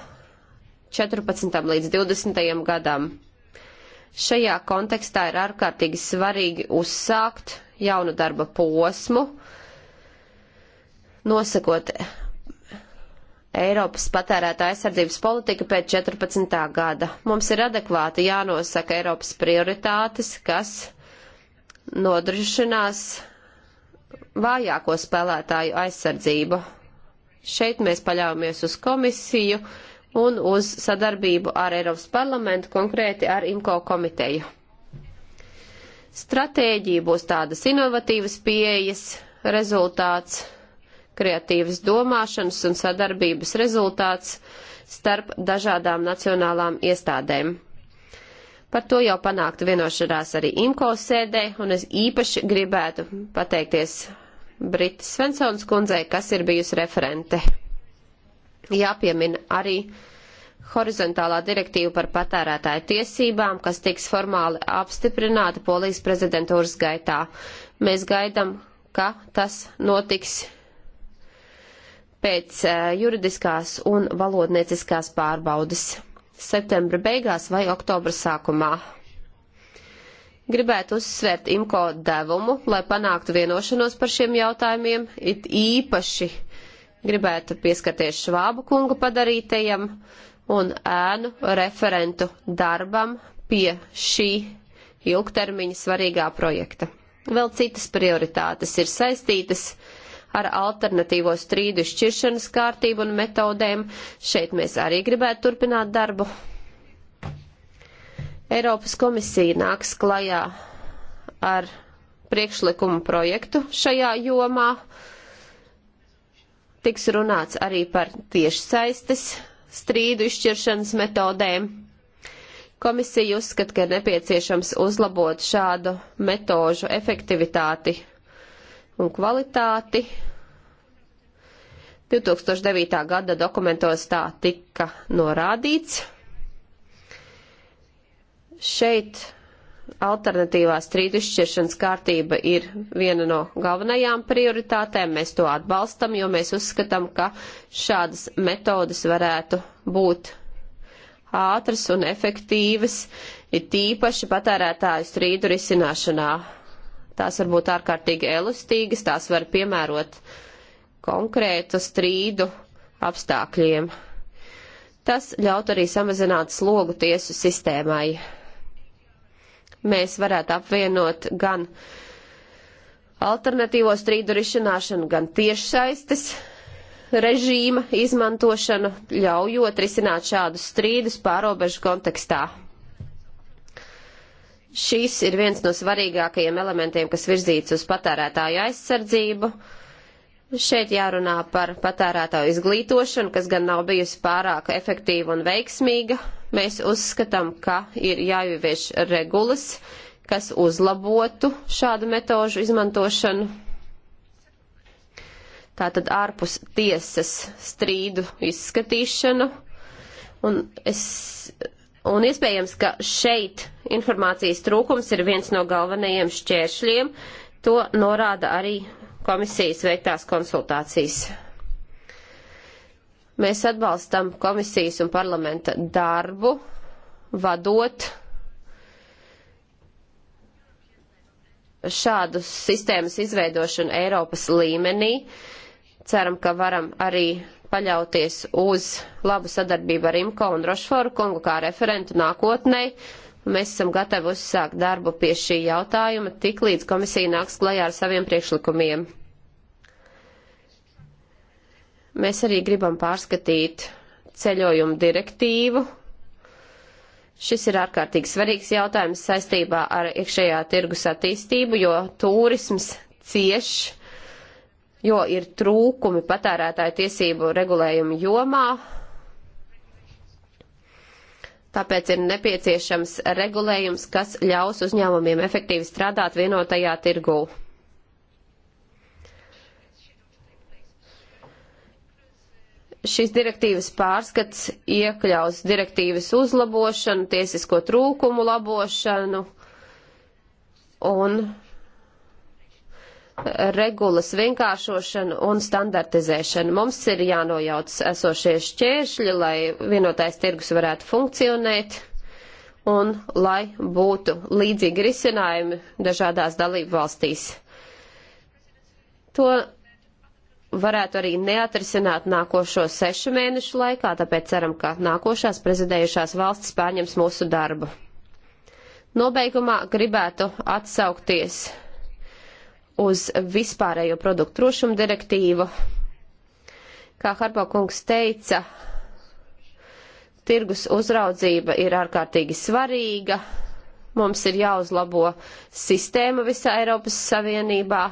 14. līdz 20. gadam. Šajā kontekstā ir ārkārtīgi svarīgi uzsākt jaunu darba posmu, nosakot Eiropas patērēta aizsardzības politika pēc 14. gada. Mums ir adekvāti jānosaka Eiropas prioritātes, kas nodrošinās vājāko spēlētāju aizsardzību. Šeit mēs paļaujamies uz komisiju un uz sadarbību ar Eiropas parlamentu, konkrēti ar IMCO komiteju. Stratēģija būs tādas inovatīvas pieejas rezultāts kreatīvas domāšanas un sadarbības rezultāts starp dažādām nacionālām iestādēm. Par to jau panāktu vienošanās arī IMCO sēdē, un es īpaši gribētu pateikties Britas Svensons kundzei, kas ir bijusi referente. Jāpiemina arī horizontālā direktīva par patērētāju tiesībām, kas tiks formāli apstiprināta Polijas prezidentūras gaitā. Mēs gaidām, ka tas notiks pēc eh, juridiskās un valodnieciskās pārbaudas septembra beigās vai oktobra sākumā. Gribētu uzsvērt IMCO devumu, lai panāktu vienošanos par šiem jautājumiem, it īpaši gribētu pieskarties Švābu kunga padarītajam un ēnu referentu darbam pie šī ilgtermiņa svarīgā projekta. Vēl citas prioritātes ir saistītas ar ar alternatīvo strīdu šķiršanas kārtību un metodēm. Šeit mēs arī gribētu turpināt darbu. Eiropas komisija nāks klajā ar priekšlikumu projektu šajā jomā. Tiks runāts arī par tiešsaistes strīdu izšķiršanas metodēm. Komisija uzskata, ka ir nepieciešams uzlabot šādu metožu efektivitāti un kvalitāti. 2009. gada dokumentos tā tika norādīts. Šeit alternatīvā strīdu izšķiršanas kārtība ir viena no galvenajām prioritātēm. Mēs to atbalstam, jo mēs uzskatām, ka šādas metodas varētu būt ātras un efektīvas, ir tīpaši patērētāju strīdu risināšanā. Tās var būt ārkārtīgi elastīgas, tās var piemērot konkrētu strīdu apstākļiem. Tas ļaut arī samazināt slogu tiesu sistēmai. Mēs varētu apvienot gan alternatīvo strīdu risināšanu, gan tiešsaistes režīma izmantošanu, ļaujot risināt šādus strīdus pārobežu kontekstā. Šis ir viens no svarīgākajiem elementiem, kas virzīts uz patērētāju aizsardzību. Šeit jārunā par patērētāju izglītošanu, kas gan nav bijusi pārāk efektīva un veiksmīga. Mēs uzskatām, ka ir jāievieš regulas, kas uzlabotu šādu metožu izmantošanu. Tātad ārpus tiesas strīdu izskatīšanu. Un es Un iespējams, ka šeit informācijas trūkums ir viens no galvenajiem šķēršļiem. To norāda arī komisijas veiktās konsultācijas. Mēs atbalstam komisijas un parlamenta darbu, vadot šādu sistēmas izveidošanu Eiropas līmenī. Ceram, ka varam arī paļauties uz labu sadarbību ar Imko un Rošforu kungu kā referentu nākotnei. Mēs esam gatavi uzsākt darbu pie šī jautājuma, tik līdz komisija nāks klajā ar saviem priekšlikumiem. Mēs arī gribam pārskatīt ceļojumu direktīvu. Šis ir ārkārtīgi svarīgs jautājums saistībā ar iekšējā tirgus attīstību, jo turisms cieši jo ir trūkumi patērētāju tiesību regulējumu jomā. Tāpēc ir nepieciešams regulējums, kas ļaus uzņēmumiem efektīvi strādāt vienotajā tirgū. Šis direktīvas pārskats iekļaus direktīvas uzlabošanu, tiesisko trūkumu labošanu un regulas vienkāršošanu un standartizēšanu. Mums ir jānojauc esošie šķēršļi, lai vienotais tirgus varētu funkcionēt un lai būtu līdzīgi risinājumi dažādās dalību valstīs. To varētu arī neatrisināt nākošo sešu mēnešu laikā, tāpēc ceram, ka nākošās prezidējušās valstis pārņems mūsu darbu. Nobeigumā gribētu atsaukties uz vispārējo produktu drošumu direktīvu. Kā Harbo kungs teica, tirgus uzraudzība ir ārkārtīgi svarīga. Mums ir jāuzlabo sistēma visā Eiropas Savienībā.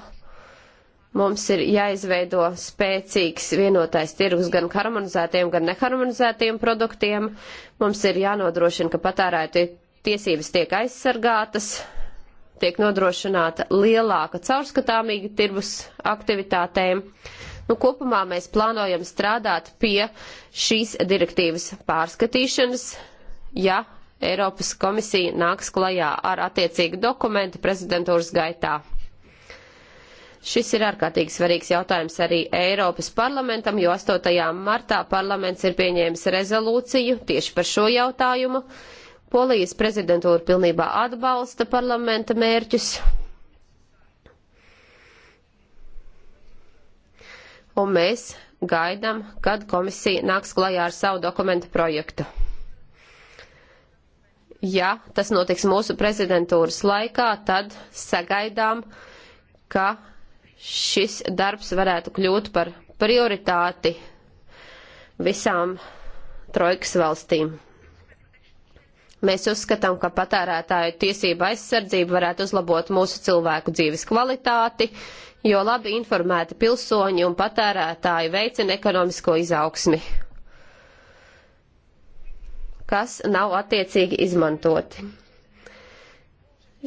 Mums ir jāizveido spēcīgs vienotais tirgus gan harmonizētiem, gan neharmonizētiem produktiem. Mums ir jānodrošina, ka patērētie tiesības tiek aizsargātas, tiek nodrošināta lielāka caurskatāmīga tirgus aktivitātēm. Nu, kopumā mēs plānojam strādāt pie šīs direktīvas pārskatīšanas, ja Eiropas komisija nāks klajā ar attiecīgu dokumentu prezidentūras gaitā. Šis ir ārkārtīgi svarīgs jautājums arī Eiropas parlamentam, jo 8. martā parlaments ir pieņēmis rezolūciju tieši par šo jautājumu. Uh, Polijas prezidentūra pilnībā atbalsta parlamenta mērķus. Un mēs gaidām, kad komisija nāks klajā ar savu dokumentu projektu. Ja tas notiks mūsu prezidentūras laikā, tad sagaidām, ka šis darbs varētu kļūt par prioritāti visām trojkas valstīm. Mēs uzskatām, ka patērētāju tiesība aizsardzība varētu uzlabot mūsu cilvēku dzīves kvalitāti, jo labi informēti pilsoņi un patērētāji veicina ekonomisko izaugsmi, kas nav attiecīgi izmantoti.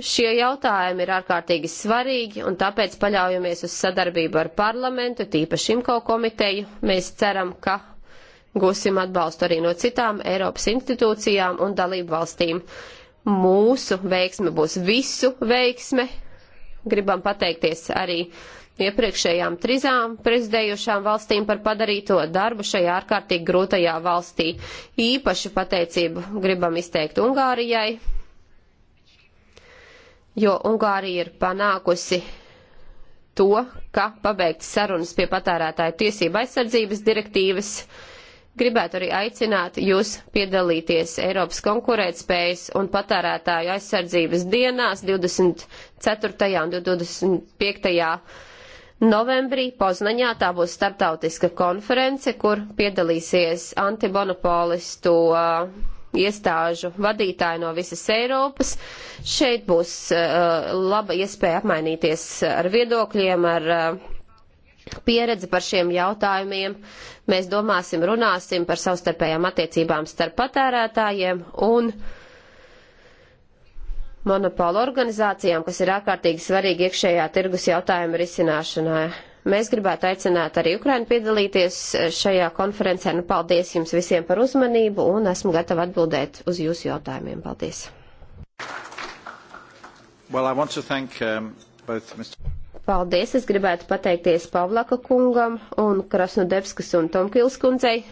Šie jautājumi ir ārkārtīgi svarīgi, un tāpēc paļaujamies uz sadarbību ar parlamentu, tīpaši imko komiteju. Mēs ceram, ka Gūsim atbalstu arī no citām Eiropas institūcijām un dalību valstīm. Mūsu veiksme būs visu veiksme. Gribam pateikties arī iepriekšējām trizām prezidējušām valstīm par padarīto darbu šajā ārkārtīgi grūtajā valstī. Īpašu pateicību gribam izteikt Ungārijai, jo Ungārija ir panākusi to, ka pabeigts sarunas pie patērētāju tiesību aizsardzības direktīvas Gribētu arī aicināt jūs piedalīties Eiropas konkurētspējas un patērētāju aizsardzības dienās 24. un 25. novembrī Poznaņā. Tā būs startautiska konference, kur piedalīsies antimonopolistu uh, iestāžu vadītāji no visas Eiropas. Šeit būs uh, laba iespēja apmainīties ar viedokļiem, ar uh, pieredze par šiem jautājumiem. Mēs domāsim, runāsim par savstarpējām attiecībām starp patērētājiem un monopolu organizācijām, kas ir ārkārtīgi svarīgi iekšējā tirgus jautājuma risināšanā. Mēs gribētu aicināt arī Ukrainu piedalīties šajā konferencē. Nu, paldies jums visiem par uzmanību un esmu gatava atbildēt uz jūsu jautājumiem. Paldies! Well, I want to thank um, both Mr. Paldies! Es gribētu pateikties Pavlaka kungam un Krasnodebskas un Tomkils kundzei.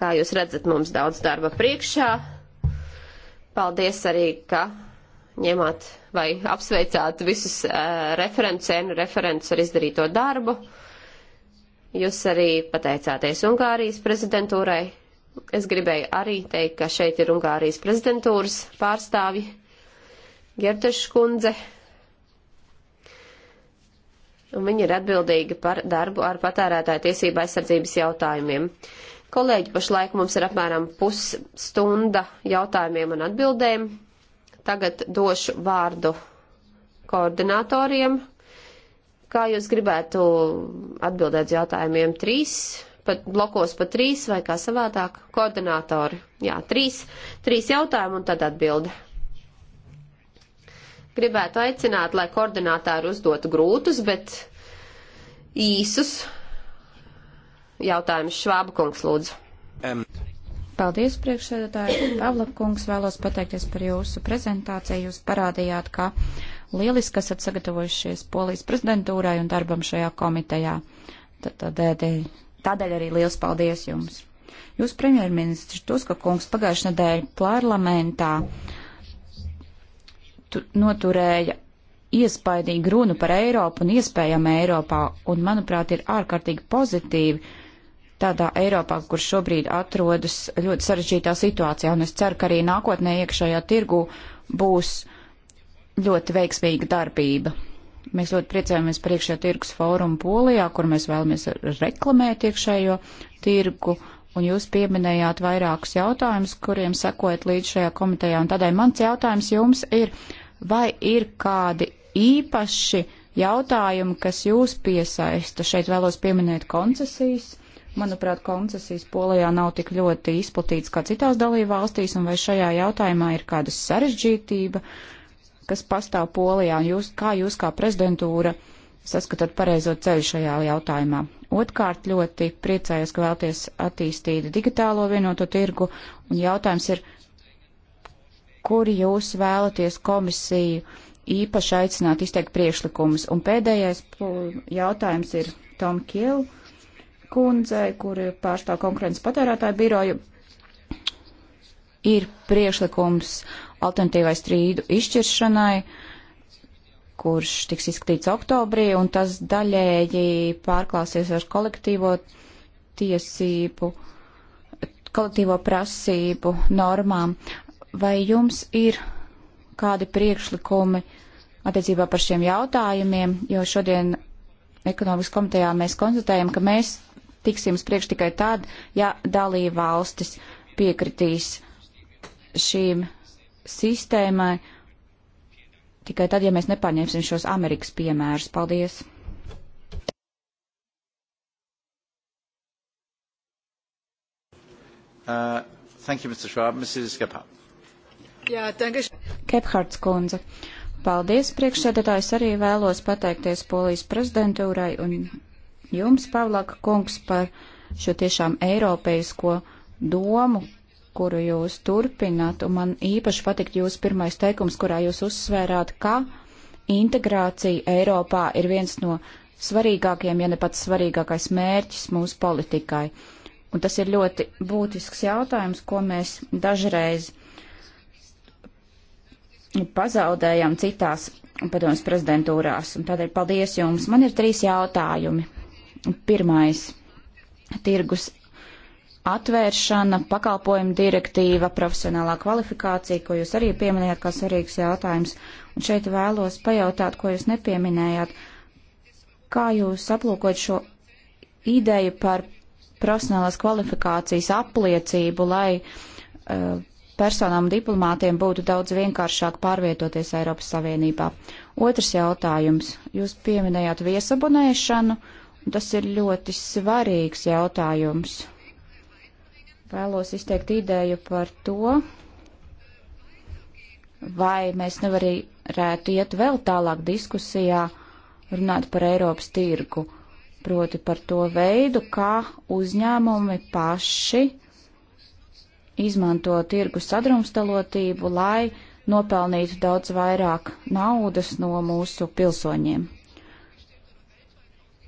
Kā jūs redzat, mums daudz darba priekšā. Paldies arī, ka ņemāt vai apsveicāt visus uh, referents, ēnu referents ar izdarīto darbu. Jūs arī pateicāties Ungārijas prezidentūrai. Es gribēju arī teikt, ka šeit ir Ungārijas prezidentūras pārstāvi Gerteškundze. kundze un viņi ir atbildīgi par darbu ar patērētāju tiesību aizsardzības jautājumiem. Kolēģi, pašlaik mums ir apmēram pusstunda jautājumiem un atbildēm. Tagad došu vārdu koordinatoriem. Kā jūs gribētu atbildēt jautājumiem? Trīs, pat blokos pa trīs vai kā savādāk? Koordinatori. Jā, trīs, trīs jautājumi un tad atbildi gribētu aicināt, lai koordinātāri uzdotu grūtus, bet īsus jautājumus Švāba kungs lūdzu. Um. Paldies, priekšsēdētāji. Pavlap kungs, vēlos pateikties par jūsu prezentāciju. Jūs parādījāt, ka lieliski esat sagatavojušies polijas prezidentūrai un darbam šajā komitejā. Tādēļ, tādēļ arī liels paldies jums. Jūs premjerministrs Tuska kungs pagājušajā nedēļā parlamentā uh, noturēja iespaidīgu runu par Eiropu un iespējām Eiropā, un, manuprāt, ir ārkārtīgi pozitīvi tādā Eiropā, kur šobrīd atrodas ļoti sarežģītā situācijā, un es ceru, ka arī nākotnē iekšējā tirgu būs ļoti veiksmīga darbība. Mēs ļoti priecājamies par iekšējā tirgus fórumu Polijā, kur mēs vēlamies reklamēt iekšējo tirgu. Uh, un jūs pieminējāt vairākus jautājumus, kuriem sekojat līdz šajā komitejā, un tādēļ mans jautājums jums ir, vai ir kādi īpaši jautājumi, kas jūs piesaista? Šeit vēlos pieminēt koncesijas. Manuprāt, koncesijas Polijā nav tik ļoti izplatīts kā citās dalībvalstīs, un vai šajā jautājumā ir kāda sarežģītība, kas pastāv Polijā, un jūs, kā jūs kā prezidentūra uh, saskatot pareizo ceļu šajā jautājumā. Otkārt, ļoti priecājos, ka vēlties attīstīt digitālo vienoto tirgu, un jautājums ir, kur jūs vēlaties komisiju īpaši aicināt izteikt priekšlikumus. Un pēdējais jautājums ir Tom Kiel kundzei, kur pārstāv konkurences patērētāju biroju. Ir priekšlikums alternatīvai strīdu izšķiršanai. Uh, kurš tiks izskatīts oktobrī, un tas daļēji pārklāsies ar kolektīvo tiesību, kolektīvo prasību normām. Vai jums ir kādi priekšlikumi attiecībā par šiem jautājumiem, jo šodien ekonomikas komitejā mēs konstatējam, ka mēs tiksim spriekš tikai tad, ja dalība valstis piekritīs šīm sistēmai, Tikai tad, ja mēs nepārņemsim šos Amerikas piemērus. Paldies! Uh, thank you, Mr. Schwab. Mrs. Gephardt. Jā, danke. Gephardt skundze. Paldies, priekšsēdētājs. Arī vēlos pateikties Polijas prezidentūrai un jums, Pavlaka kungs, par šo tiešām eiropeisko domu, kuru jūs turpināt, un man īpaši patikt jūsu pirmais teikums, kurā jūs uzsvērāt, ka integrācija Eiropā ir viens no svarīgākajiem, ja ne pats svarīgākais mērķis mūsu politikai. Un tas ir ļoti būtisks jautājums, ko mēs dažreiz pazaudējam citās padomas prezidentūrās. Un tādēļ paldies jums. Man ir trīs jautājumi. Pirmais - tirgus atvēršana, pakalpojuma direktīva, profesionālā kvalifikācija, ko jūs arī pieminējāt kā svarīgs jautājums. Un šeit vēlos pajautāt, ko jūs nepieminējāt. Kā jūs aplūkot šo ideju par profesionālās kvalifikācijas apliecību, lai uh, personām diplomātiem būtu daudz vienkāršāk pārvietoties Eiropas Savienībā? Otrs jautājums. Jūs pieminējāt viesabonēšanu, un tas ir ļoti svarīgs jautājums Vēlos izteikt ideju par to, vai mēs nevarētu iet vēl tālāk diskusijā, runāt par Eiropas tirgu, proti par to veidu, kā uzņēmumi paši izmanto tirgu sadrumstalotību, lai nopelnītu daudz vairāk naudas no mūsu pilsoņiem.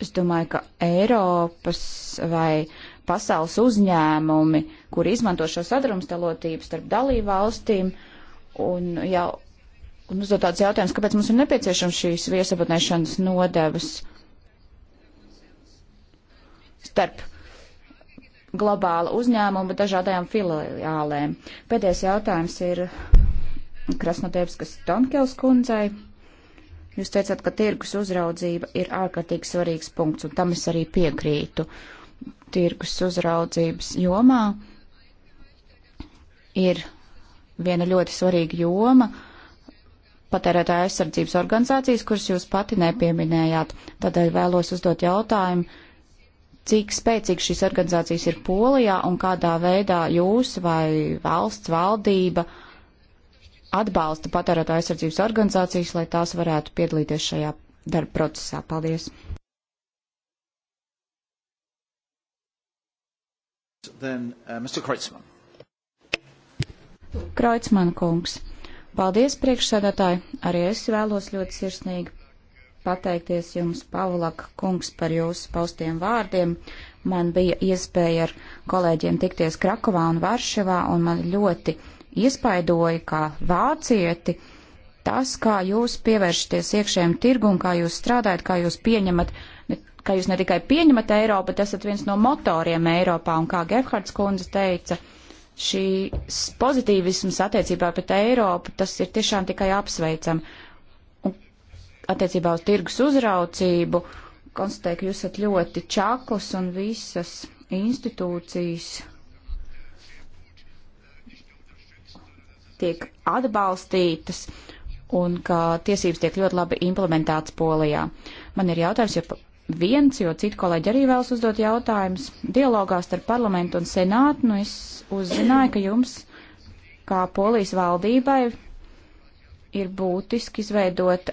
Es domāju, ka Eiropas vai pasaules uzņēmumi, kuri izmanto šo sadrumstalotību starp dalībvalstīm un jau un uzdot tāds jautājums, kāpēc mums ir nepieciešams šīs viesabotnēšanas nodevas starp globāla uzņēmuma dažādajām filiālēm. Pēdējais jautājums ir Krasnodēbskas Tonkels kundzei. Jūs teicāt, ka tirgus uzraudzība ir ārkārtīgi svarīgs punkts, un tam es arī piekrītu. Uh, tirgus uzraudzības jomā ir viena ļoti svarīga joma patērētāja aizsardzības organizācijas, kuras jūs pati nepieminējāt. Tādēļ vēlos uzdot jautājumu, cik spēcīgas šīs organizācijas ir Polijā un kādā veidā jūs vai valsts valdība atbalsta patērētāja aizsardzības organizācijas, lai tās varētu piedalīties šajā darba procesā. Paldies! Then, uh, Mr. Kreutzmann. Kreutzmann kungs. Paldies, priekšsēdētāji. Arī es vēlos ļoti sirsnīgi pateikties jums, Pavlaka kungs, par jūsu paustiem vārdiem. Man bija iespēja ar kolēģiem tikties Krakovā un Varšavā, un man ļoti iespaidoja, kā vācieti, tas, kā jūs pievēršaties iekšējiem tirgum, kā jūs strādājat, kā jūs pieņemat uh, ka jūs ne tikai pieņemat eiro, bet esat viens no motoriem Eiropā. Un kā Gerhards kundze teica, šīs pozitīvisms attiecībā pret Eiropu, tas ir tiešām tikai apsveicam. Un attiecībā uz tirgus uzraucību, konstatēju, ka jūs esat ļoti čaklas un visas institūcijas tiek atbalstītas un ka tiesības tiek ļoti labi implementētas Polijā. Man ir jautājums, jo viens, jo citu kolēģi arī vēlas uzdot jautājumus. Dialogā starp parlamentu un senātu nu es uzzināju, ka jums, kā polijas valdībai, ir būtiski izveidot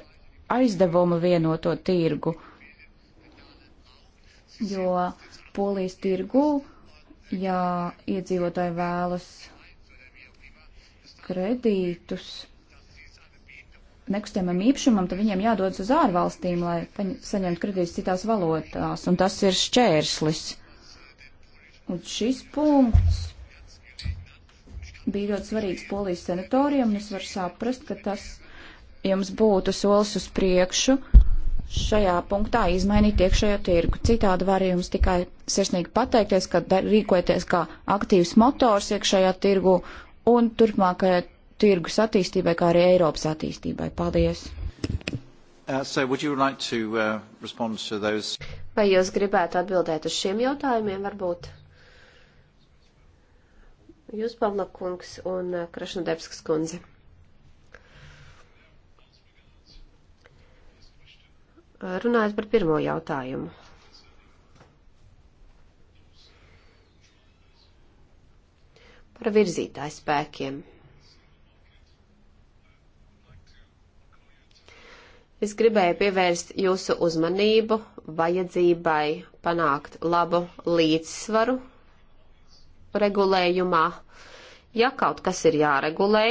aizdevumu vienoto tirgu, jo polijas tirgu, ja iedzīvotāji vēlas kredītus, nekustamam īpašumam, tad viņiem jādodas uz ārvalstīm, lai saņemtu kredītus citās valotās, un tas ir šķērslis. Un šis punkts bija ļoti svarīgs polijas senatorijam, un es varu saprast, ka tas jums būtu solis uz priekšu šajā punktā izmainīt iekšējo tirgu. Citādi var jums tikai sirsnīgi pateikties, ka rīkojaties kā aktīvs motors iekšējā tirgu, un turpmākajai tirgus attīstībai, kā arī Eiropas attīstībai. Paldies! Uh, so would you like to uh, respond to those? Vai jūs gribētu atbildēt uz šiem jautājumiem, varbūt? Jūs, Pavla kungs un uh, Krašnodebskas kundze. Runājot par pirmo jautājumu. Par virzītāju spēkiem. Es gribēju pievērst jūsu uzmanību vajadzībai panākt labu līdzsvaru regulējumā. Ja kaut kas ir jāregulē,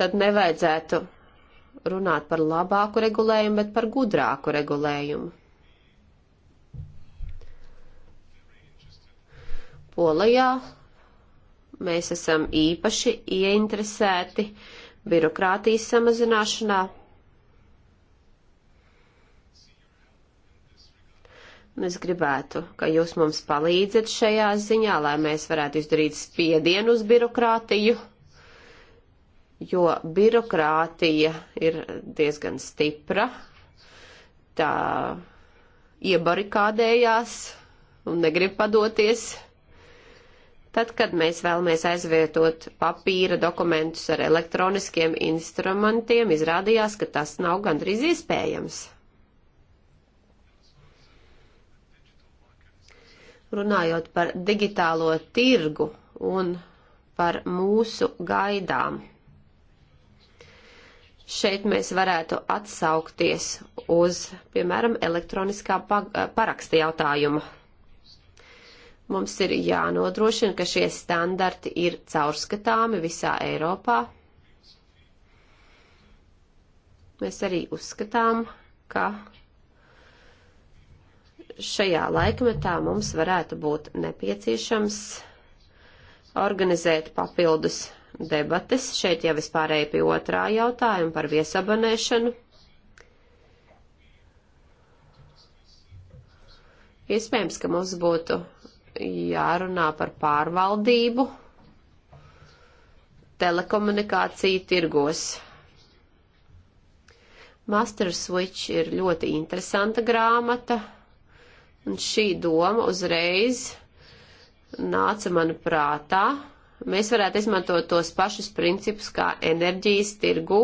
tad nevajadzētu runāt par labāku regulējumu, bet par gudrāku regulējumu. Polijā Mēs esam īpaši ieinteresēti birokrātijas samazināšanā. Mēs gribētu, ka jūs mums palīdzat šajā ziņā, lai mēs varētu izdarīt spiedienu uz birokrātiju, jo birokrātija ir diezgan stipra, tā iebarikādējās un negrib padoties. Tad, kad mēs vēlamies aizvietot papīra dokumentus ar elektroniskiem instrumentiem, izrādījās, ka tas nav gandrīz iespējams. Runājot par digitālo tirgu un par mūsu gaidām. Šeit mēs varētu atsaukties uz, piemēram, elektroniskā paraksta jautājumu Mums ir jānodrošina, ka šie standarti ir caurskatāmi visā Eiropā. Mēs arī uzskatām, ka šajā laikmetā mums varētu būt nepieciešams organizēt papildus debates. Šeit jau vispārēji pie otrā jautājuma par viesabanēšanu. Iespējams, ka mums būtu jārunā par pārvaldību telekomunikāciju tirgos. Master Switch ir ļoti interesanta grāmata, un šī doma uzreiz nāca man prātā. Mēs varētu izmantot tos pašus principus kā enerģijas tirgu,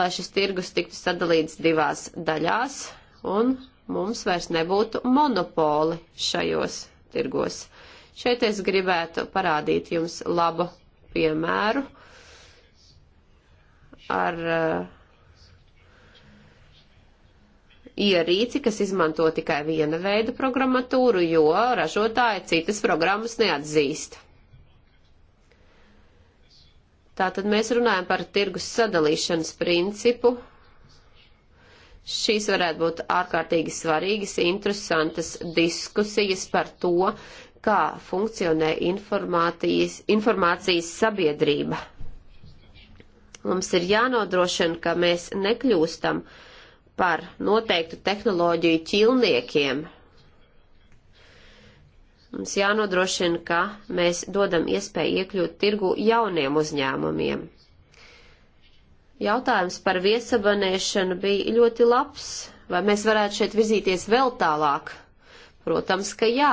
lai šis tirgus tiktu sadalīts divās daļās, un mums vairs nebūtu monopoli šajos tirgos. Šeit es gribētu parādīt jums labu piemēru ar uh, ierīci, kas izmanto tikai viena veida programmatūru, jo ražotāji citas programmas neatzīst. Tātad mēs runājam par tirgus sadalīšanas principu, Šīs varētu būt ārkārtīgi svarīgas, interesantas diskusijas par to, kā funkcionē informācijas, informācijas sabiedrība. Mums ir jānodrošina, ka mēs nekļūstam par noteiktu tehnoloģiju ķilniekiem. Mums jānodrošina, ka mēs dodam iespēju iekļūt tirgu jauniem uzņēmumiem. Jautājums par viesabanēšanu bija ļoti labs. Vai mēs varētu šeit vizīties vēl tālāk? Protams, ka jā.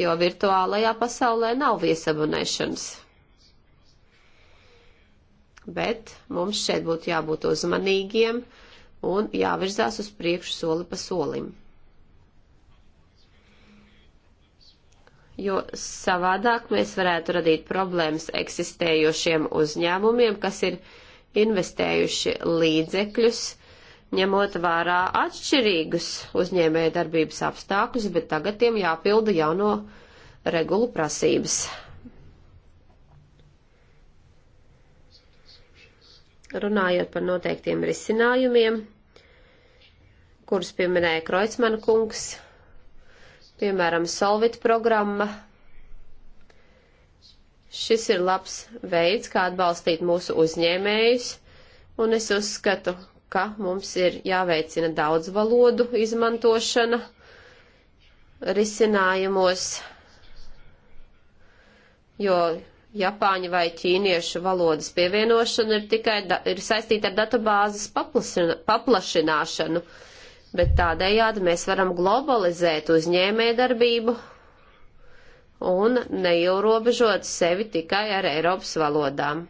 Jo virtuālajā pasaulē nav viesabunēšanas. Bet mums šeit būtu jābūt uzmanīgiem un jāvirzās uz priekšu soli pa solim. jo savādāk mēs varētu radīt problēmas eksistējošiem uzņēmumiem, kas ir investējuši līdzekļus, ņemot vērā atšķirīgus uzņēmēja darbības apstākļus, bet tagad tiem jāpilda jauno regulu prasības. Runājot par noteiktiem risinājumiem, kurus pieminēja Kreutzmann kungs, piemēram, Solvit programma. Šis ir labs veids, kā atbalstīt mūsu uzņēmējus, un es uzskatu, ka mums ir jāveicina daudz valodu izmantošana risinājumos, jo Japāņu vai ķīniešu valodas pievienošana ir tikai da, ir saistīta ar datubāzes paplašināšanu bet tādējādi mēs varam globalizēt uzņēmējdarbību un neierobežot sevi tikai ar Eiropas valodām.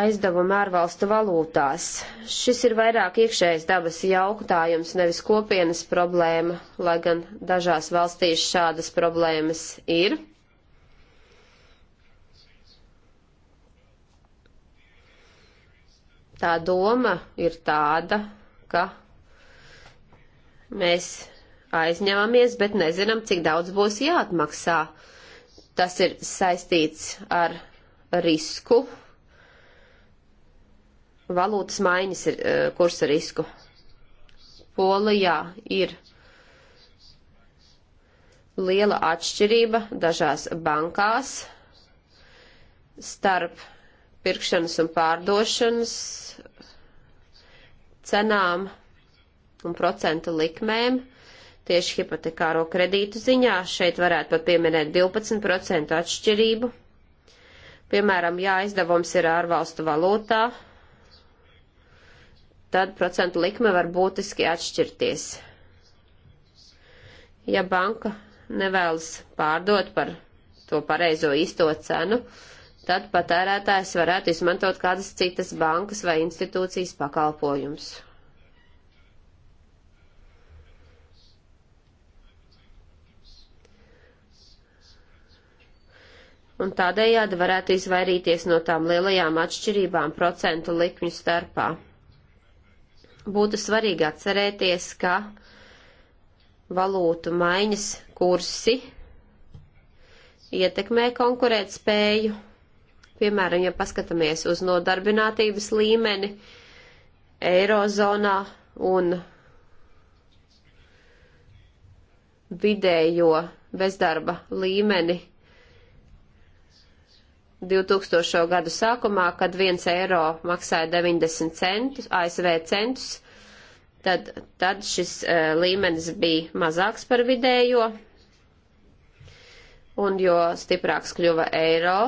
aizdevumi ārvalstu valūtās. Šis ir vairāk iekšējais dabas jautājums, nevis kopienas problēma, lai gan dažās valstīs šādas problēmas ir. Tā doma ir tāda, ka mēs aizņemamies, bet nezinām, cik daudz būs jāatmaksā. Tas ir saistīts ar risku, valūtas maiņas eh, kursa risku. Polijā ir liela atšķirība dažās bankās starp pirkšanas un pārdošanas cenām un procentu likmēm. Tieši hipotekāro kredītu ziņā šeit varētu pat pieminēt 12% atšķirību. Piemēram, ja aizdevums ir ārvalstu valūtā, tad procentu likme var būtiski atšķirties. Ja banka nevēlas pārdot par to pareizo īsto cenu, uh, tad patērētājs varētu izmantot kādas citas bankas vai institūcijas pakalpojumus. Un tādējādi varētu izvairīties no tām lielajām atšķirībām procentu likmju starpā. Būtu svarīgi atcerēties, ka valūtu maiņas kursi ietekmē konkurētspēju spēju Piemēram, ja paskatāmies uz nodarbinātības līmeni Eirozonā un vidējo bezdarba līmeni 2000. gadu sākumā, kad 1 eiro maksāja 90 centus, ASV centus, tad, tad šis uh, līmenis bija mazāks par vidējo, un jo stiprāks kļuva eiro,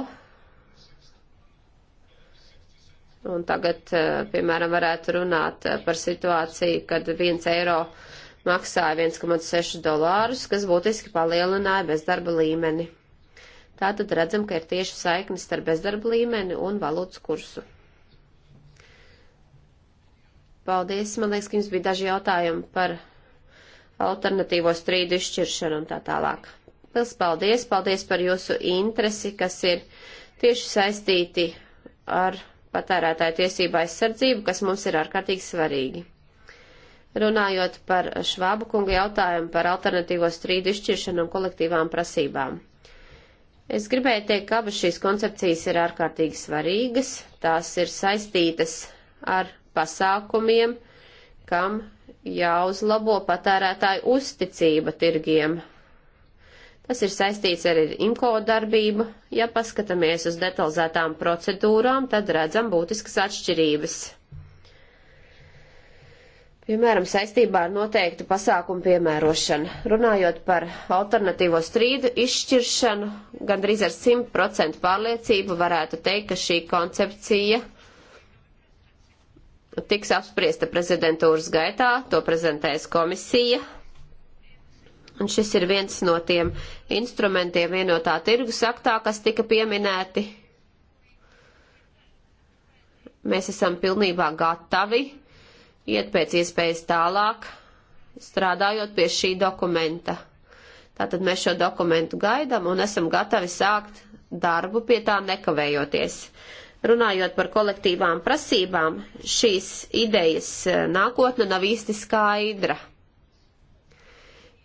Un tagad, eh, piemēram, varētu runāt eh, par situāciju, kad viens eiro maksāja 1,6 dolārus, kas būtiski palielināja bezdarba līmeni. Tātad redzam, ka ir tieši saiknis starp bezdarba līmeni un valūtas kursu. Paldies, man liekas, ka jums bija daži jautājumi par alternatīvo strīdu izšķiršanu un tā tālāk. Pils paldies, paldies par jūsu interesi, kas ir tieši saistīti ar patērētāju tiesību aizsardzību, kas mums ir ārkārtīgi svarīgi. Runājot par Švābu kunga jautājumu par alternatīvo strīdu izšķiršanu un kolektīvām prasībām. Es gribēju teikt, ka abas šīs koncepcijas ir ārkārtīgi svarīgas. Tās ir saistītas ar pasākumiem, kam jāuzlabo patērētāju uzticība tirgiem Tas ir saistīts arī ar IMCO darbību. Ja paskatāmies uz detalizētām procedūrām, tad redzam būtiskas atšķirības. Piemēram, saistībā ar noteiktu pasākumu piemērošanu. Runājot par alternatīvo strīdu izšķiršanu, gandrīz ar 100% pārliecību varētu teikt, ka šī koncepcija tiks apspriesta prezidentūras gaitā, to prezentēs komisija, Un šis ir viens no tiem instrumentiem vienotā tirgus aktā, kas tika pieminēti. Mēs esam pilnībā gatavi iet pēc iespējas tālāk, strādājot pie šī dokumenta. Tātad mēs šo dokumentu gaidam un esam gatavi sākt darbu pie tā nekavējoties. Runājot par kolektīvām prasībām, šīs idejas eh, nākotne nav īsti skaidra.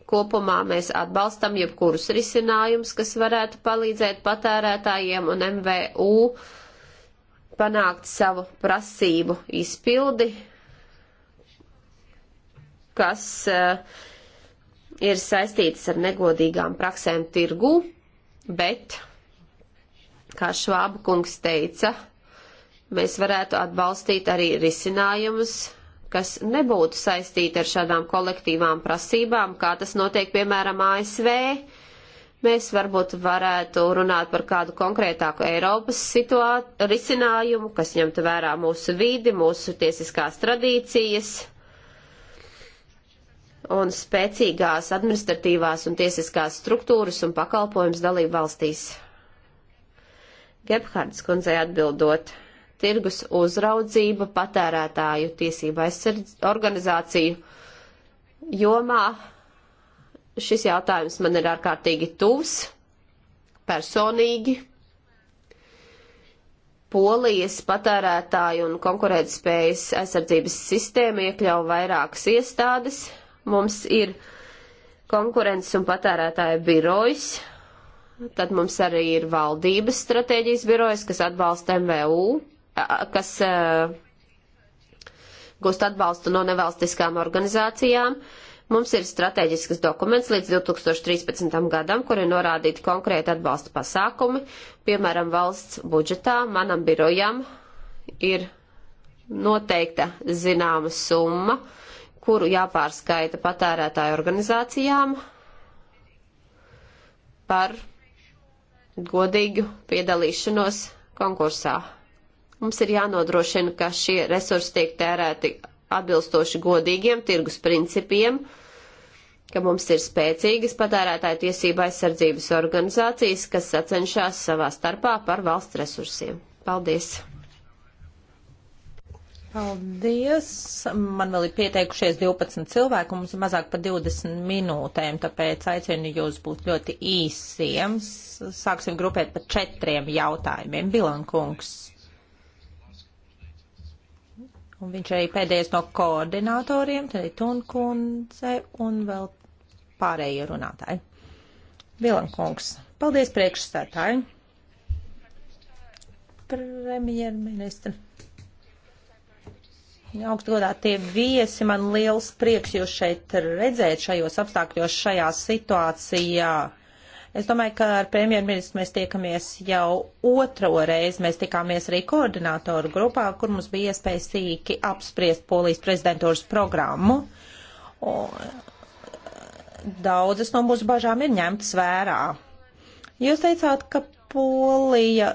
Kopumā mēs atbalstam jebkurus risinājumus, kas varētu palīdzēt patērētājiem un MVU panākt savu prasību izpildi, kas uh, ir saistītas ar negodīgām praksēm tirgū, bet, kā Švāba kungs teica, mēs varētu atbalstīt arī risinājumus, kas nebūtu saistīti ar šādām kolektīvām prasībām, kā tas notiek piemēram ASV. Mēs varbūt varētu runāt par kādu konkrētāku Eiropas risinājumu, kas ņemtu vērā mūsu vidi, mūsu tiesiskās tradīcijas un spēcīgās administratīvās un tiesiskās struktūras un pakalpojums dalību valstīs. Gebhards kundzei atbildot tirgus uzraudzība patērētāju tiesība aizsardz organizāciju jomā. Šis jautājums man ir ārkārtīgi tuvs, personīgi. Polijas patērētāju un konkurētspējas aizsardzības sistēma iekļauj vairākas iestādes. Mums ir konkurences un patērētāja birojs, tad mums arī ir valdības stratēģijas birojas, kas atbalsta MVU, kas gūst atbalstu no nevalstiskām organizācijām. Mums ir strateģisks dokuments līdz 2013. gadam, kur ir norādīti konkrēti atbalsta pasākumi. Piemēram, valsts budžetā manam birojam ir noteikta zināma summa, kuru jāpārskaita patērētāju organizācijām par godīgu piedalīšanos konkursā. Mums ir jānodrošina, ka šie resursi tiek tērēti atbilstoši godīgiem tirgus principiem, ka mums ir spēcīgas patērētāja tiesība aizsardzības organizācijas, kas sacenšās savā starpā par valsts resursiem. Paldies! Paldies! Man vēl ir pieteikušies 12 cilvēku, mums ir mazāk par 20 minūtēm, tāpēc aicinu jūs būt ļoti īsiem. Sāksim grupēt par četriem jautājumiem. Bilankungs. Un viņš arī pēdējais no koordinatoriem, tad ir Tunkundze un vēl pārējie runātāji. Vilankungs, paldies priekšstādāji. Premjerministra. Augstgodātie viesi, man liels prieks jūs šeit redzēt šajos apstākļos, šajā situācijā, Es domāju, ka ar premjerministru mēs tiekamies jau otro reizi. Mēs tikāmies arī koordinātoru grupā, kur mums bija iespēja sīki apspriest polijas prezidentūras programmu. Daudzas no mūsu bažām ir ņemtas vērā. Jūs teicāt, ka Polija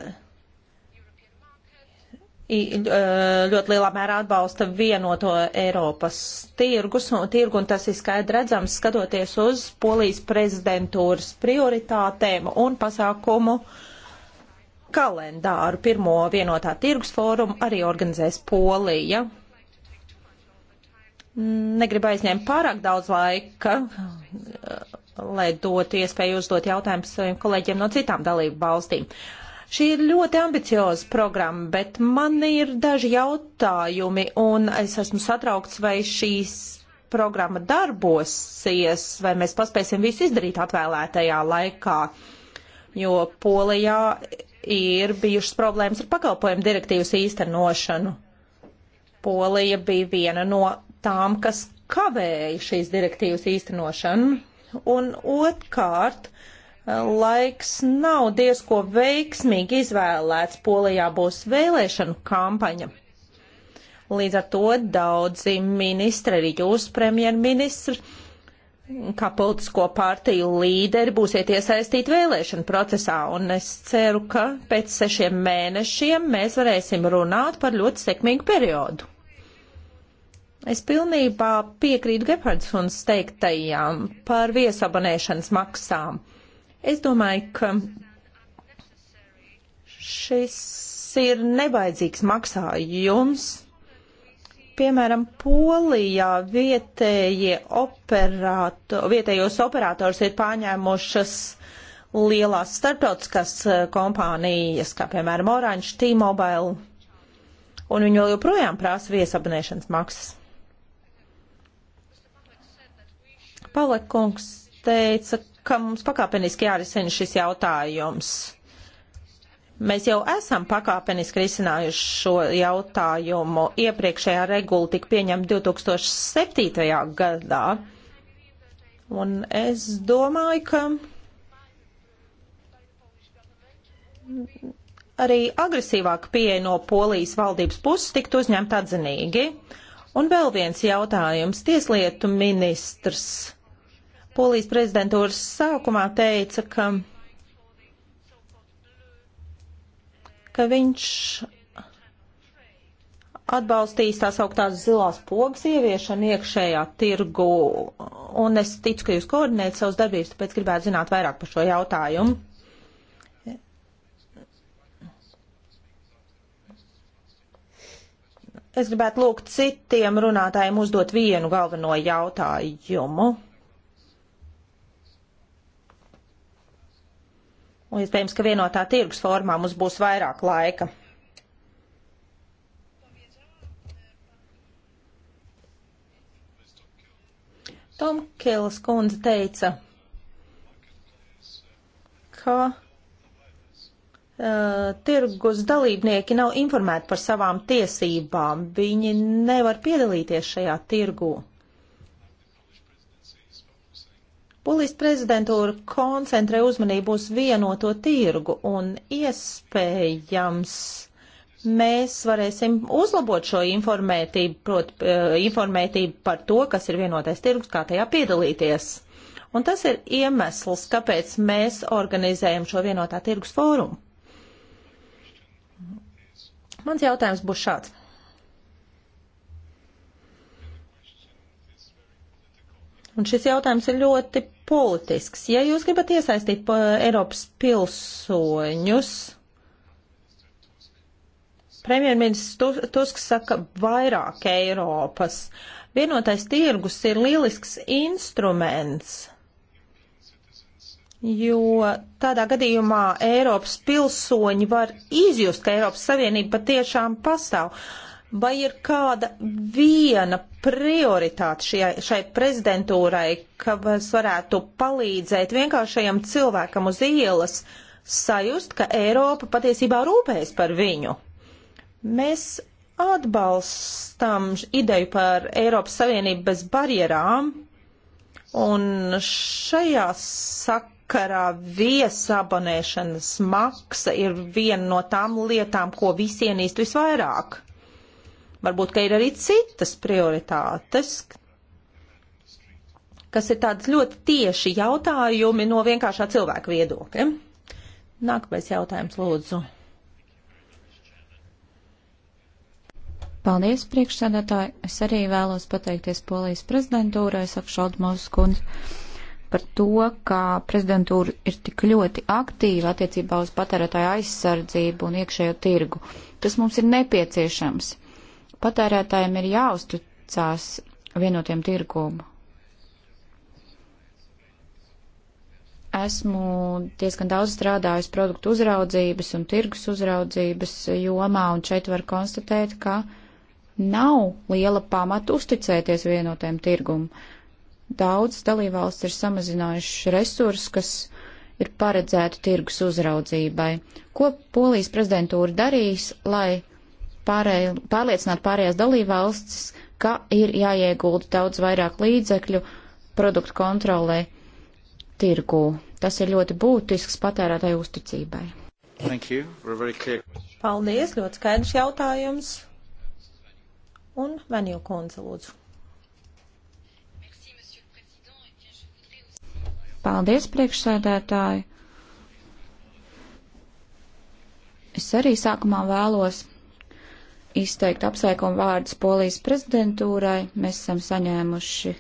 E, ļoti lielā mērā atbalsta vienoto Eiropas tirgus, un, tirgu, un tas ir skaidri redzams, skatoties uz Polijas prezidentūras prioritātēm un pasākumu kalendāru. Pirmo vienotā tirgus fórumu arī organizēs Polija. Negribu aizņemt pārāk daudz laika, lai dotu iespēju uzdot jautājumus saviem kolēģiem no citām dalību valstīm. Uh, Šī ir ļoti ambicioza programma, bet man ir daži jautājumi, un es esmu satraukts, vai šīs programma darbosies, vai mēs paspēsim visu izdarīt atvēlētajā laikā, jo Polijā ir bijušas problēmas ar pakalpojumu direktīvas īstenošanu. Polija bija viena no tām, kas kavēja šīs direktīvas īstenošanu. Un otrkārt, laiks nav diezko veiksmīgi izvēlēts. Polijā būs vēlēšanu kampaņa. Līdz ar to daudzi ministri, arī jūs, premjerministri, kā politisko partiju līderi, būsiet iesaistīti vēlēšanu procesā. Un es ceru, ka pēc sešiem mēnešiem mēs varēsim runāt par ļoti sekmīgu periodu. Es pilnībā piekrītu Gepards un steigtajām par viesabonēšanas maksām Es domāju, ka šis ir nevajadzīgs maksājums. Piemēram, Polijā operāto, vietējos operators ir pārņēmušas lielās starptautiskās eh, kompānijas, kā piemēram Orange, T-Mobile, un viņi vēl joprojām prasa viesabunēšanas maksas. Palekungs teica, ka mums pakāpeniski jārisina šis jautājums. Mēs jau esam pakāpeniski risinājuši šo jautājumu. Iepriekšējā regula tika pieņemta 2007. gadā. Un es domāju, ka arī agresīvāka pieeja no polijas valdības puses tiktu uzņemta atzinīgi. Un vēl viens jautājums. Tieslietu ministrs Polijas prezidentūras sākumā teica, ka, ka viņš atbalstīs tās augtās zilās pogas ieviešanu iekšējā tirgu, un es ticu, ka jūs koordinējat savus darbības, tāpēc gribētu zināt vairāk par šo jautājumu. Es gribētu lūgt citiem runātājiem uzdot vienu galveno jautājumu. Un iespējams, ka vienotā tirgus formā mums būs vairāk laika. Tomkils kundze teica, ka Uh, tirgus dalībnieki nav informēti par savām tiesībām, viņi nevar piedalīties šajā tirgū. Polijas prezidentūra koncentrē uzmanību uz vienoto tirgu un iespējams mēs varēsim uzlabot šo informētību, proti eh, informētību par to, kas ir vienotais tirgus, kā tajā piedalīties. Un tas ir iemesls, kāpēc mēs organizējam šo vienotā tirgus fórumu. Mans jautājums būs šāds. Un šis jautājums ir ļoti politisks. Ja jūs gribat iesaistīt Eiropas pilsoņus, premjerministrs Tusks saka vairāk Eiropas. Vienotais tirgus ir lielisks instruments, jo tādā gadījumā Eiropas pilsoņi var izjust, ka Eiropas Savienība patiešām pastāv. Vai ir kāda viena prioritāte šai, šai prezidentūrai, kas varētu palīdzēt vienkāršajam cilvēkam uz ielas sajust, ka Eiropa patiesībā rūpējas par viņu? Mēs atbalstam ideju par Eiropas Savienību bez barjerām, un šajā sak vakarā viesabonēšanas maksa ir viena no tām lietām, ko visi ienīst visvairāk. Varbūt, ka ir arī citas prioritātes, kas ir tāds ļoti tieši jautājumi no vienkāršā cilvēka viedokļa. Nākamais jautājums, lūdzu. Paldies, priekšsēdētāji. Es arī vēlos pateikties Polijas prezidentūrai, saka Šaldmaus kundze, par to, ka prezidentūra ir tik ļoti aktīva attiecībā uz patērētāju aizsardzību un iekšējo tirgu. Tas mums ir nepieciešams. Patērētājiem ir jāuzticās vienotiem tirgumu. Esmu diezgan daudz strādājusi produktu uzraudzības un tirgus uzraudzības jomā, un šeit var konstatēt, ka nav liela pamata uzticēties vienotiem tirgumu. Daudz dalībvalsts ir samazinājuši resursus, kas ir paredzēti tirgus uzraudzībai. Ko Polijas prezidentūra darīs, lai pārēj, pārliecināt pārējās dalībvalstis, ka ir jāiegulda daudz vairāk līdzekļu produktu kontrolē tirgū. Tas ir ļoti būtisks patērētāju uzticībai. Paldies, ļoti skaidrs jautājums. Un Venju kundze, lūdzu. Paldies, priekšsēdētāji. Es arī sākumā vēlos izteikt apsveikumu vārdus Polijas prezidentūrai. Mēs esam saņēmuši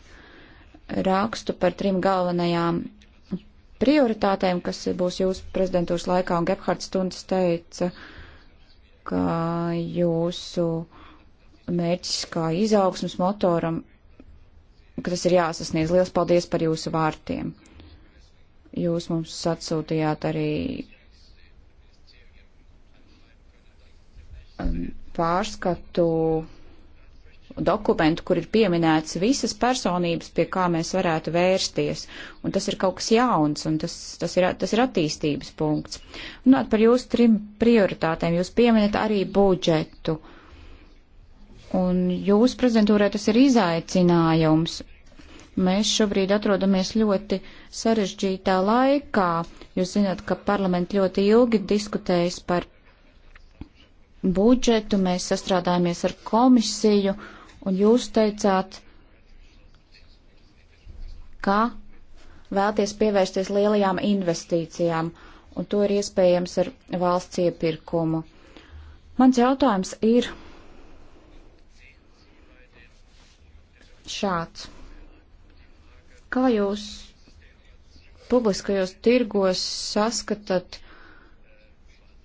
rakstu par trim galvenajām prioritātēm, kas būs jūsu prezidentūras laikā, un Gebhards Tunds teica, ka jūsu mērķis kā izaugsmas motoram, ka tas ir jāsasniedz. Liels paldies par jūsu vārtiem. Jūs mums atsūtījāt arī um, pārskatu dokumentu, kur ir pieminēts visas personības, pie kā mēs varētu vērsties. Un tas ir kaut kas jauns, un tas, tas, ir, tas ir attīstības punkts. Runāt par jūsu trim prioritātēm, jūs pieminat arī budžetu. Un jūsu prezentūrē tas ir izaicinājums. Mēs šobrīd atrodamies ļoti sarežģītā laikā. Jūs zināt, ka parlament ļoti ilgi diskutējas par budžetu, mēs sastrādājāmies ar komisiju, un jūs teicāt, ka vēlties pievērsties lielajām investīcijām, un to ir iespējams ar valsts iepirkumu. Mans jautājums ir šāds. Kā jūs publiskajos tirgos saskatat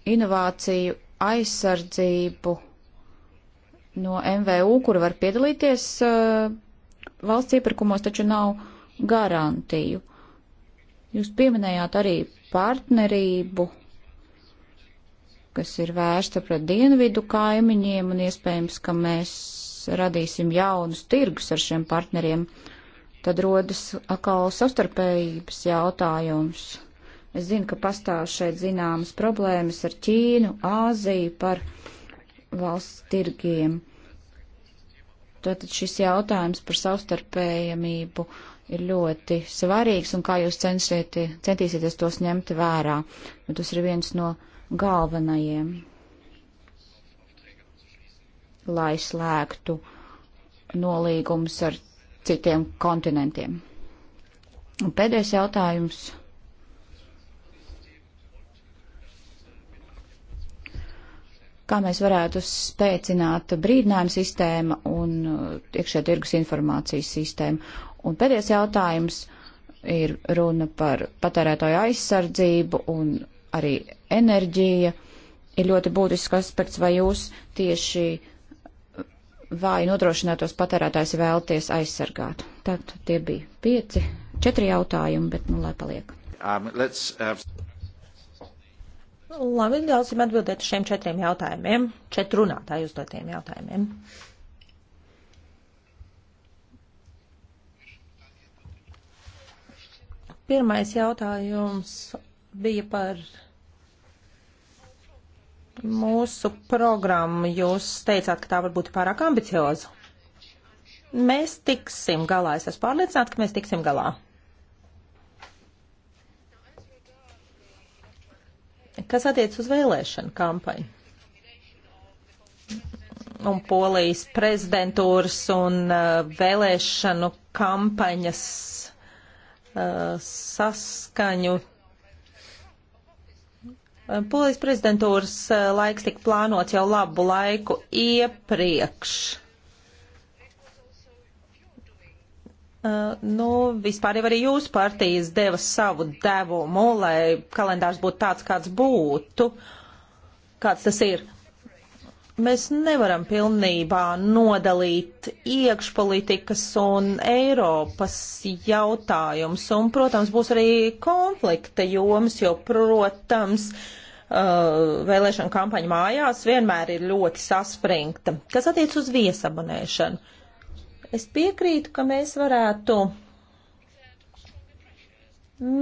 inovāciju aizsardzību no MVU, kur var piedalīties uh, valsts iepirkumos, taču nav garantiju. Jūs pieminējāt arī partnerību, kas ir vērsta pret dienvidu kaimiņiem un iespējams, ka mēs radīsim jaunus tirgus ar šiem partneriem. Tad rodas atkal savstarpējības jautājums. Es zinu, ka pastāv šeit zināmas problēmas ar Ķīnu, Āziju par valsts tirgiem. Tātad šis jautājums par savstarpējamību ir ļoti svarīgs un kā jūs cenšiet, centīsieties tos ņemt vērā, jo nu, tas ir viens no galvenajiem, lai slēgtu nolīgumus ar citiem kontinentiem. Un pēdējais jautājums kā mēs varētu spēcināt brīdinājumu sistēmu un uh, iekšē tirgus informācijas sistēmu. Un pēdējais jautājums ir runa par patērētāju aizsardzību un arī enerģija. Ir ļoti būtisks aspekts, vai jūs tieši vai nodrošinātos patērētājs vēlties aizsargāt. Tad tie bija pieci, četri jautājumi, bet nu lai paliek. Um, have... Uh, Labi, ļausim atbildēt šiem četriem jautājumiem, četru runātāju uzdotiem jautājumiem. Pirmais jautājums bija par mūsu programmu. Jūs teicāt, ka tā varbūt ir pārāk ambicioza. Mēs tiksim galā. Es esmu pārliecināts, ka mēs tiksim galā. Kas attiec uz vēlēšanu kampaņu? Un polijas prezidentūras un uh, vēlēšanu kampaņas uh, saskaņu. Uh, polijas prezidentūras uh, laiks tika plānots jau labu laiku iepriekš. Uh, Uh, nu, vispār jau arī jūsu partijas deva savu devumu, lai kalendārs būtu tāds, kāds būtu, kāds tas ir. Mēs nevaram pilnībā nodalīt iekšpolitikas un Eiropas jautājums, un, protams, būs arī konflikta jomas, jo, protams, uh, vēlēšana kampaņa mājās vienmēr ir ļoti saspringta, kas attiec uz viesabonēšanu. Es piekrītu, ka mēs varētu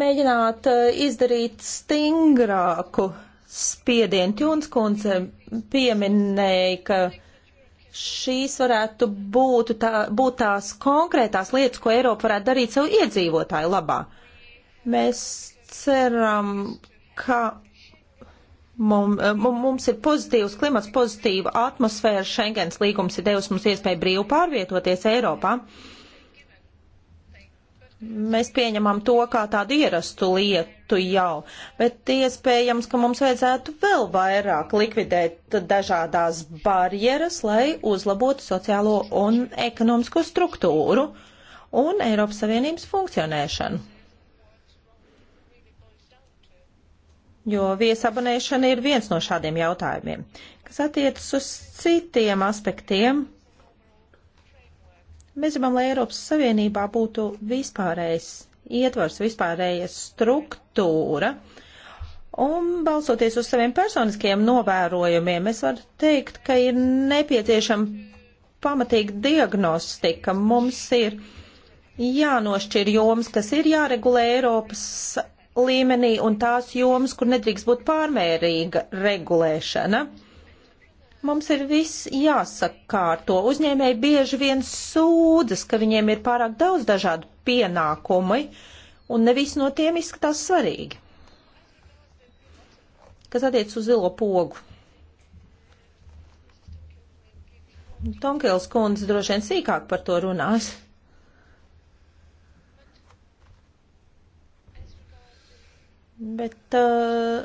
mēģināt eh, izdarīt stingrāku spiedienu. Tjūns kundze pieminēja, ka šīs varētu būt, tā, būt tās konkrētās lietas, ko Eiropa varētu darīt savu iedzīvotāju labā. Mēs ceram, ka Eh, mums ir pozitīvs klimats, pozitīva atmosfēra. Schengens līgums ir devis mums iespēju brīvi pārvietoties Eiropā. Mēs pieņemam to kā tādu ierastu lietu jau, bet iespējams, ka mums vajadzētu vēl vairāk likvidēt dažādās barjeras, lai uzlabotu sociālo un ekonomisko struktūru un Eiropas Savienības funkcionēšanu. jo viesabonēšana ir viens no šādiem jautājumiem. Kas attiecas uz citiem aspektiem, mēs gribam, lai Eiropas Savienībā būtu vispārējais ietvars, vispārēja struktūra. Un balsoties uz saviem personiskajiem novērojumiem, es varu teikt, ka ir nepieciešama pamatīga diagnostika. Mums ir jānošķir joms, kas ir jāregulē Eiropas līmenī un tās jomas, kur nedrīkst būt pārmērīga regulēšana. Mums ir viss jāsakārto. Uzņēmēji bieži vien sūdzas, ka viņiem ir pārāk daudz dažādu pienākumu, un nevis no tiem izskatās svarīgi. Kas attiec uz zilo pogu? Tomkils kundze droši vien sīkāk par to runās. Bet eh,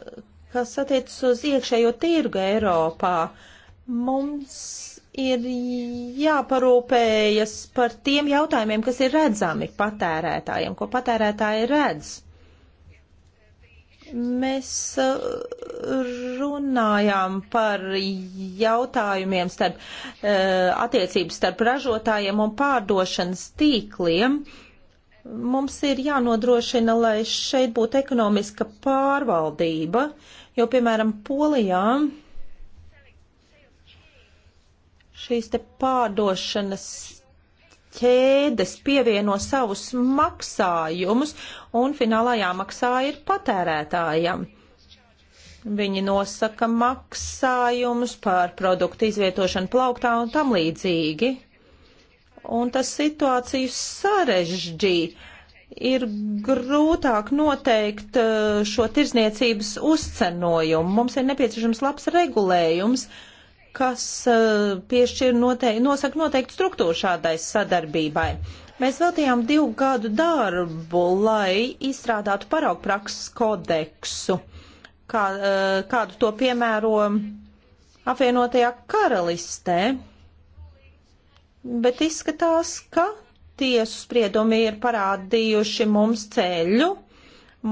kas attiecas uz iekšējo tirgu Eiropā, mums ir jāparūpējas par tiem jautājumiem, kas ir redzami patērētājiem, ko patērētāji redz. Mēs eh, runājām par jautājumiem starp eh, attiecības starp ražotājiem un pārdošanas tīkliem. Uh, Mums ir jānodrošina, lai šeit būtu ekonomiska pārvaldība, jo, piemēram, Polijā šīs te pārdošanas ķēdes pievieno savus maksājumus, un finālā jāmaksā ir patērētājam. Viņi nosaka maksājumus par produktu izvietošanu plauktā un tam līdzīgi un tas situāciju sarežģīja. Ir grūtāk noteikt uh, šo tirzniecības uzcenojumu. Mums ir nepieciešams labs regulējums, kas uh, piešķir noteik nosaka noteikti struktūru šādai sadarbībai. Mēs veltījām divu gadu darbu, lai izstrādātu paraugprakses kodeksu, kā, uh, kādu to piemēro apvienotajā karalistē bet izskatās, ka tiesu spriedumi ir parādījuši mums ceļu.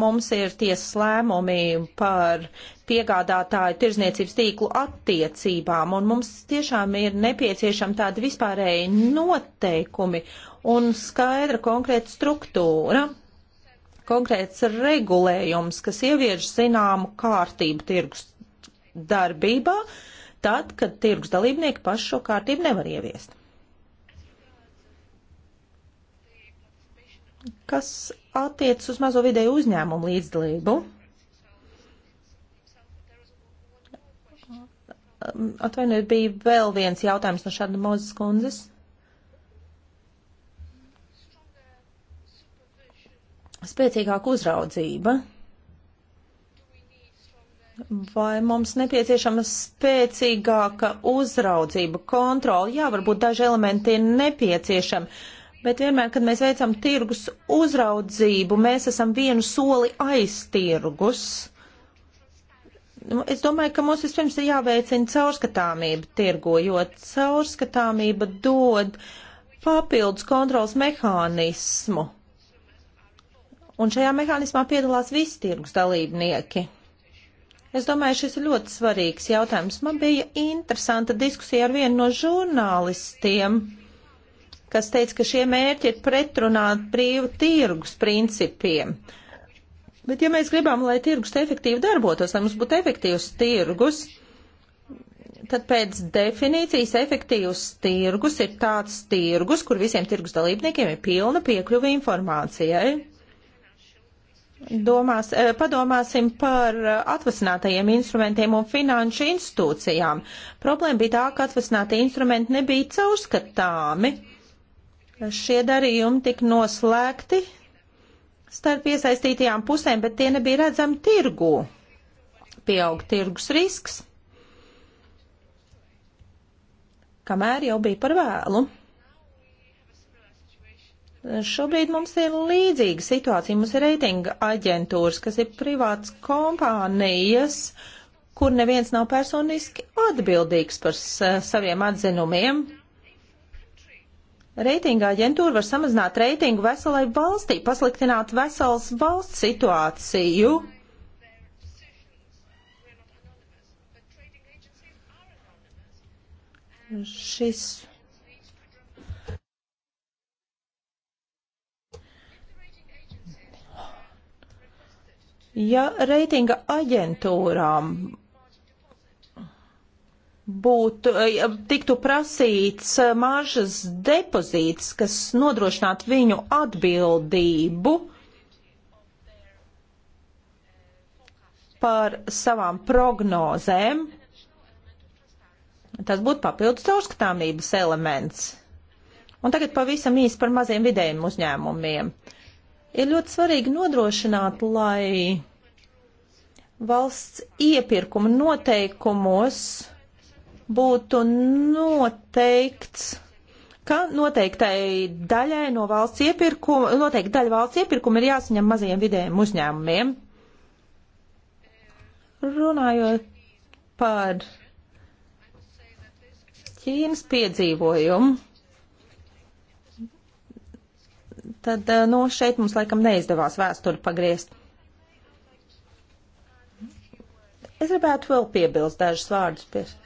Mums ir tiesas lēmumi par piegādātāju tirzniecības tīklu attiecībām, un mums tiešām ir nepieciešama tāda vispārēja noteikumi un skaidra konkrēta struktūra, konkrēts regulējums, kas ievieš zināmu kārtību tirgus darbībā, tad, kad tirgus dalībnieki pašu šo kārtību nevar ieviest. kas attiec uz mazo vidēju uzņēmumu līdzdalību. Atvainojiet, bija vēl viens jautājums no šāda mūzes kundzes. Spēcīgāka uzraudzība. Vai mums nepieciešama spēcīgāka uzraudzība, kontrola? Jā, varbūt daži elementi ir nepieciešami. Uh, bet vienmēr, kad mēs veicam tirgus uzraudzību, mēs esam vienu soli aiz tirgus. Nu, es domāju, ka mums vispirms ir jāveicina caurskatāmība tirgo, jo caurskatāmība dod papildus kontrols mehānismu. Un šajā mehānismā piedalās visi tirgus dalībnieki. Es domāju, šis ir ļoti svarīgs jautājums. Man bija interesanta diskusija ar vienu no žurnālistiem kas teica, ka šie mērķi ir pretrunā brīvu tirgus principiem. Bet ja mēs gribam, lai tirgus efektīvi darbotos, lai mums būtu efektīvs tirgus, tad pēc definīcijas efektīvs tirgus ir tāds tirgus, kur visiem tirgus dalībniekiem ir pilna piekļuva informācijai. Domās, eh, padomāsim par atvasinātajiem instrumentiem un finanšu institūcijām. Problēma bija tā, ka atvasinātie instrumenti nebija caurskatāmi. Šie darījumi tika noslēgti starp iesaistītajām pusēm, bet tie nebija redzami tirgū. Pieaug tirgus risks, kamēr jau bija par vēlu. Šobrīd mums ir līdzīga situācija. Mums ir reitinga aģentūras, kas ir privāts kompānijas, kur neviens nav personiski atbildīgs par saviem atzinumiem reitinga aģentūra var samazināt reitingu veselai valstī, pasliktināt veselas valsts situāciju. Šis Ja reitinga aģentūrām būtu, eh, tiktu prasīts eh, mažas depozīts, kas nodrošinātu viņu atbildību par savām prognozēm. Tas būtu papildus caurskatāmības elements. Un tagad pavisam īsi par maziem vidējiem uzņēmumiem. Ir ļoti svarīgi nodrošināt, lai valsts iepirkuma noteikumos būtu noteikts ka noteiktai daļai no valsts iepirkuma, noteikti daļa valsts iepirkuma ir jāsaņem mazajiem vidējiem uzņēmumiem. Runājot par Ķīnas piedzīvojumu, tad eh, no nu, šeit mums laikam neizdevās vēsturi pagriezt. Es gribētu vēl piebilst dažus vārdus pie šī.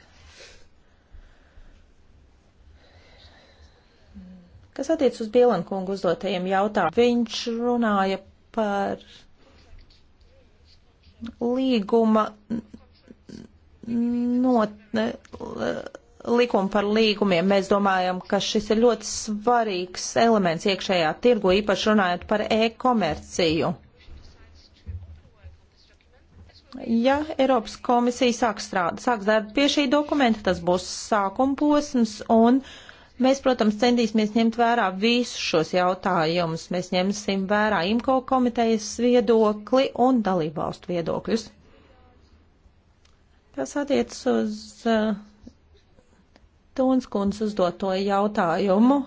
Kas attiec uz Bielankungu uzdotajiem jautājumiem, viņš runāja par līguma not, likumu par līgumiem. Mēs domājam, ka šis ir ļoti svarīgs elements iekšējā tirgu, īpaši runājot par e-komerciju. Ja Eiropas komisija sāks strādāt, sāks darbu pie šī dokumenta, tas būs sākuma posms un uh, Mēs, protams, centīsimies ņemt vērā visus šos jautājumus. Mēs ņemsim vērā IMCO komitejas viedokli un dalībvalstu viedokļus. Tas attiec uz uh, eh, Tūnskundas uzdoto jautājumu.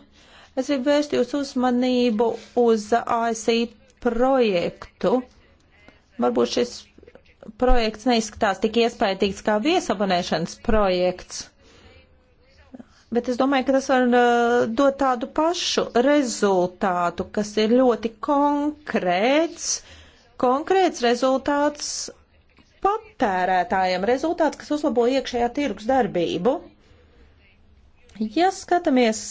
Es gribu vērst jūs uzmanību uz ASI projektu. Varbūt šis projekts neizskatās tik iespējams kā viesabonēšanas projekts Bet es domāju, ka tas var uh, dot tādu pašu rezultātu, kas ir ļoti konkrēts, konkrēts rezultāts patērētājiem, rezultāts, kas uzlabo iekšējā tirgus darbību. Ja skatāmies,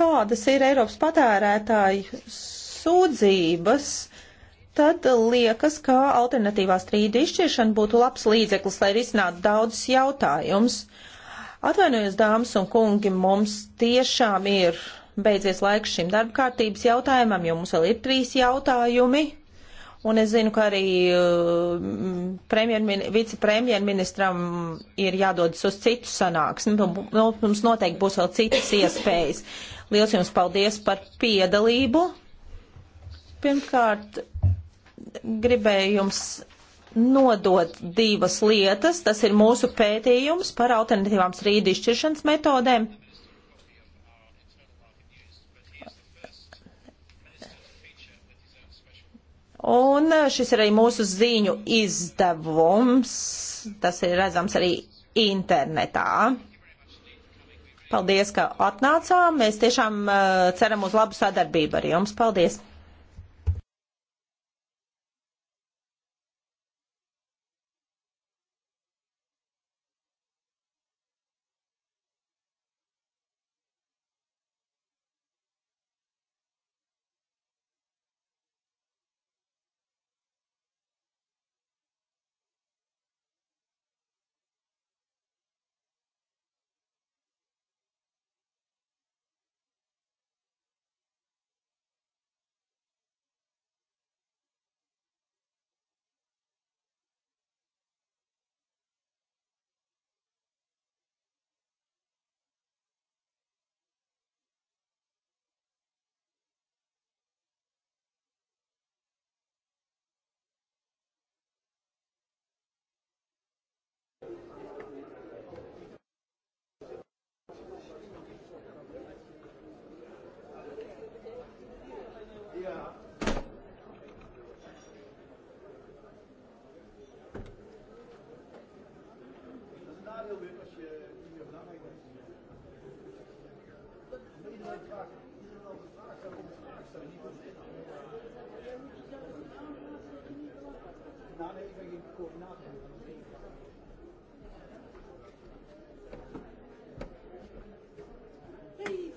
kādas ir Eiropas patērētāju sūdzības, tad liekas, ka alternatīvā strīda izšķiršana būtu labs līdzeklis, lai risinātu daudzus jautājumus. Uh, Atvainojos, dāmas un kungi, mums tiešām ir beidzies laiks šim darba kārtības jautājumam, jo mums vēl ir trīs jautājumi. Un es zinu, ka arī mm, premjermin, vicepremjerministram ir jādodas uz citu sanāksmi. Nu, nu, mums noteikti būs vēl citas iespējas. Liels jums paldies par piedalību. Pirmkārt, gribēju jums nodot divas lietas. Tas ir mūsu pētījums par alternatīvām strīdu izšķiršanas metodēm. Un šis ir arī mūsu ziņu izdevums. Tas ir redzams arī internetā. Paldies, ka atnācām. Mēs tiešām eh, ceram uz labu sadarbību ar jums. Paldies!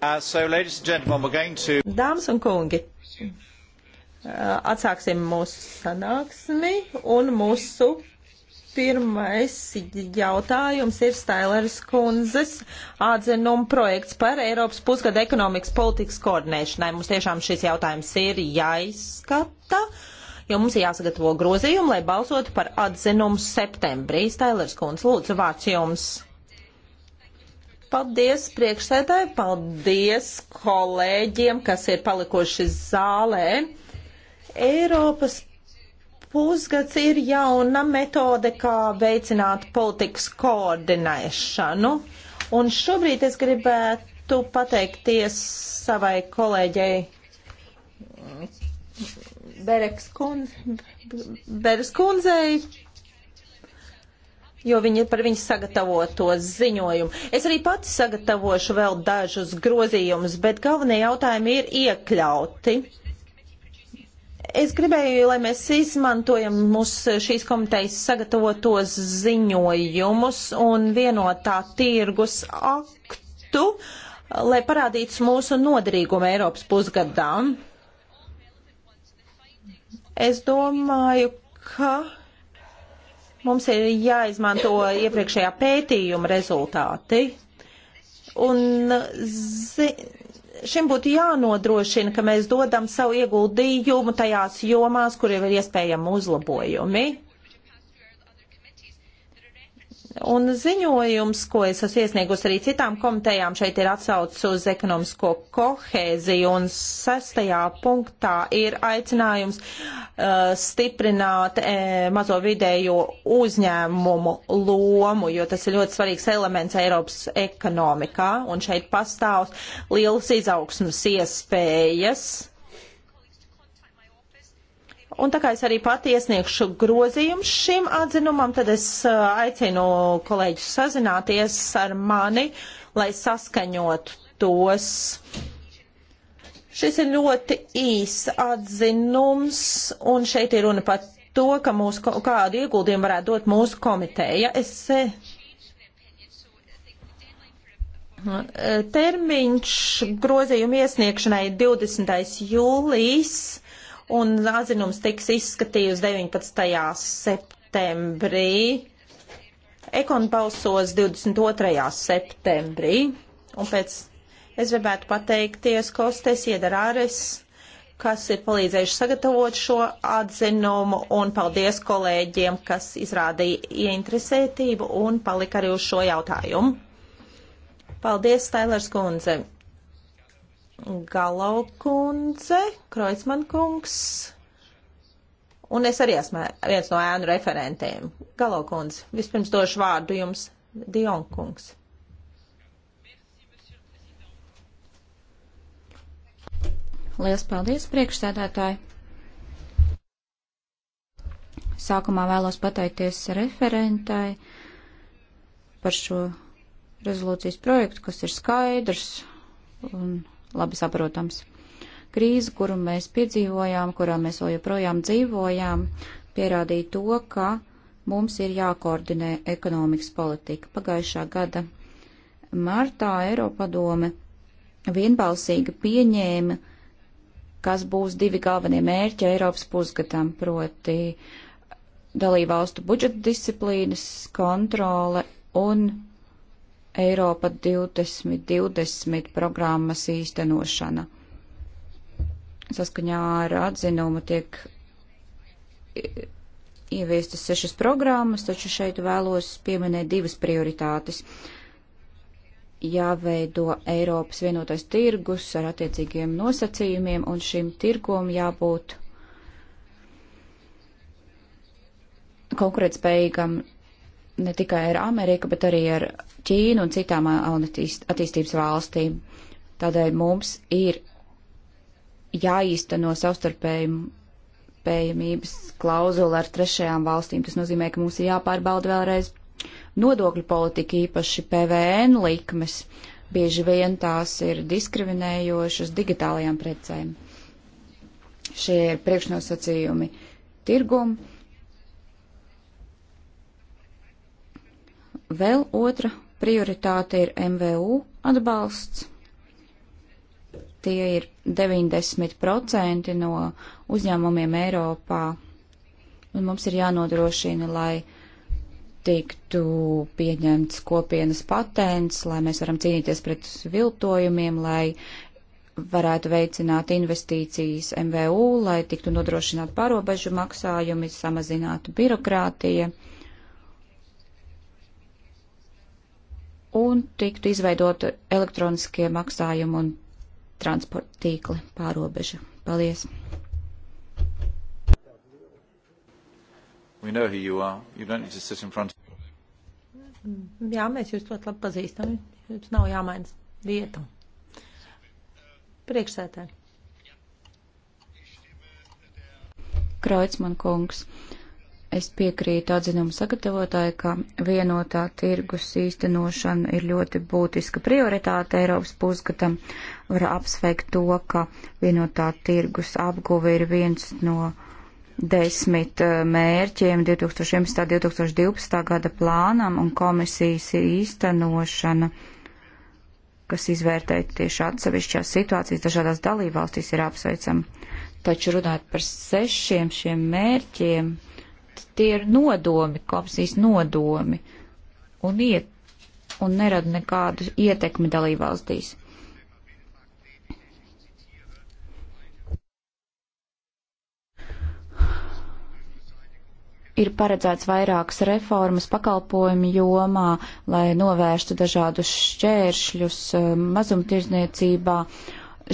Uh, so, to... Dāmas un kungi, uh, atsāksim mūsu sanāksmi un mūsu pirmais jautājums ir Stailers kundzes atzinuma projekts par Eiropas pusgada ekonomikas politikas koordinēšanai. Mums tiešām šis jautājums ir jāizskata, jo mums ir jāsagatavo grozījumi, lai balsotu par atzinumu septembrī. Stailers kundze, lūdzu, vārds jums. Paldies priekšsēdāji, paldies kolēģiem, kas ir palikuši zālē. Eiropas pusgads ir jauna metode, kā veicināt politikas koordinēšanu. Un šobrīd es gribētu pateikties savai kolēģei Bereks kundz, Beres kundzei jo viņi par viņu sagatavoto ziņojumu. Es arī pati sagatavošu vēl dažus grozījumus, bet galvenie jautājumi ir iekļauti. Es gribēju, lai mēs izmantojam mūsu šīs komitejas sagatavotos ziņojumus un vienotā tirgus aktu, lai parādītu mūsu noderīgumu Eiropas pusgadām. Es domāju, ka Mums ir jāizmanto iepriekšējā pētījuma rezultāti. Un zi, šim būtu jānodrošina, ka mēs dodam savu ieguldījumu tajās jomās, kur jau ir iespējami uzlabojumi. Un ziņojums, ko es esmu iesniegus arī citām komitejām, šeit ir atsaucis uz ekonomisko kohēziju, un sestajā punktā ir aicinājums uh, stiprināt uh, mazo vidējo uzņēmumu lomu, jo tas ir ļoti svarīgs elements Eiropas ekonomikā, un šeit pastāv lielas izaugsmas iespējas Un tā kā es arī pati iesniegšu grozījumus šim atzinumam, tad es uh, aicinu kolēģus sazināties ar mani, lai saskaņot tos. Šis ir ļoti īs atzinums, un šeit ir runa par to, ka mūsu, kādu ieguldījumu varētu dot mūsu komiteja. Es uh, Termiņš grozījuma iesniegšanai 20. jūlijas un atzinums tiks izskatīts 19. septembrī. Ekon balsos 22. septembrī, un pēc es gribētu pateikties Kostes Iedarāres, kas ir palīdzējuši sagatavot šo atzinumu, un paldies kolēģiem, kas izrādīja ieinteresētību un palika arī uz šo jautājumu. Paldies, Tailers Kundze! Galau kundze, Kreuzman kungs, un es arī esmu viens no ēnu referentiem. Galau kundze, vispirms došu vārdu jums, Dion kungs. Lielas paldies, priekšsēdētāji! Sākumā vēlos pateikties referentai par šo rezolūcijas projektu, kas ir skaidrs un labi saprotams. Krīze, kuru mēs piedzīvojām, kurā mēs vēl joprojām dzīvojām, pierādīja to, ka mums ir jākoordinē ekonomikas politika. Pagājušā gada martā Eiropadome vienbalsīgi pieņēma, kas būs divi galvenie mērķi Eiropas pusgadam, proti dalībvalstu budžeta disciplīnas kontrole un Eiropa 2020 programmas īstenošana. Saskaņā ar atzinumu tiek ieviestas sešas programmas, taču šeit vēlos pieminēt divas prioritātes. Jāveido Eiropas vienotais tirgus ar attiecīgiem nosacījumiem, un šim tirgom jābūt konkurētspējīgam ne tikai ar Ameriku, bet arī ar Ķīnu un citām attīstības valstīm. Tādēļ mums ir jāīsteno savstarpējumības klauzula ar trešajām valstīm. Tas nozīmē, ka mums ir jāpārbauda vēlreiz nodokļu politika, īpaši PVN likmes. Bieži vien tās ir diskriminējošas digitālajām precēm. Šie ir priekšnosacījumi tirgumu Vēl otra prioritāte ir MVU atbalsts. Tie ir 90% no uzņēmumiem Eiropā, un mums ir jānodrošina, lai tiktu pieņemts kopienas patents, lai mēs varam cīnīties pret viltojumiem, lai varētu veicināt investīcijas MVU, lai tiktu nodrošināt pārobežu maksājumi, samazinātu birokrātija. un tiktu izveidot elektroniskie maksājumi un transporta tīkli pārobežu. Paldies! You you Jā, mēs jūs ļoti labi pazīstam. Jums nav jāmaina vieta. Priekšsētē. Kreutzmann kungs. Uh, Es piekrītu atzinumu sagatavotāju, ka vienotā tirgus īstenošana ir ļoti būtiska prioritāte Eiropas pusgadam. Var apsveikt to, ka vienotā tirgus apguve ir viens no desmit eh, mērķiem 2011.-2012. gada plānam un komisijas īstenošana, kas izvērtē tieši atsevišķās situācijas dažādās dalībvalstīs, ir apsveicama. Taču runāt par sešiem šiem mērķiem tie ir nodomi, komisijas nodomi, un, iet, un nerada nekādu ietekmi dalībvalstīs. Ir paredzēts vairākas reformas pakalpojumu jomā, lai novērstu dažādus šķēršļus eh, mazumtirdzniecībā.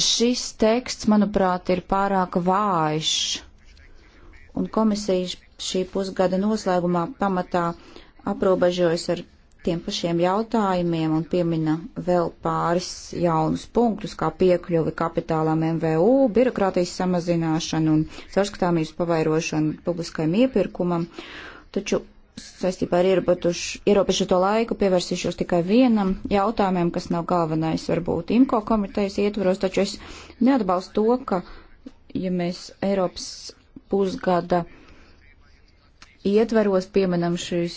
Šis teksts, manuprāt, ir pārāk vājš, un komisija šī pusgada noslēgumā pamatā aprobežojas ar tiem pašiem jautājumiem un piemina vēl pāris jaunus punktus, kā piekļuvi kapitālām MVU, birokrātijas samazināšanu un sarskatāmības pavairošanu publiskajam iepirkumam. Taču saistībā ar ierobežoto laiku pievērsīšos tikai vienam jautājumam, kas nav galvenais varbūt IMCO komitejas ietvaros, taču es neatbalstu to, ka, ja mēs Eiropas pusgada ietvaros pieminam šis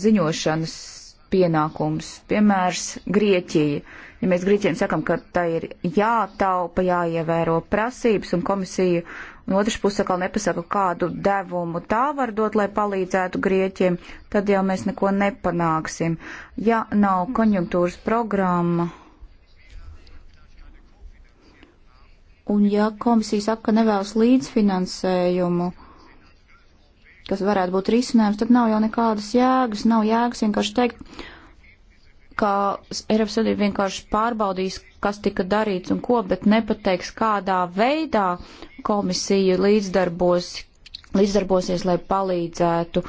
ziņošanas pienākums. Piemērs Grieķija. Ja mēs Grieķiem sakam, ka tā ir jātaupa, jāievēro prasības un komisija, un otrs puse atkal nepasaka, kādu devumu tā var dot, lai palīdzētu Grieķiem, tad jau mēs neko nepanāksim. Ja nav konjunktūras programma, un ja komisija saka, ka nevēlas līdzfinansējumu, kas varētu būt risinājums, tad nav jau nekādas jēgas, nav jēgas vienkārši teikt, ka Eiropas Savienība vienkārši pārbaudīs, kas tika darīts un ko, bet nepateiks, kādā veidā komisija līdzdarbos, līdzdarbosies, lai palīdzētu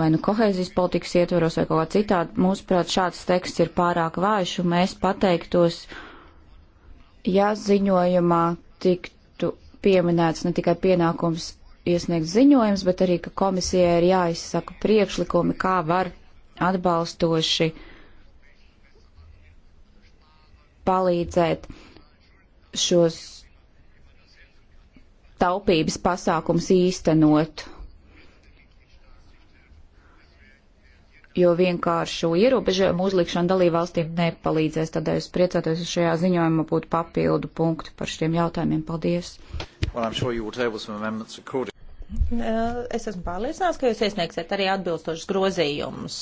vai nu kohēzijas politikas ietvaros vai kaut kā citādi. Mūsuprāt, šāds teksts ir pārāk vājš, un mēs pateiktos, ja ziņojumā tiktu pieminēts ne tikai pienākums iesniegts ziņojums, bet arī, ka komisijai ir jāizsaka priekšlikumi, kā var atbalstoši palīdzēt šos taupības pasākums īstenot. Jo vienkāršu ierobežojumu uzlikšana dalībvalstīm nepalīdzēs, tādēļ es priecātos, ja šajā ziņojumā būtu papildu punktu par šiem jautājumiem. Paldies! Well, sure Es esmu pārliecināts, ka jūs iesniegsiet arī atbilstošas grozījumus.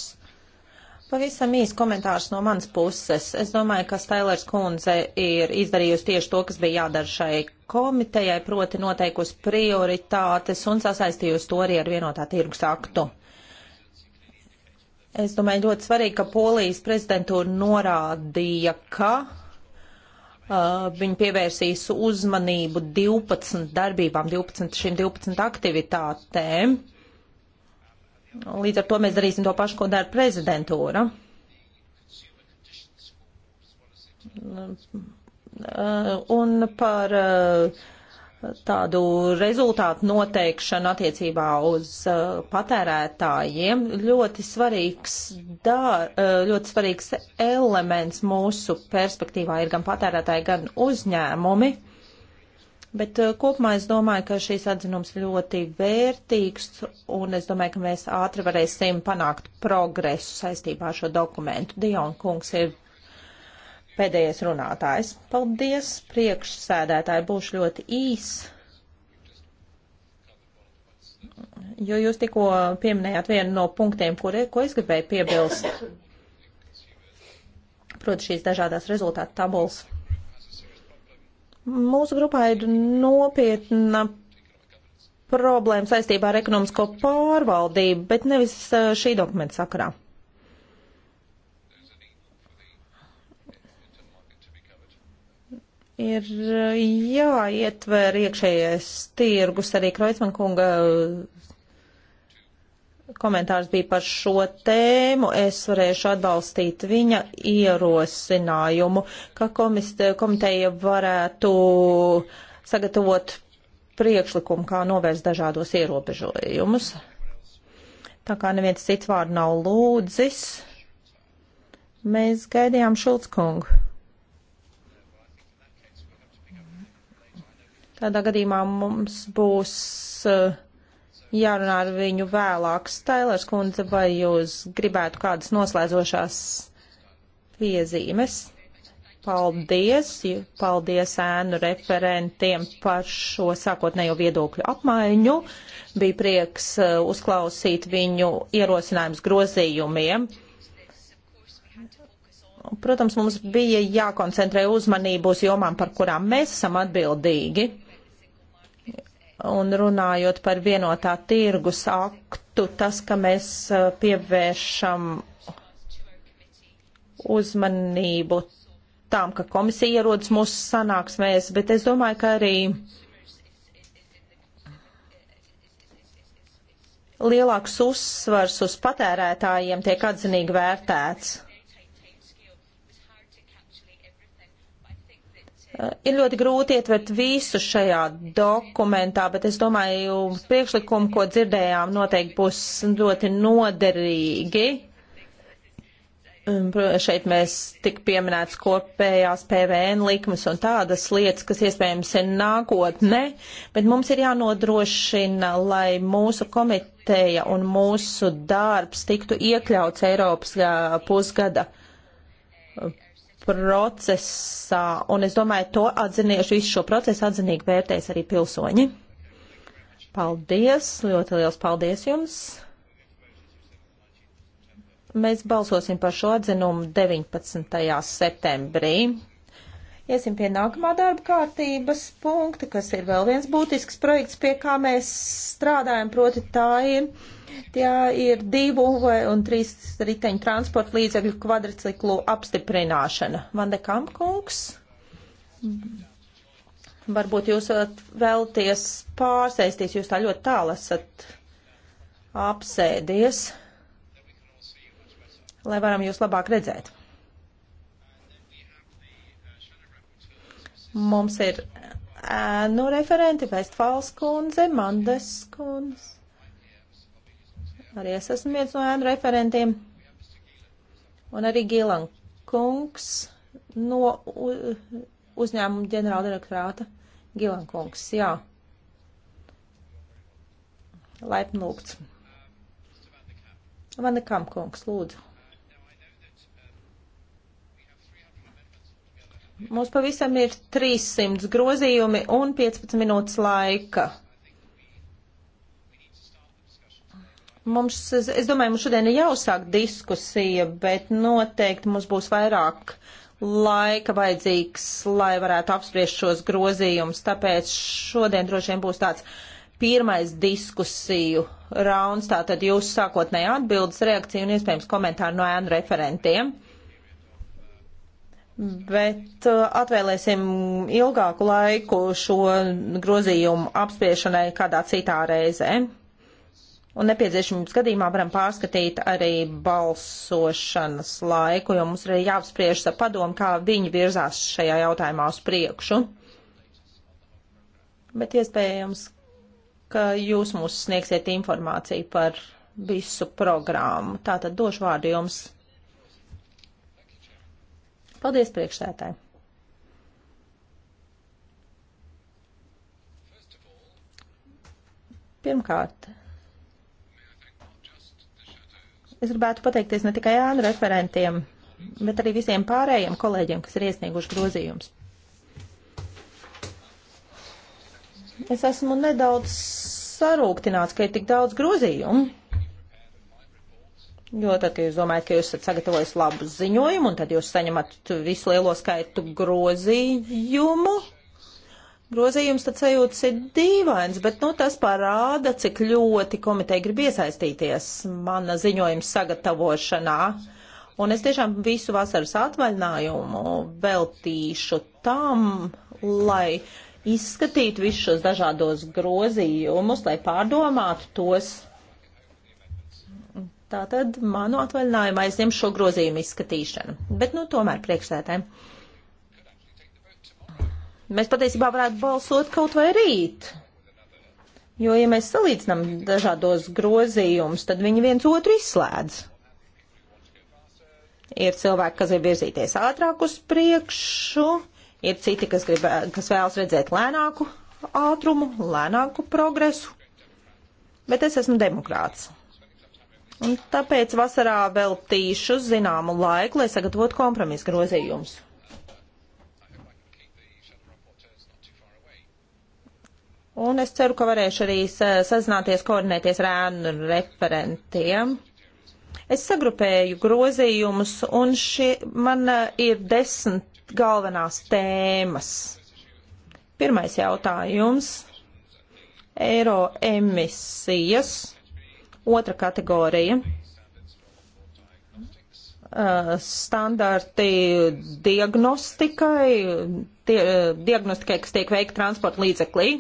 Pavisam īsts komentārs no manas puses. Es domāju, ka Stailers kundze ir izdarījusi tieši to, kas bija jādara šai komitejai, proti noteikusi prioritātes un sasaistījusi to arī ar vienotā tirgus aktu. Es domāju, ļoti svarīgi, ka Polijas prezidentūra norādīja, ka Uh, viņi pievērsīs uzmanību 12 darbībām, 12, šīm 12 aktivitātēm. Līdz ar to mēs darīsim to pašu, ko dara prezidentūra. Uh, un par uh, tādu rezultātu noteikšanu attiecībā uz uh, patērētājiem ļoti svarīgs, dar, uh, ļoti svarīgs elements mūsu perspektīvā ir gan patērētāji, gan uzņēmumi. Bet uh, kopumā es domāju, ka šīs atzinums ļoti vērtīgs, un es domāju, ka mēs ātri varēsim panākt progresu saistībā ar šo dokumentu. Dion kungs ir pēdējais runātājs. Paldies, priekšsēdētāji, būšu ļoti īs, jo jūs tikko pieminējāt vienu no punktiem, kur, ko es gribēju piebilst. Proti šīs dažādās rezultātu tabulas. Mūsu grupā ir nopietna problēma saistībā ar ekonomisko pārvaldību, bet nevis eh, šī dokumenta sakarā. ir eh, jāietver iekšējais tirgus. Arī Kreuzman kunga eh, komentārs bija par šo tēmu. Es varēšu atbalstīt viņa ierosinājumu, ka komiteja varētu sagatavot priekšlikumu, kā novērst dažādos ierobežojumus. Tā kā neviens cits vārdu nav lūdzis, mēs gaidījām Šulc kungu. Tādā gadījumā mums būs eh, jārunā ar viņu vēlāk. Stailers kundze, vai jūs gribētu kādas noslēdzošās piezīmes? Paldies, paldies ēnu referentiem par šo sākotnējo viedokļu apmaiņu. Bija prieks eh, uzklausīt viņu ierosinājums grozījumiem protams, mums bija jākoncentrē uzmanību uz jomām, par kurām mēs esam atbildīgi. Un runājot par vienotā tirgus aktu, tas, ka mēs uh, pievēršam uzmanību tām, ka komisija ierodas mūsu sanāksmēs, bet es domāju, ka arī lielāks uzsvars uz patērētājiem tiek atzinīgi vērtēts. Eh, ir ļoti grūti ietvert visu šajā dokumentā, bet es domāju, priekšlikumi, ko dzirdējām, noteikti būs ļoti noderīgi. Um, šeit mēs tik pieminēts kopējās PVN likmes un tādas lietas, kas iespējams ir nākotne, bet mums ir jānodrošina, lai mūsu komiteja un mūsu darbs tiktu iekļauts Eiropas pusgada procesā, un es domāju, to atziniešu, visu šo procesu atzinīgi vērtēs arī pilsoņi. Paldies, ļoti liels paldies jums. Mēs balsosim par šo atzinumu 19. septembrī. Iesim pie nākamā darba kārtības punkta, kas ir vēl viens būtisks projekts, pie kā mēs strādājam, proti tā ir Tie ir divu un trīs riteņu transporta līdzekļu kvadriciklu apstiprināšana. Vandekam kungs, varbūt jūs uh, vēlties pārsēsties, jūs tā ļoti tālu esat apsēdies, lai varam jūs labāk redzēt. Mums ir ēnu referenti Vestfāls kundze, Mandes kundze. Arī es esmu viens no ēnu referentiem. Un arī Gilan kungs no uzņēmuma ģenerāldirektorāta. Gilan kungs, jā. Laipni lūgts. Vanekam kungs, lūdzu. Mums pavisam ir 300 grozījumi un 15 minūtes laika. Mums, es domāju, mums šodien ir jāuzsāk diskusija, bet noteikti mums būs vairāk laika vajadzīgs, lai varētu apspriest šos grozījumus. Tāpēc šodien droši vien būs tāds pirmais diskusiju rauns, tātad jūsu sākotnēji atbildes reakcija un iespējams komentāri no ēnu referentiem. Bet uh, atvēlēsim ilgāku laiku šo grozījumu apspiešanai kādā citā reizē. Un nepieciešamības gadījumā varam pārskatīt arī balsošanas laiku, jo mums ir jāapspriež ar padomu, kā viņi virzās šajā jautājumā uz priekšu. Bet iespējams, ka jūs mums sniegsiet informāciju par visu programmu. Tātad došu vārdu jums. Paldies priekšsētāji. Pirmkārt, Es gribētu pateikties ne tikai ānu referentiem, bet arī visiem pārējiem kolēģiem, kas ir iesnieguši grozījumus. Es esmu nedaudz sarūktināts, ka ir tik daudz grozījumu. Jo tad, ja jūs domājat, ka jūs esat sagatavojis labu ziņojumu, un tad jūs saņemat visu lielo skaitu grozījumu, grozījums, tad sajūtas ir dīvains, bet nu, tas parāda, cik ļoti komiteja grib iesaistīties mana ziņojuma sagatavošanā. Un es tiešām visu vasaras atvaļinājumu veltīšu tam, lai izskatītu visus šos dažādos grozījumus, lai pārdomātu tos. Tātad manu atvaļinājumu aizņem šo grozījumu izskatīšanu. Bet, nu, tomēr priekšsētēm. Mēs patiesībā varētu balsot kaut vai rīt. Jo, ja mēs salīdzinām dažādos grozījumus, tad viņi viens otru izslēdz. Ir cilvēki, kas grib virzīties ātrāk uz priekšu, ir citi, kas, grib, kas vēlas redzēt lēnāku ātrumu, lēnāku progresu. Bet es esmu demokrāts. Un tāpēc vasarā veltīšu zināmu laiku, lai sagatavotu kompromisu grozījumus. Un es ceru, ka varēšu arī sazināties, koordinēties ar ēnu referentiem. Es sagrupēju grozījumus, un šie, man e, ir desmit galvenās tēmas. Pirmais jautājums - eiro emisijas, otra kategorija e, standarti diagnostikai, tie, e, diagnostikai, kas tiek veikta transporta līdzeklī.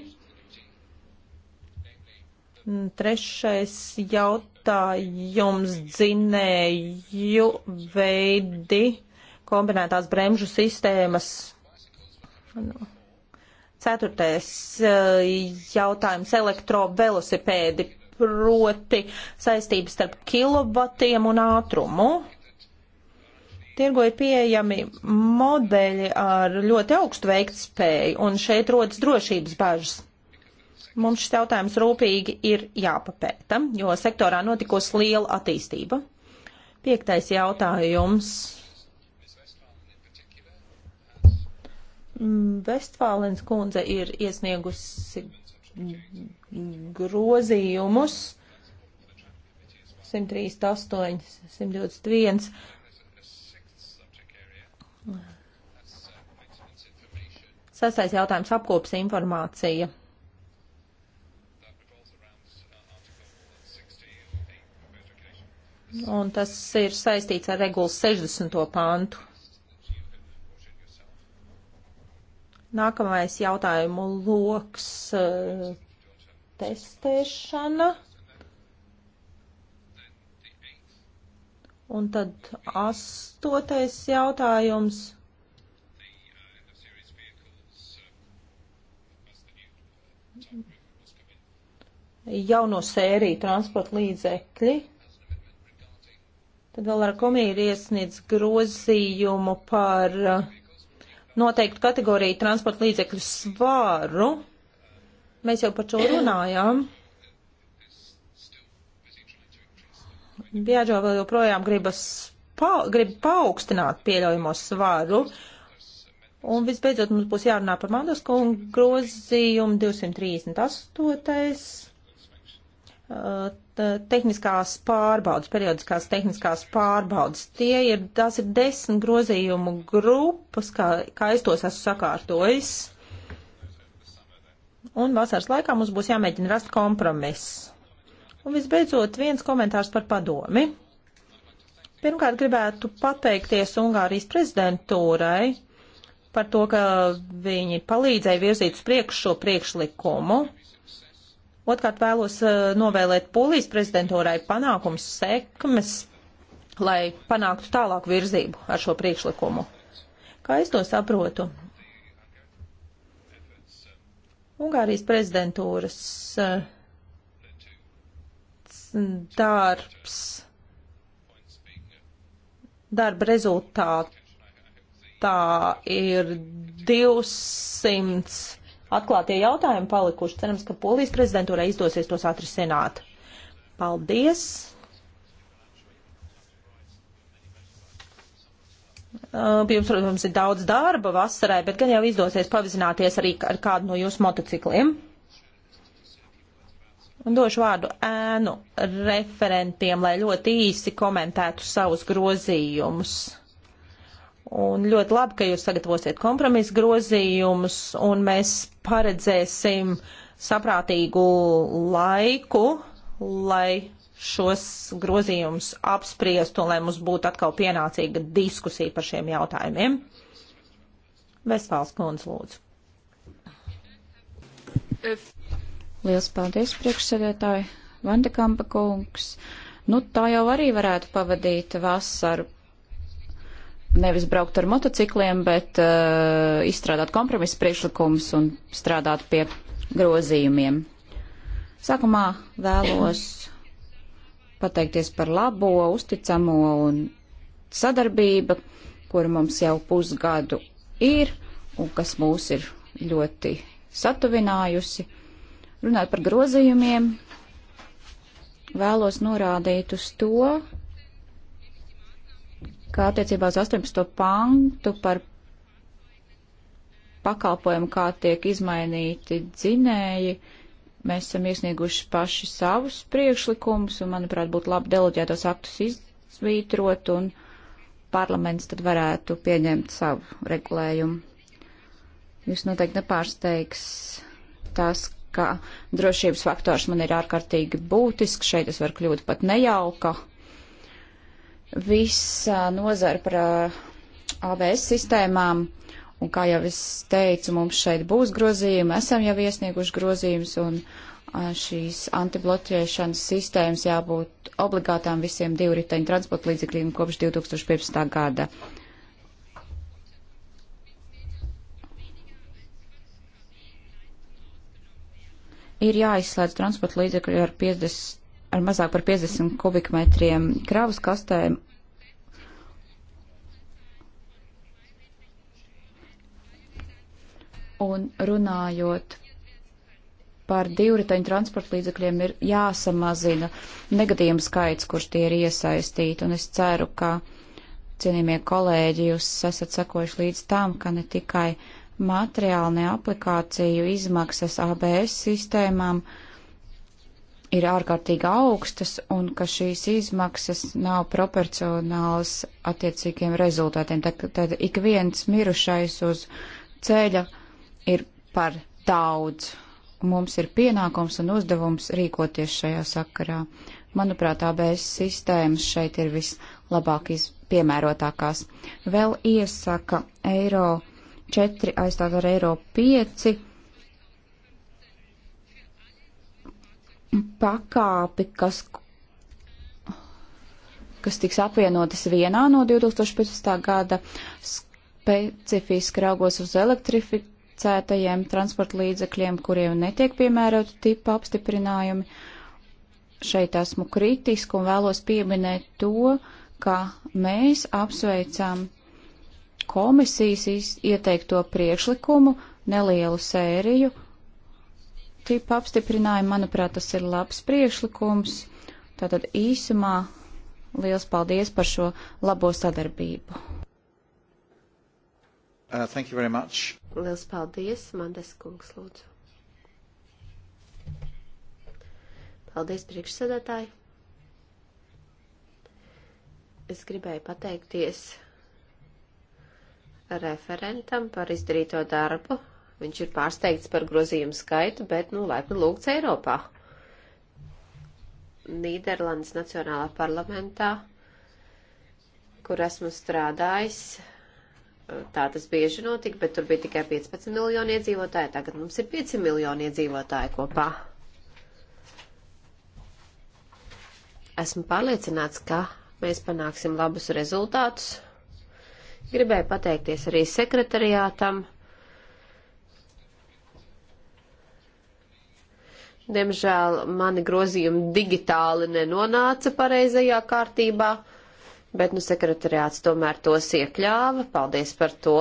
Trešais jautājums - dzinēju veidi kombinētās bremžu sistēmas. Ceturtais eh, jautājums - elektrovelosipēdi, proti saistības starp kilovatiem un ātrumu. Tirgo ir pieejami modeļi ar ļoti augstu veiktspēju, un šeit rodas drošības bažas. Mums šis jautājums rūpīgi ir jāpapēta, jo sektorā notikusi liela attīstība. Piektais jautājums. Mm, Vestfālens kundze ir iesniegusi grozījumus 138, 121. Sastais jautājums - apkopas informācija. un tas ir saistīts ar regulas 60. pantu. Nākamais jautājumu loks eh, - testēšana. Un tad astotais jautājums. Jauno sēriju transporta līdzekļi. Tad vēl ar komiju ir iesniedz grozījumu par uh, noteiktu kategoriju transporta līdzekļu svāru. Mēs jau par to runājām. Biežo vēl joprojām gribas pa, grib paaugstināt pieļaujamo svaru. Un visbeidzot mums būs jārunā par Mandas kungu grozījumu 238 tehniskās pārbaudas, periodiskās tehniskās pārbaudas. Tie ir, tās ir desmit grozījumu grupas, kā, kā es tos esmu sakārtojis. Un vasaras laikā mums būs jāmēģina rast kompromiss. Un visbeidzot, viens komentārs par padomi. Pirmkārt, gribētu pateikties Ungārijas prezidentūrai par to, ka viņi palīdzēja virzīt uz priekšu šo priekšlikumu Otkārt vēlos eh, novēlēt Polijas prezidentūrai panākums sekmes, lai panāktu tālāku virzību ar šo priekšlikumu. Kā es to saprotu? Ungārijas prezidentūras eh, darbs, darba rezultātā ir 200 atklātie jautājumi palikuši. Cerams, ka polijas prezidentūrai izdosies tos atrisināt. Paldies! Jums, protams, ir daudz darba vasarai, bet gan jau izdosies pavizināties arī ar kādu no jūsu motocikliem. Un došu vārdu ēnu referentiem, lai ļoti īsi komentētu savus grozījumus. Un ļoti labi, ka jūs sagatavosiet kompromisu grozījumus, un mēs paredzēsim saprātīgu laiku, lai šos grozījumus apspriest un lai mums būtu atkal pienācīga diskusija par šiem jautājumiem. Vestāls kundze, lūdzu. Liels paldies, priekšsēdētāji Vandekampa kungs. Nu, tā jau arī varētu pavadīt vasaru nevis braukt ar motocikliem, bet uh, izstrādāt kompromisu priekšlikumus un strādāt pie grozījumiem. Sākumā vēlos pateikties par labo, uzticamo un sadarbību, kur mums jau pusgadu ir un kas mūs ir ļoti satuvinājusi. Runāt par grozījumiem, vēlos norādīt uz to, ka attiecībā uz 18. pantu par pakalpojumu, kā tiek izmainīti dzinēji, mēs esam iesnieguši paši savus priekšlikumus, un, manuprāt, būtu labi deleģētos aktus izvītrot, un parlaments tad varētu pieņemt savu regulējumu. Jūs noteikti nepārsteigs tas, ka drošības faktors man ir ārkārtīgi būtisks, šeit es varu kļūt pat nejauka, visa nozara par ABS sistēmām. Un kā jau es teicu, mums šeit būs grozījumi, esam jau iesnieguši grozījumus, un šīs antibloķēšanas sistēmas jābūt obligātām visiem divriteņu transporta līdzekļiem kopš 2015. gada. Ir jāizslēdz transporta līdzekļi ar 50 ar mazāk par 50 kubikmetriem kravas kastēm. Un runājot par divriteņu transporta līdzekļiem, ir jāsamazina negadījumu skaits, kurš tie ir iesaistīti. Un es ceru, ka, cienījamie kolēģi, jūs esat sekojuši līdz tam, ka ne tikai materiāli, ne aplikāciju izmaksas ABS sistēmām uh, ir ārkārtīgi augstas un ka šīs izmaksas nav proporcionālas attiecīgiem rezultātiem. Tad, tad ik viens mirušais uz ceļa ir par daudz. Mums ir pienākums un uzdevums rīkoties šajā sakarā. Manuprāt, ABS sistēmas šeit ir vislabāk piemērotākās. Vēl iesaka eiro 4 aizstāt ar eiro 5 pakāpi, kas, kas tiks apvienotas vienā no 2015. gada specifiski raugos uz elektrificētajiem transporta līdzekļiem, kuriem netiek piemēroti tipa apstiprinājumi. Šeit esmu kritiski un vēlos pieminēt to, ka mēs apsveicam komisijas ieteikto priekšlikumu nelielu sēriju tipu apstiprinājumu. Manuprāt, tas ir labs priekšlikums. Tātad īsumā liels paldies par šo labo sadarbību. Uh, thank you very much. Liels paldies, Mandes kungs, lūdzu. Paldies, priekšsēdētāji. Es gribēju pateikties referentam par izdarīto darbu Viņš ir pārsteigts par grozījumu skaitu, bet, nu, laipni lūgts Eiropā. Nīderlandes Nacionālā parlamentā, kur esmu strādājis, tā tas bieži notika, bet tur bija tikai 15 miljoni iedzīvotāji, tagad mums ir 5 miljoni iedzīvotāji kopā. Esmu pārliecināts, ka mēs panāksim labus rezultātus. Gribēju pateikties arī sekretariātam Diemžēl mani grozījumi digitāli nenonāca pareizajā kārtībā, bet nu sekretariāts tomēr tos iekļāva. Paldies par to.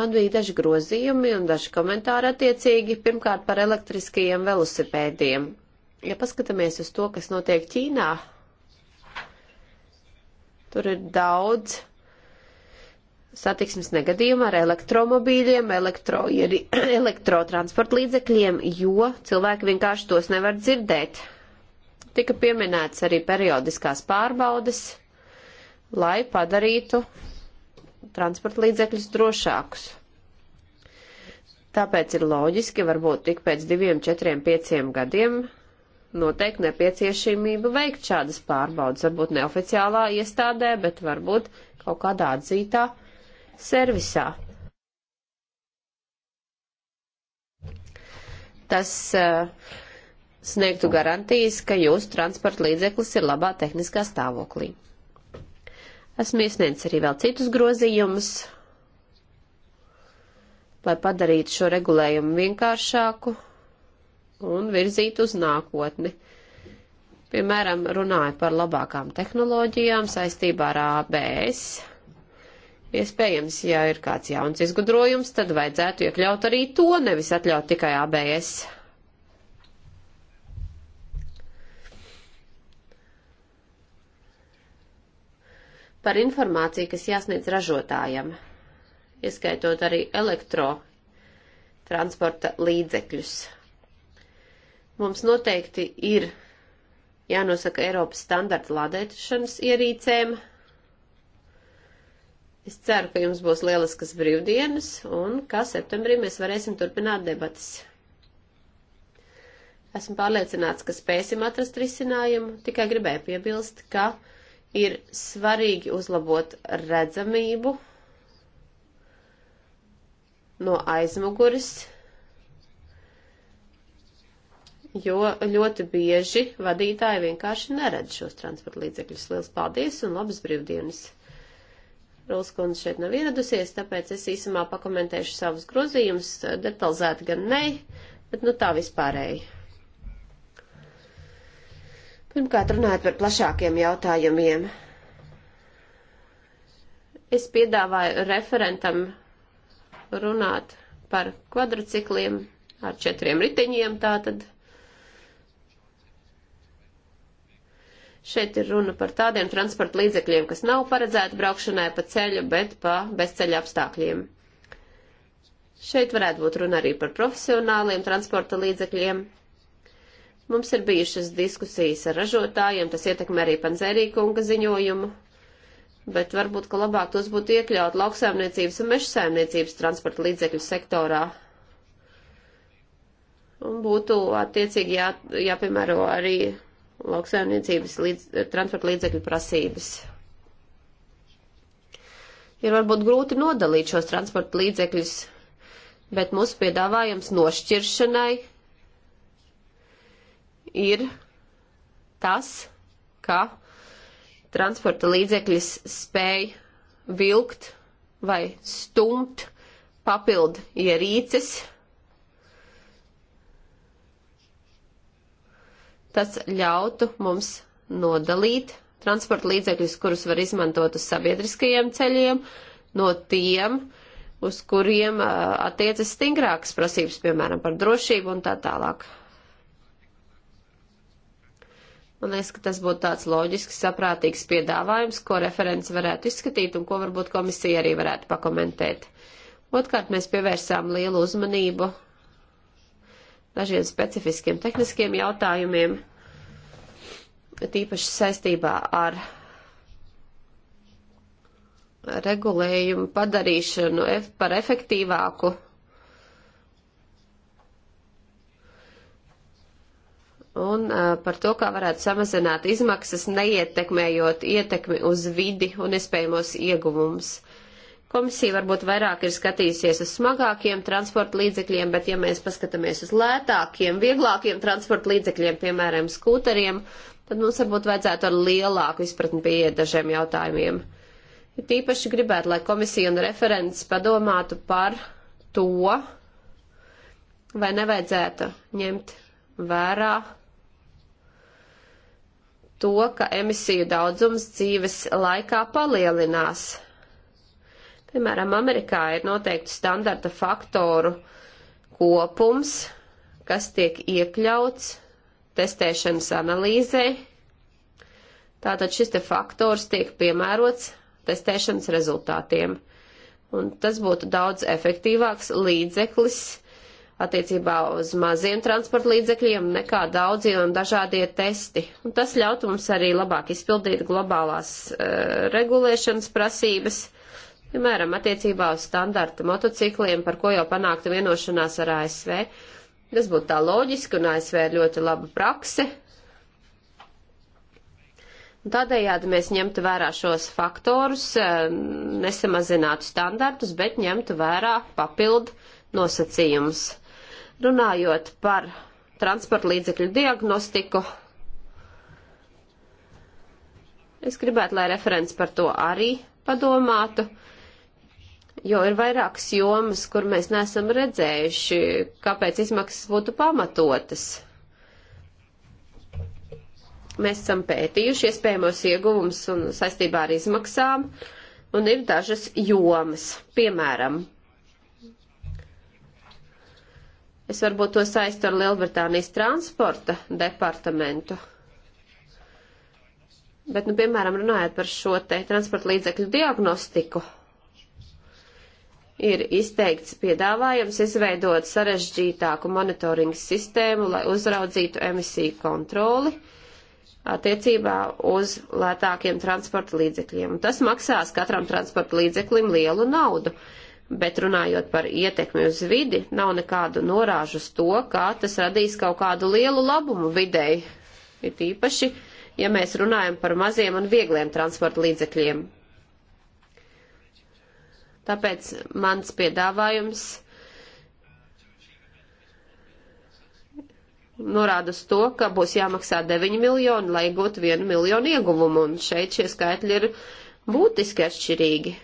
Man bija daži grozījumi un daži komentāri attiecīgi, pirmkārt par elektriskajiem velosipēdiem. Ja paskatāmies uz to, kas notiek Ķīnā, tur ir daudz satiksmes negadījumā ar elektromobīļiem, elektro, [CLEARS THROAT] elektrotransporta līdzekļiem, jo cilvēki vienkārši tos nevar dzirdēt. Tika pieminēts arī periodiskās pārbaudes, lai padarītu transporta līdzekļus drošākus. Tāpēc ir loģiski, varbūt tik pēc diviem, četriem, pieciem gadiem noteikti nepieciešamība veikt šādas pārbaudas, varbūt neoficiālā iestādē, bet varbūt kaut kādā atzītā servisā. Tas uh, sniegtu garantijas, ka jūsu transporta līdzeklis ir labā tehniskā stāvoklī. Esmu iesniedzis arī vēl citus grozījumus, lai padarītu šo regulējumu vienkāršāku un virzītu uz nākotni. Piemēram, runāju par labākām tehnoloģijām saistībā ar ABS Iespējams, ja ir kāds jauns izgudrojums, tad vajadzētu iekļaut arī to, nevis atļaut tikai ABS. Par informāciju, kas jāsniedz ražotājam, ieskaitot arī elektrotransporta līdzekļus. Mums noteikti ir jānosaka Eiropas standarta lādēšanas ierīcēm Es ceru, ka jums būs lieliskas brīvdienas un ka septembrī mēs varēsim turpināt debatas. Esmu pārliecināts, ka spēsim atrast risinājumu, tikai gribēju piebilst, ka ir svarīgi uzlabot redzamību no aizmuguris, jo ļoti bieži vadītāji vienkārši neredz šos transporta līdzekļus. Lielas paldies un labas brīvdienas! Rūlas kundze šeit nav ieradusies, tāpēc es īsumā pakomentēšu savus grozījumus, detalizēti gan ne, bet nu tā vispārēji. Pirmkārt, runājot par plašākiem jautājumiem, es piedāvāju referentam runāt par kvadricikliem ar četriem riteņiem tātad. Šeit ir runa par tādiem transporta līdzekļiem, kas nav paredzēti braukšanai pa ceļu, bet pa bezceļa apstākļiem. Šeit varētu būt runa arī par profesionāliem transporta līdzekļiem. Mums ir bijušas diskusijas ar ražotājiem, tas ietekmē arī Panzērīkunga ziņojumu, bet varbūt, ka labāk tos būtu iekļaut lauksaimniecības un meža saimniecības transporta līdzekļu sektorā. Un būtu attiecīgi jā, jāpiemēro arī lauksaimniecības līdz, transporta līdzekļu prasības. Ir varbūt grūti nodalīt šos transporta līdzekļus, bet mūsu piedāvājums nošķiršanai ir tas, ka transporta līdzekļus spēj vilkt vai stumt papildu ierīces, Tas ļautu mums nodalīt transporta līdzekļus, kurus var izmantot uz sabiedriskajiem ceļiem, no tiem, uz kuriem attiecas stingrākas prasības, piemēram, par drošību un tā tālāk. Man liekas, ka tas būtu tāds loģisks, saprātīgs piedāvājums, ko referents varētu izskatīt un ko varbūt komisija arī varētu pakomentēt. Otkārt, mēs pievērsām lielu uzmanību dažiem specifiskiem tehniskiem jautājumiem, tīpaši saistībā ar regulējumu padarīšanu par efektīvāku. Un par to, kā varētu samazināt izmaksas, neietekmējot ietekmi uz vidi un iespējamos ieguvumus. Komisija varbūt vairāk ir skatījusies uz smagākiem transporta līdzekļiem, bet ja mēs paskatāmies uz lētākiem, vieglākiem transporta līdzekļiem, piemēram, skūteriem, tad mums varbūt vajadzētu ar lielāku izpratni pieeja dažiem jautājumiem. Ir tīpaši gribētu, lai komisija un referents padomātu par to, vai nevajadzētu ņemt vērā to, ka emisiju daudzums dzīves laikā palielinās. Piemēram, Amerikā ir noteikti standarta faktoru kopums, kas tiek iekļauts testēšanas analīzē. Tātad šis te faktors tiek piemērots testēšanas rezultātiem. Un tas būtu daudz efektīvāks līdzeklis attiecībā uz maziem transporta līdzekļiem nekā daudzie un dažādie testi. Un tas ļautu mums arī labāk izpildīt globālās uh, regulēšanas prasības. Uh, piemēram, attiecībā uz standarta motocikliem, par ko jau panākta vienošanās ar ASV. Tas būtu tā loģiski, un ASV ir ļoti laba prakse. Tādējādi mēs ņemtu vērā šos faktorus, ehm, nesamazinātu standartus, bet ņemtu vērā papildu nosacījumus. Runājot par transporta līdzekļu diagnostiku, es gribētu, lai referents par to arī padomātu. Uh, jo ir vairākas jomas, kur mēs nesam redzējuši, kāpēc izmaksas būtu pamatotas. Mēs esam pētījuši iespējamos ieguvumus un saistībā ar izmaksām, un ir dažas jomas. Piemēram, es varbūt to saistu ar Lielbritānijas transporta departamentu. Bet, nu, piemēram, runājot par šo te transporta līdzekļu diagnostiku, ir izteikts piedāvājums izveidot sarežģītāku monitoringu sistēmu, lai uzraudzītu emisiju kontroli attiecībā uz lētākiem transporta līdzekļiem. Un tas maksās katram transporta līdzeklim lielu naudu, bet runājot par ietekmi uz vidi, nav nekādu norāžu uz to, kā tas radīs kaut kādu lielu labumu videi. Ir īpaši, ja mēs runājam par maziem un viegliem transporta līdzekļiem, Tāpēc mans piedāvājums norāda uz to, ka būs jāmaksā 9 miljoni, lai iegūtu 1 miljonu ieguvumu, un šeit šie skaitļi ir būtiski atšķirīgi.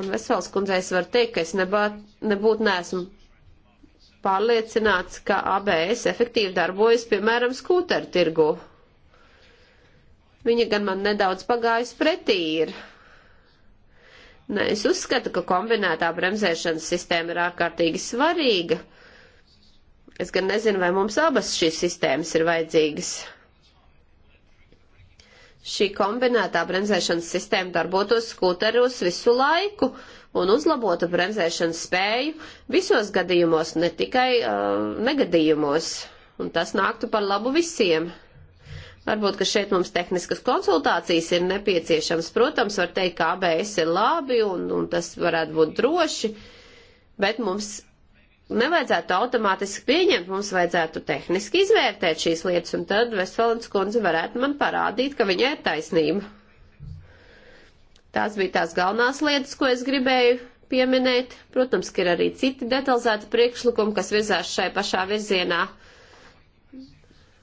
Un vesels kundzēs var teikt, ka es nebāt, nebūtu nesmu pārliecināts, ka ABS efektīvi darbojas, piemēram, skūteru tirgu. Viņa gan man nedaudz pagājusi pretī ir. Nē, es uzskatu, ka kombinētā bremzēšanas sistēma ir ārkārtīgi svarīga. Es gan nezinu, vai mums abas šīs sistēmas ir vajadzīgas. Šī kombinētā bremzēšanas sistēma darbotos skūteros visu laiku un uzlabotu bremzēšanas spēju visos gadījumos, ne tikai uh, negadījumos, un tas nāktu par labu visiem. Varbūt, ka šeit mums tehniskas konsultācijas ir nepieciešams. Protams, var teikt, ka ABS ir labi un, un tas varētu būt droši, bet mums nevajadzētu automātiski pieņemt, mums vajadzētu tehniski izvērtēt šīs lietas, un tad Veselins kundze varētu man parādīt, ka viņai ir taisnība. Tās bija tās galvenās lietas, ko es gribēju pieminēt. Protams, ka ir arī citi detalizēti priekšlikumi, kas virzās šai pašā virzienā.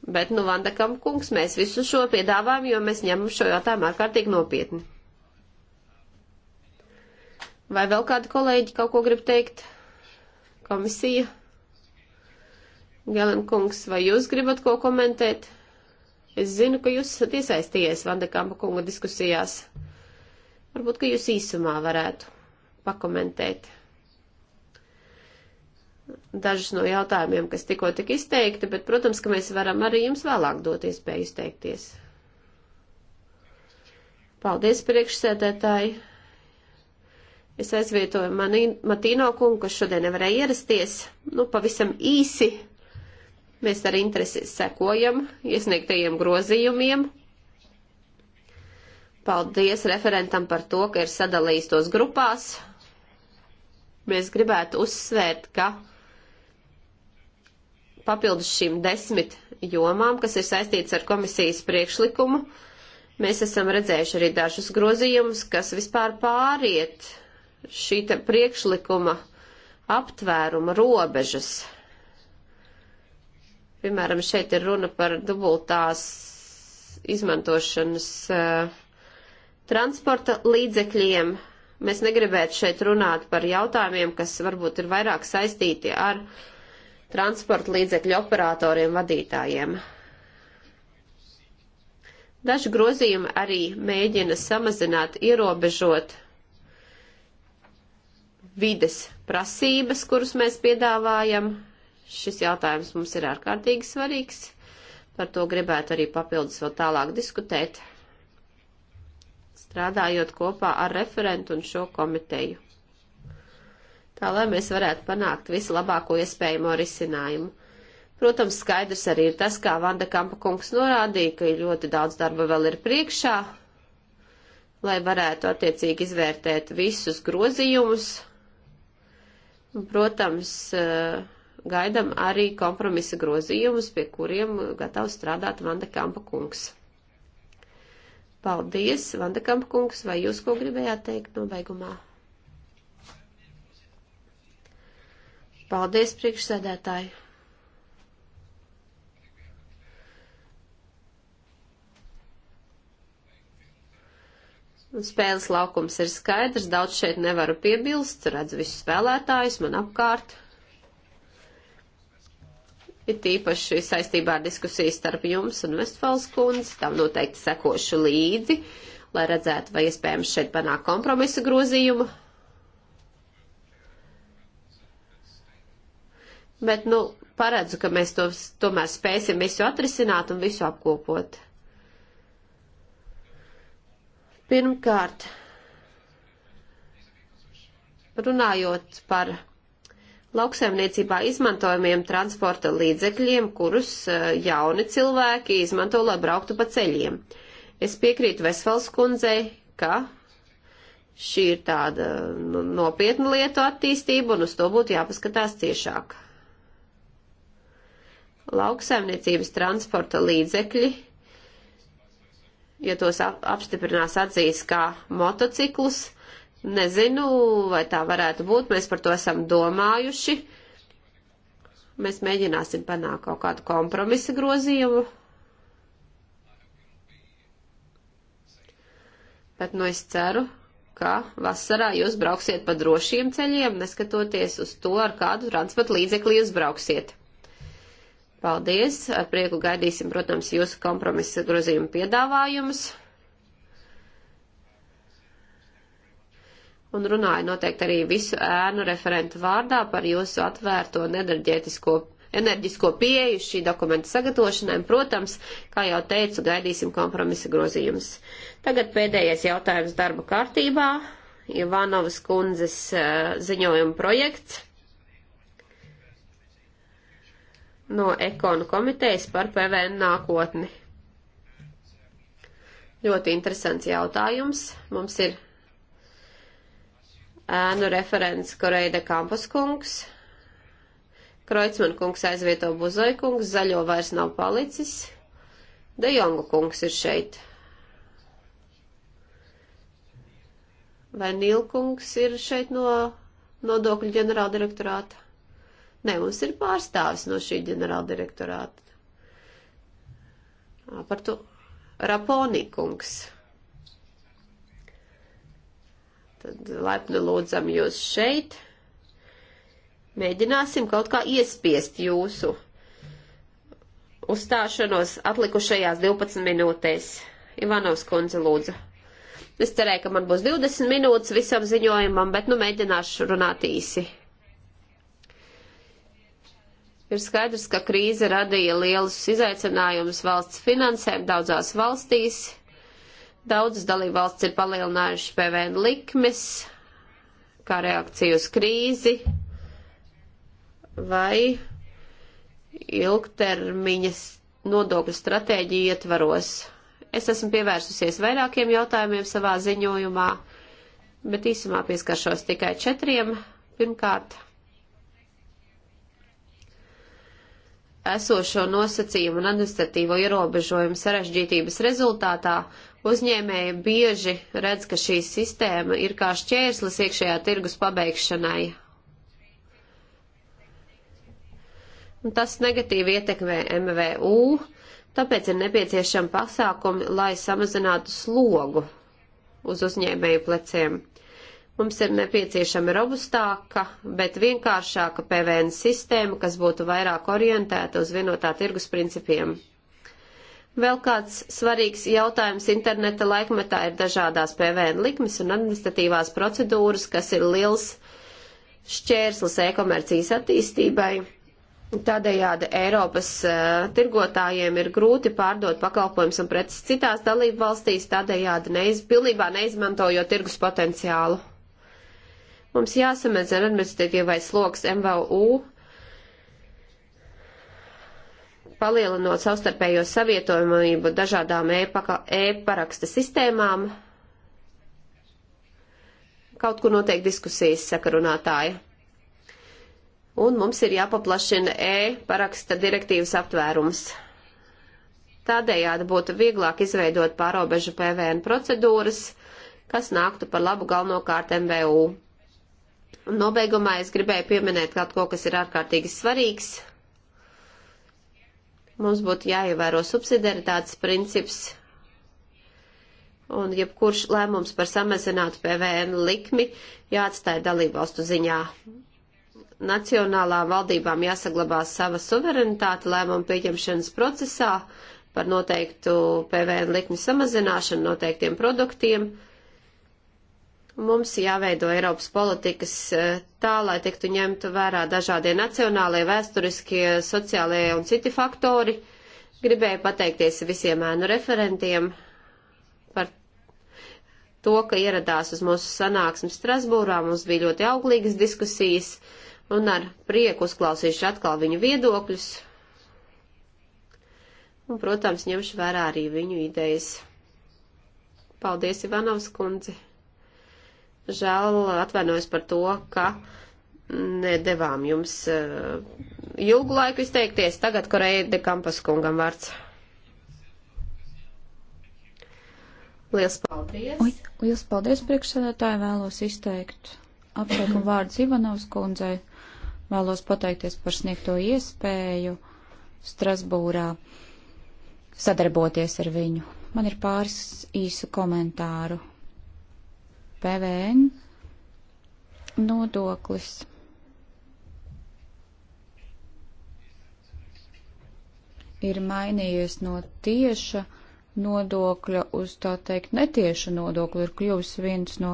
Bet, nu, Vandakam kungs, mēs visu šo piedāvājam, jo mēs ņemam šo jautājumu ārkārtīgi nopietni. Vai vēl kādi kolēģi kaut ko grib teikt? Komisija? Gelen kungs, vai jūs gribat ko komentēt? Es zinu, ka jūs esat iesaistījies Vandekampa kunga diskusijās. Varbūt, ka jūs īsumā varētu pakomentēt dažus no jautājumiem, kas tikko tik izteikti, bet, protams, ka mēs varam arī jums vēlāk dot iespēju izteikties. Paldies, priekšsēdētāji! Es aizvietoju mani, Matīno kungu, kas šodien nevarēja ierasties. Nu, pavisam īsi mēs ar interesi sekojam iesniegtajiem grozījumiem. Paldies referentam par to, ka ir sadalījis tos grupās. Mēs gribētu uzsvērt, ka papildus šīm desmit jomām, kas ir saistīts ar komisijas priekšlikumu, mēs esam redzējuši arī dažus grozījumus, kas vispār pāriet šī priekšlikuma aptvēruma robežas. Piemēram, šeit ir runa par dubultās izmantošanas uh, transporta līdzekļiem. Mēs negribētu šeit runāt par jautājumiem, kas varbūt ir vairāk saistīti ar uh, transporta līdzekļu operatoriem vadītājiem. Daži grozījumi arī mēģina samazināt, ierobežot vides prasības, kurus mēs piedāvājam. Šis jautājums mums ir ārkārtīgi svarīgs. Par to gribētu arī papildus vēl tālāk diskutēt, strādājot kopā ar referentu un šo komiteju tā lai mēs varētu panākt vislabāko iespējamo risinājumu. Protams, skaidrs arī ir tas, kā Vanda Kampa kungs norādīja, ka ļoti daudz darba vēl ir priekšā, lai varētu attiecīgi izvērtēt visus grozījumus. Protams, eh, gaidam arī kompromisa grozījumus, pie kuriem gatavs strādāt Vanda Kampa kungs. Paldies, Vanda Kampa kungs, vai jūs ko gribējāt teikt nobeigumā? Paldies, priekšsēdētāji! Spēles laukums ir skaidrs, daudz šeit nevaru piebilst, redzu visus spēlētājus man apkārt. Ir tīpaši saistībā ar diskusiju starp jums un Vestfāls kundzi, tam noteikti sekošu līdzi, lai redzētu, vai iespējams šeit panāk kompromisa grozījumu. bet, nu, paredzu, ka mēs to tomēr spēsim visu atrisināt un visu apkopot. Pirmkārt, runājot par lauksaimniecībā izmantojamiem transporta līdzekļiem, kurus eh, jauni cilvēki izmanto, lai brauktu pa ceļiem. Es piekrītu Vesvals kundzei, ka šī ir tāda nu, nopietna lietu attīstība, un uz to būtu jāpaskatās ciešāk lauksaimniecības transporta līdzekļi, ja tos apstiprinās atzīs kā motociklus, nezinu, vai tā varētu būt, mēs par to esam domājuši. Mēs mēģināsim panākt kaut kādu kompromisa grozījumu. Bet nu es ceru, ka vasarā jūs brauksiet pa drošiem ceļiem, neskatoties uz to, ar kādu transporta līdzekli jūs brauksiet. Paldies! Ar prieku gaidīsim, protams, jūsu kompromisa grozījuma piedāvājumus. Un runāju noteikti arī visu ēnu referentu vārdā par jūsu atvērto nedarģētisko enerģisko pieeju šī dokumenta sagatavošanai. Protams, kā jau teicu, gaidīsim kompromisa grozījumus. Tagad pēdējais jautājums darba kārtībā. Ivanovas kundzes eh, ziņojuma projekts no Ekonu komitejas par PVN nākotni. Ļoti interesants jautājums. Mums ir ēnu referents Koreida Kampuskungs. Kreutzmann kungs aizvieto Buzoja kungs, zaļo vairs nav palicis. De Jonga kungs ir šeit. Vai Nīlkungs ir šeit no nodokļu ģenerāldirektorāta? Nē, mums ir pārstāvis no šī ģenerāla direktorāta. Par to Raponīkungs. Tad laipni lūdzam jūs šeit. Mēģināsim kaut kā iespiest jūsu uzstāšanos atlikušajās 12 minūtēs. Ivanovs kundze lūdzu. Es cerēju, ka man būs 20 minūtes visam ziņojumam, bet nu mēģināšu runāt īsi. Ir skaidrs, ka krīze radīja lielus izaicinājumus valsts finansēm daudzās valstīs. Daudzas dalībvalsts ir palielinājušas PVN likmes kā reakcija uz krīzi vai ilgtermiņas nodokļu stratēģiju ietvaros. Es esmu pievērsusies vairākiem jautājumiem savā ziņojumā, bet īsumā pieskaršos tikai četriem. Pirmkārt, esošo nosacījumu un administratīvo ierobežojumu sarežģītības rezultātā uzņēmēji bieži redz, ka šī sistēma ir kā šķērslis iekšējā tirgus pabeigšanai. Un tas negatīvi ietekmē MVU, tāpēc ir nepieciešama pasākumi, lai samazinātu slogu uz uzņēmēju pleciem. Mums ir nepieciešama robustāka, bet vienkāršāka PVN sistēma, kas būtu vairāk orientēta uz vienotā tirgus principiem. Vēl kāds svarīgs jautājums interneta laikmetā ir dažādās PVN likmes un administratīvās procedūras, kas ir liels šķērslis e-komercijas attīstībai. Tādējādi Eiropas uh, tirgotājiem ir grūti pārdot pakalpojums un preces citās dalību valstīs, tādējādi neiz, pilnībā neizmantojot tirgus potenciālu. Mums jāsamazina administratīvais sloks MVU, palielinot savstarpējo savietojumību dažādām e-paraksta e sistēmām. Kaut kur notiek diskusijas sakarunātāja. Un mums ir jāpaplašina e-paraksta direktīvas aptvērums. Tādējādi būtu vieglāk izveidot pārobežu PVN procedūras, kas nāktu par labu galvenokārt MVU. Un nobeigumā es gribēju pieminēt kaut ko, kas ir ārkārtīgi svarīgs. Mums būtu jāievēro subsidiaritātes princips. Un jebkurš lēmums par samazinātu PVN likmi jāatstāja dalībvalstu ziņā. Nacionālām valdībām jāsaglabā sava suverenitāte lēmumu pieņemšanas procesā par noteiktu PVN likmi samazināšanu noteiktiem produktiem Mums jāveido Eiropas politikas eh, tā, lai tiktu ņemtu vērā dažādie nacionālie, vēsturiskie, sociālie un citi faktori. Gribēju pateikties visiem ēnu referentiem par to, ka ieradās uz mūsu sanāksmi Strasbūrā. Mums bija ļoti auglīgas diskusijas un ar prieku uzklausīšu atkal viņu viedokļus. Un, protams, ņemšu vērā arī viņu idejas. Paldies, Ivanovs kundze! žēl atvainojos par to, ka nedevām jums uh, ilgu laiku izteikties. Tagad Koreja de Kampas kungam vārds. Liels paldies! Uj, liels paldies priekšsēdētāji! Vēlos izteikt apsveikumu vārdu Ivanovs kundzei. Vēlos pateikties par sniegto iespēju Strasbūrā sadarboties ar viņu. Man ir pāris īsu komentāru PVN nodoklis. Ir mainījies no tieša nodokļa uz tā teikt netieša nodokļa, ir kļuvis viens no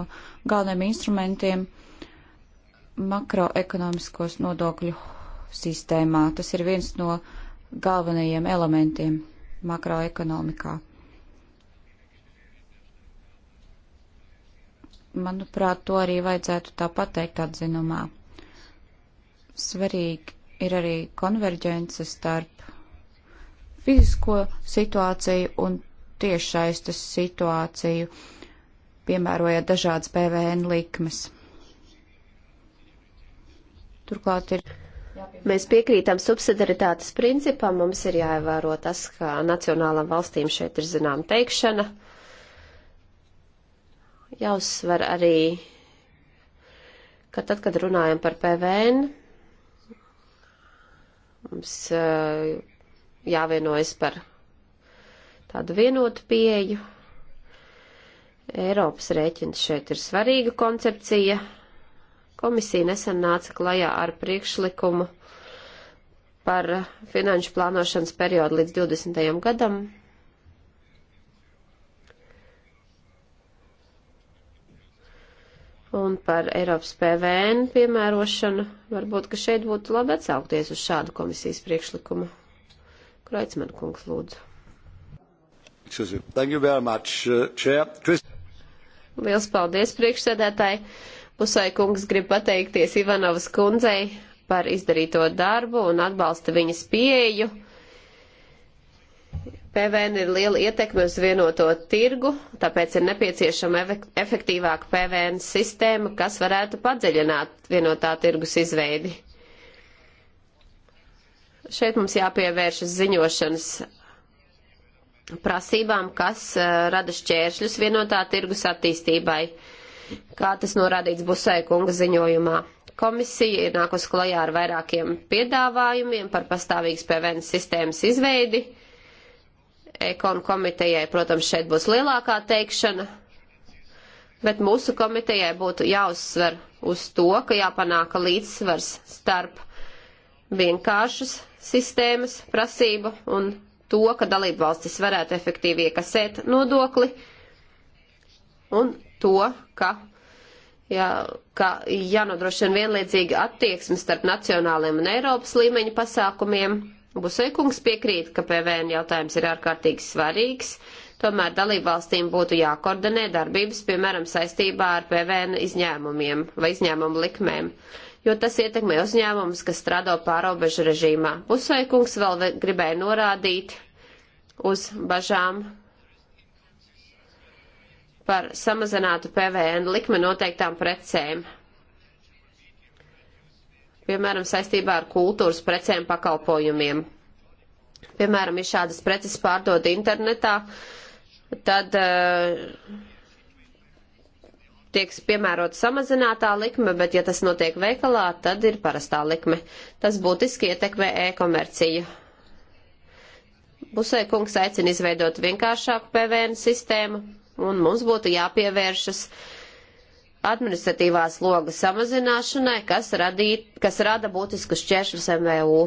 galvenajiem instrumentiem makroekonomiskos nodokļu sistēmā. Tas ir viens no galvenajiem elementiem makroekonomikā. manuprāt, to arī vajadzētu tā pateikt atzinumā. Svarīgi ir arī konverģence starp fizisko situāciju un tiešsaistes situāciju, piemērojot dažādas PVN likmes. Turklāt ir. Mēs piekrītam subsidaritātes principam, mums ir jāievēro tas, ka nacionālam valstīm šeit ir zinām teikšana. Jāuzsver arī, ka tad, kad runājam par PVN, mums eh, jāvienojas par tādu vienotu pieeju. Eiropas rēķins šeit ir svarīga koncepcija. Komisija nesen nāca klajā ar priekšlikumu par finanšu plānošanas periodu līdz 20. gadam, un par Eiropas PVN piemērošanu. Varbūt, ka šeit būtu labi atsaukties uz šādu komisijas priekšlikumu. Kreicman kungs lūdzu. Thank you very much, uh, Chair. Chris... Liels paldies priekšsēdētāji. Pusai kungs grib pateikties Ivanovas kundzei par izdarīto darbu un atbalsta viņas pieeju PVN ir liela ietekme uz vienoto tirgu, tāpēc ir nepieciešama efektīvāka PVN sistēma, kas varētu padziļināt vienotā tirgus izveidi. Šeit mums jāpievēršas ziņošanas prasībām, kas eh, rada šķēršļus vienotā tirgus attīstībai, kā tas norādīts Busai kunga ziņojumā komisija ir nākus klajā ar vairākiem piedāvājumiem par pastāvīgas PVN sistēmas izveidi. Ekonu komitejai, protams, šeit būs lielākā teikšana, bet mūsu komitejai būtu jāuzsver uz to, ka jāpanāk līdzsvars starp vienkāršas sistēmas prasību un to, ka dalību valstis varētu efektīvi iekasēt nodokli un to, ka, ja, ka jānodrošina vienlīdzīga attieksme starp nacionāliem un Eiropas līmeņa pasākumiem Buseikungs piekrīt, ka PVN jautājums ir ārkārtīgi svarīgs, tomēr dalībvalstīm būtu jākoordinē darbības, piemēram, saistībā ar PVN izņēmumiem vai izņēmumu likmēm, jo tas ietekmē uzņēmumus, kas strādā pārobežu režīmā. Buseikungs vēl gribēja norādīt uz bažām par samazinātu PVN likmi noteiktām precēm piemēram, saistībā ar kultūras precēm pakalpojumiem. Piemēram, ja šādas preces pārdod internetā, tad uh, eh, tiek piemērota samazinātā likme, bet ja tas notiek veikalā, tad ir parastā likme. Tas būtiski ietekmē e-komerciju. Busē kungs aicina izveidot vienkāršāku PVN sistēmu, un mums būtu jāpievēršas uh, administratīvās logas samazināšanai, kas, radīt, kas rada būtiskus šķēršļus MVU.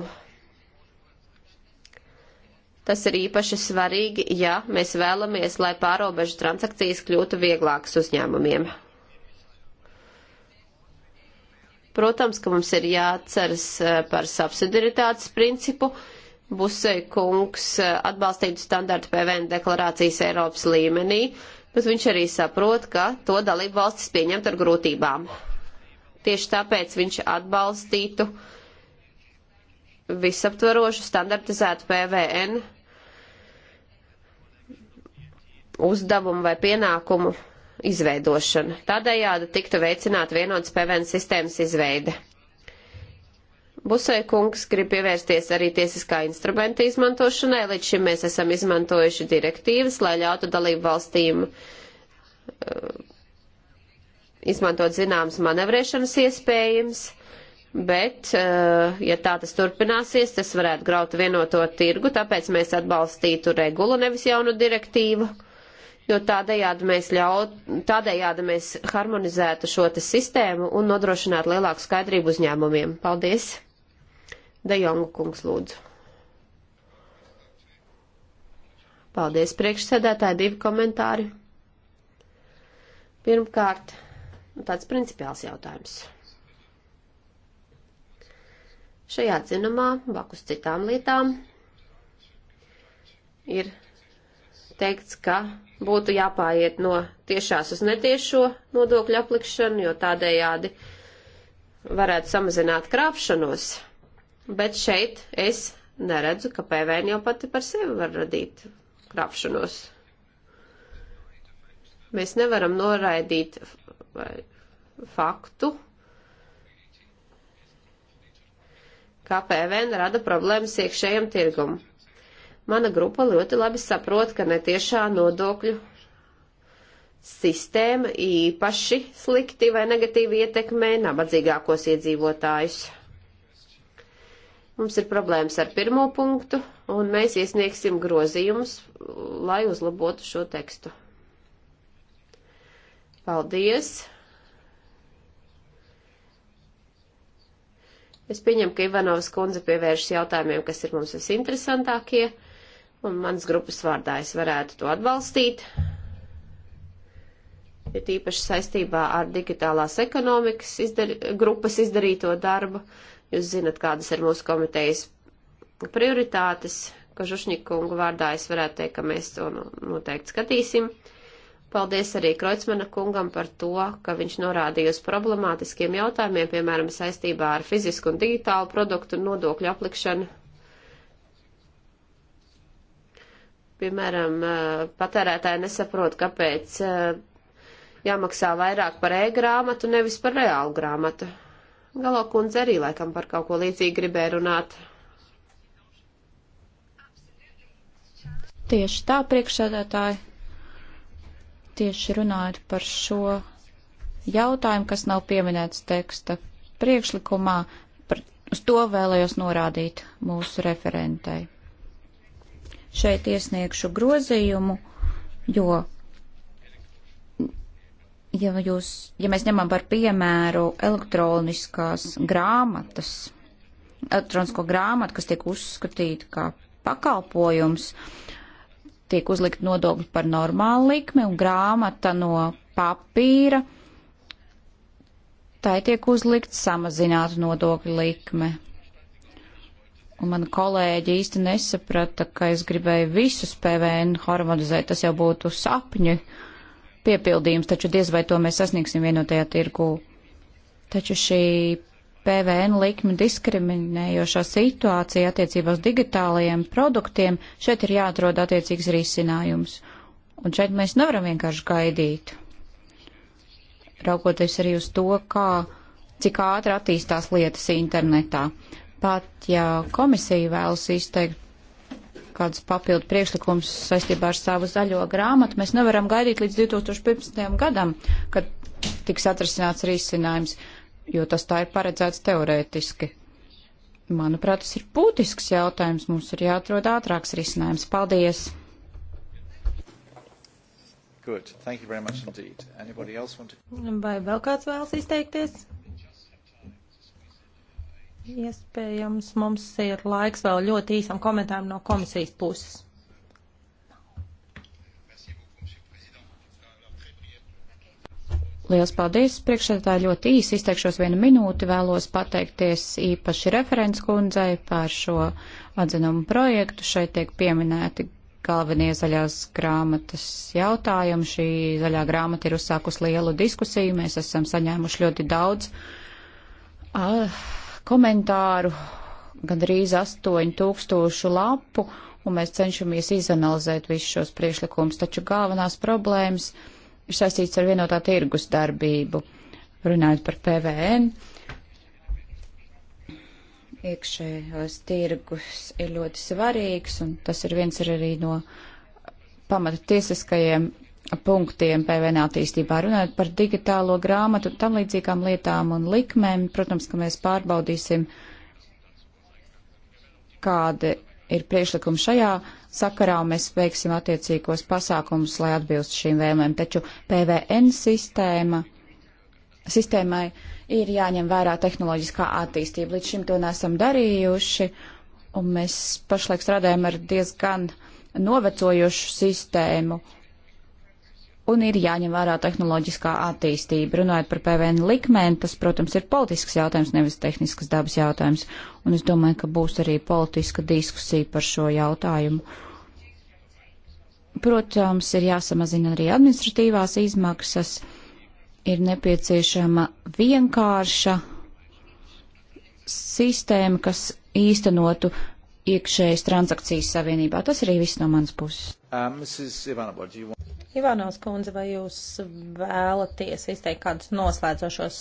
Tas ir īpaši svarīgi, ja mēs vēlamies, lai pārobežu transakcijas kļūtu vieglākas uzņēmumiem. Protams, ka mums ir jāatceras eh, par subsidiaritātes principu. Busei kungs eh, atbalstītu standartu PVN deklarācijas Eiropas līmenī. Uh, bet viņš arī saprot, ka to dalību valstis pieņemt ar grūtībām. Tieši tāpēc viņš atbalstītu visaptvarošu standartizētu PVN uzdevumu vai pienākumu izveidošanu. Tādējādi tiktu veicināta vienotas PVN sistēmas izveide. Busēkungs grib pievērsties arī tiesiskā instrumenta izmantošanai. Līdz šim mēs esam izmantojuši direktīvas, lai ļautu dalību valstīm uh, izmantot zināmas manevrēšanas iespējams, bet, uh, ja tā tas turpināsies, tas varētu graut vienoto tirgu, tāpēc mēs atbalstītu regulu, nevis jaunu direktīvu, jo tādējādi mēs, ļaut, tādējādi mēs harmonizētu šo sistēmu un nodrošinātu lielāku skaidrību uzņēmumiem. Paldies! Dejonga kungs lūdzu. Paldies priekšsēdētāji, divi komentāri. Pirmkārt, tāds principiāls jautājums. Šajā dzinumā, blakus citām lietām, ir teikts, ka būtu jāpāiet no tiešās uz netiešo nodokļu aplikšanu, jo tādējādi varētu samazināt krāpšanos bet šeit es neredzu, ka PVN jau pati par sevi var radīt krāpšanos. Mēs nevaram noraidīt faktu, ka PVN rada problēmas iekšējam tirgumam. Mana grupa ļoti labi saprot, ka netiešā nodokļu sistēma īpaši slikti vai negatīvi ietekmē nabadzīgākos iedzīvotājus. Mums ir problēmas ar pirmo punktu, un mēs iesniegsim grozījumus, lai uzlabotu šo tekstu. Paldies! Es pieņemu, ka Ivanovas kundze pievēršas jautājumiem, kas ir mums visinteresantākie, un mans grupas vārdā es varētu to atbalstīt. Ir tīpaši saistībā ar digitālās ekonomikas izdar grupas izdarīto darbu, Jūs zinat, kādas ir mūsu komitejas prioritātes, ko Žušņikungu vārdā es varētu teikt, ka mēs to nu, noteikti skatīsim. Paldies arī Kreutzmana kungam par to, ka viņš norādīja uz problemātiskiem jautājumiem, piemēram, saistībā ar fizisku un digitālu produktu nodokļu aplikšanu. Piemēram, eh, patērētāji nesaprot, kāpēc eh, jāmaksā vairāk par e-grāmatu, nevis par reālu grāmatu. Galo kundze arī laikam par kaut ko līdzīgu gribēja runāt. Tieši tā priekšsēdētāji, tieši runājot par šo jautājumu, kas nav pieminēts teksta priekšlikumā, par, uz to vēlējos norādīt mūsu referentei. Šeit iesniegšu grozījumu, jo ja, jūs, ja mēs ņemam par piemēru elektroniskās grāmatas, elektronisko grāmatu, kas tiek uzskatīta kā pakalpojums, tiek uzlikt nodokļi par normālu likmi un grāmata no papīra, tai tiek uzlikt samazināta nodokļu likme. Un man kolēģi īsti nesaprata, ka es gribēju visus PVN harmonizēt, tas jau būtu sapņi. Uh, piepildījums, taču diez vai to mēs sasniegsim vienotajā tirgū. Taču šī PVN likmi diskriminējošā situācija attiecībā uz digitālajiem produktiem šeit ir jāatrod attiecīgs risinājums. Un šeit mēs nevaram vienkārši gaidīt. Raugoties arī uz to, kā, cik ātri attīstās lietas internetā. Pat ja komisija vēlas izteikt kādus papildu priekšlikumus saistībā ar savu zaļo grāmatu. Mēs nevaram gaidīt līdz 2015. gadam, kad tiks atrasināts risinājums, jo tas tā ir paredzēts teorētiski. Manuprāt, tas ir būtisks jautājums. Mums ir jāatrod ātrāks risinājums. Paldies! Good. Thank you very much indeed. Anybody else want to? Vai vēl kāds vēlas izteikties? Iespējams, mums ir laiks vēl ļoti īsam komentāram no komisijas puses. Lielas paldies, priekšsēdētāji, ļoti īsi izteikšos vienu minūti, vēlos pateikties īpaši referents kundzei par šo atzinumu projektu. Šeit tiek pieminēti galvenie zaļās grāmatas jautājumi. Šī zaļā grāmata ir uzsākus lielu diskusiju, mēs esam saņēmuši ļoti daudz. Uh, komentāru, gandrīz 8000 lapu, un mēs cenšamies izanalizēt visus šos priešlikumus, taču galvenās problēmas ir saistīts ar vienotā tirgus darbību, runājot par PVN. Iekšējos tirgus ir ļoti svarīgs, un tas ir viens arī no pamata tiesiskajiem punktiem PVN attīstībā. Runājot par digitālo grāmatu, tam līdzīgām lietām un likmēm, protams, ka mēs pārbaudīsim, kāda ir priekšlikuma šajā sakarā, un mēs veiksim attiecīgos pasākumus, lai atbilst šīm vēlmēm. Taču PVN sistēma, sistēmai ir jāņem vērā tehnoloģiskā attīstība. Līdz šim to nesam darījuši, un mēs pašlaik strādājam ar diezgan novecojošu sistēmu un ir jāņem vērā tehnoloģiskā attīstība. Runājot par PVN likmēm, tas, protams, ir politisks jautājums, nevis tehniskas dabas jautājums, un es domāju, ka būs arī politiska diskusija par šo jautājumu. Protams, ir jāsamazina arī administratīvās izmaksas, ir nepieciešama vienkārša sistēma, kas īstenotu iekšējas transakcijas savienībā. Tas arī viss no manas puses. Um, Ivanova, want... Ivanovs kundze, vai jūs vēlaties izteikt kādus noslēdzošos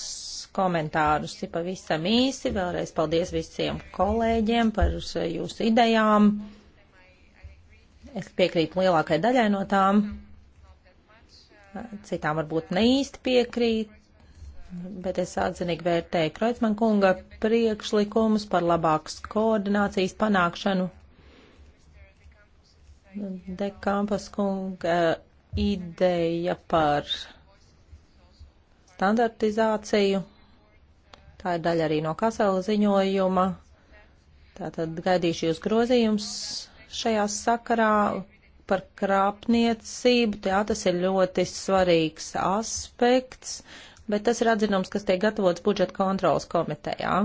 komentārus? Ir pavisam īsi. Vēlreiz paldies visiem kolēģiem par jūsu idejām. Es piekrītu lielākai daļai no tām. Citām varbūt ne īsti piekrīt, bet es atzinīgi vērtēju Kreutzmann kunga priekšlikumus par labākas koordinācijas panākšanu Dekampas kunga uh, ideja par standartizāciju. Tā ir daļa arī no Kasela ziņojuma. Tātad gaidīšu jūs grozījums šajā sakarā par krāpniecību. Jā, tas ir ļoti svarīgs aspekts, bet tas ir atzinums, kas tiek gatavots budžeta kontrolas komitejā. Ja?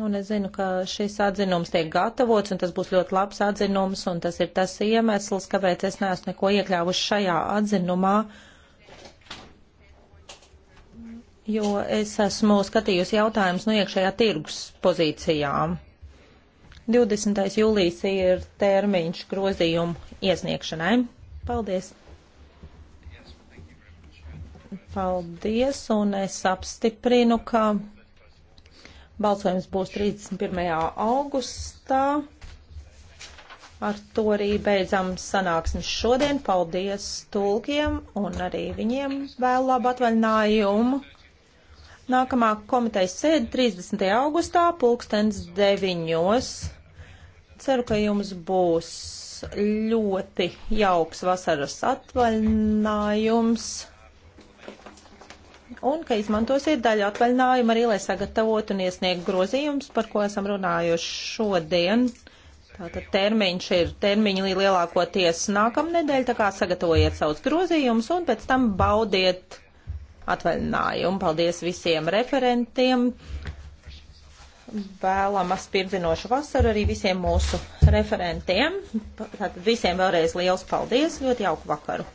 Un es zinu, ka šis atzinums tiek gatavots, un tas būs ļoti labs atzinums, un tas ir tas iemesls, kāpēc es neesmu neko iekļāvuši šajā atzinumā, jo es esmu skatījusi jautājumus no iekšējā tirgus pozīcijām. 20. jūlijas ir termiņš grozījumu iesniegšanai. Paldies! Paldies, un es apstiprinu, ka Balsojums būs 31. augustā. Ar to arī beidzam sanāksmes šodien. Paldies tulkiem un arī viņiem vēl labu atvaļinājumu. Nākamā komitejas sēde 30. augustā, pulkstens 9. Ceru, ka jums būs ļoti jauks vasaras atvaļinājums un ka izmantosiet daļu atvaļinājumu arī, lai sagatavotu un iesniegtu grozījumus, par ko esam runājuši šodien. Tātad termiņš ir termiņi lielākoties nākamnedēļ, tā kā sagatavojiet savus grozījumus un pēc tam baudiet atvaļinājumu. Paldies visiem referentiem. Vēlamas pirdzinošu vasaru arī visiem mūsu referentiem. Tātad visiem vēlreiz liels paldies. Ļoti jauku vakaru.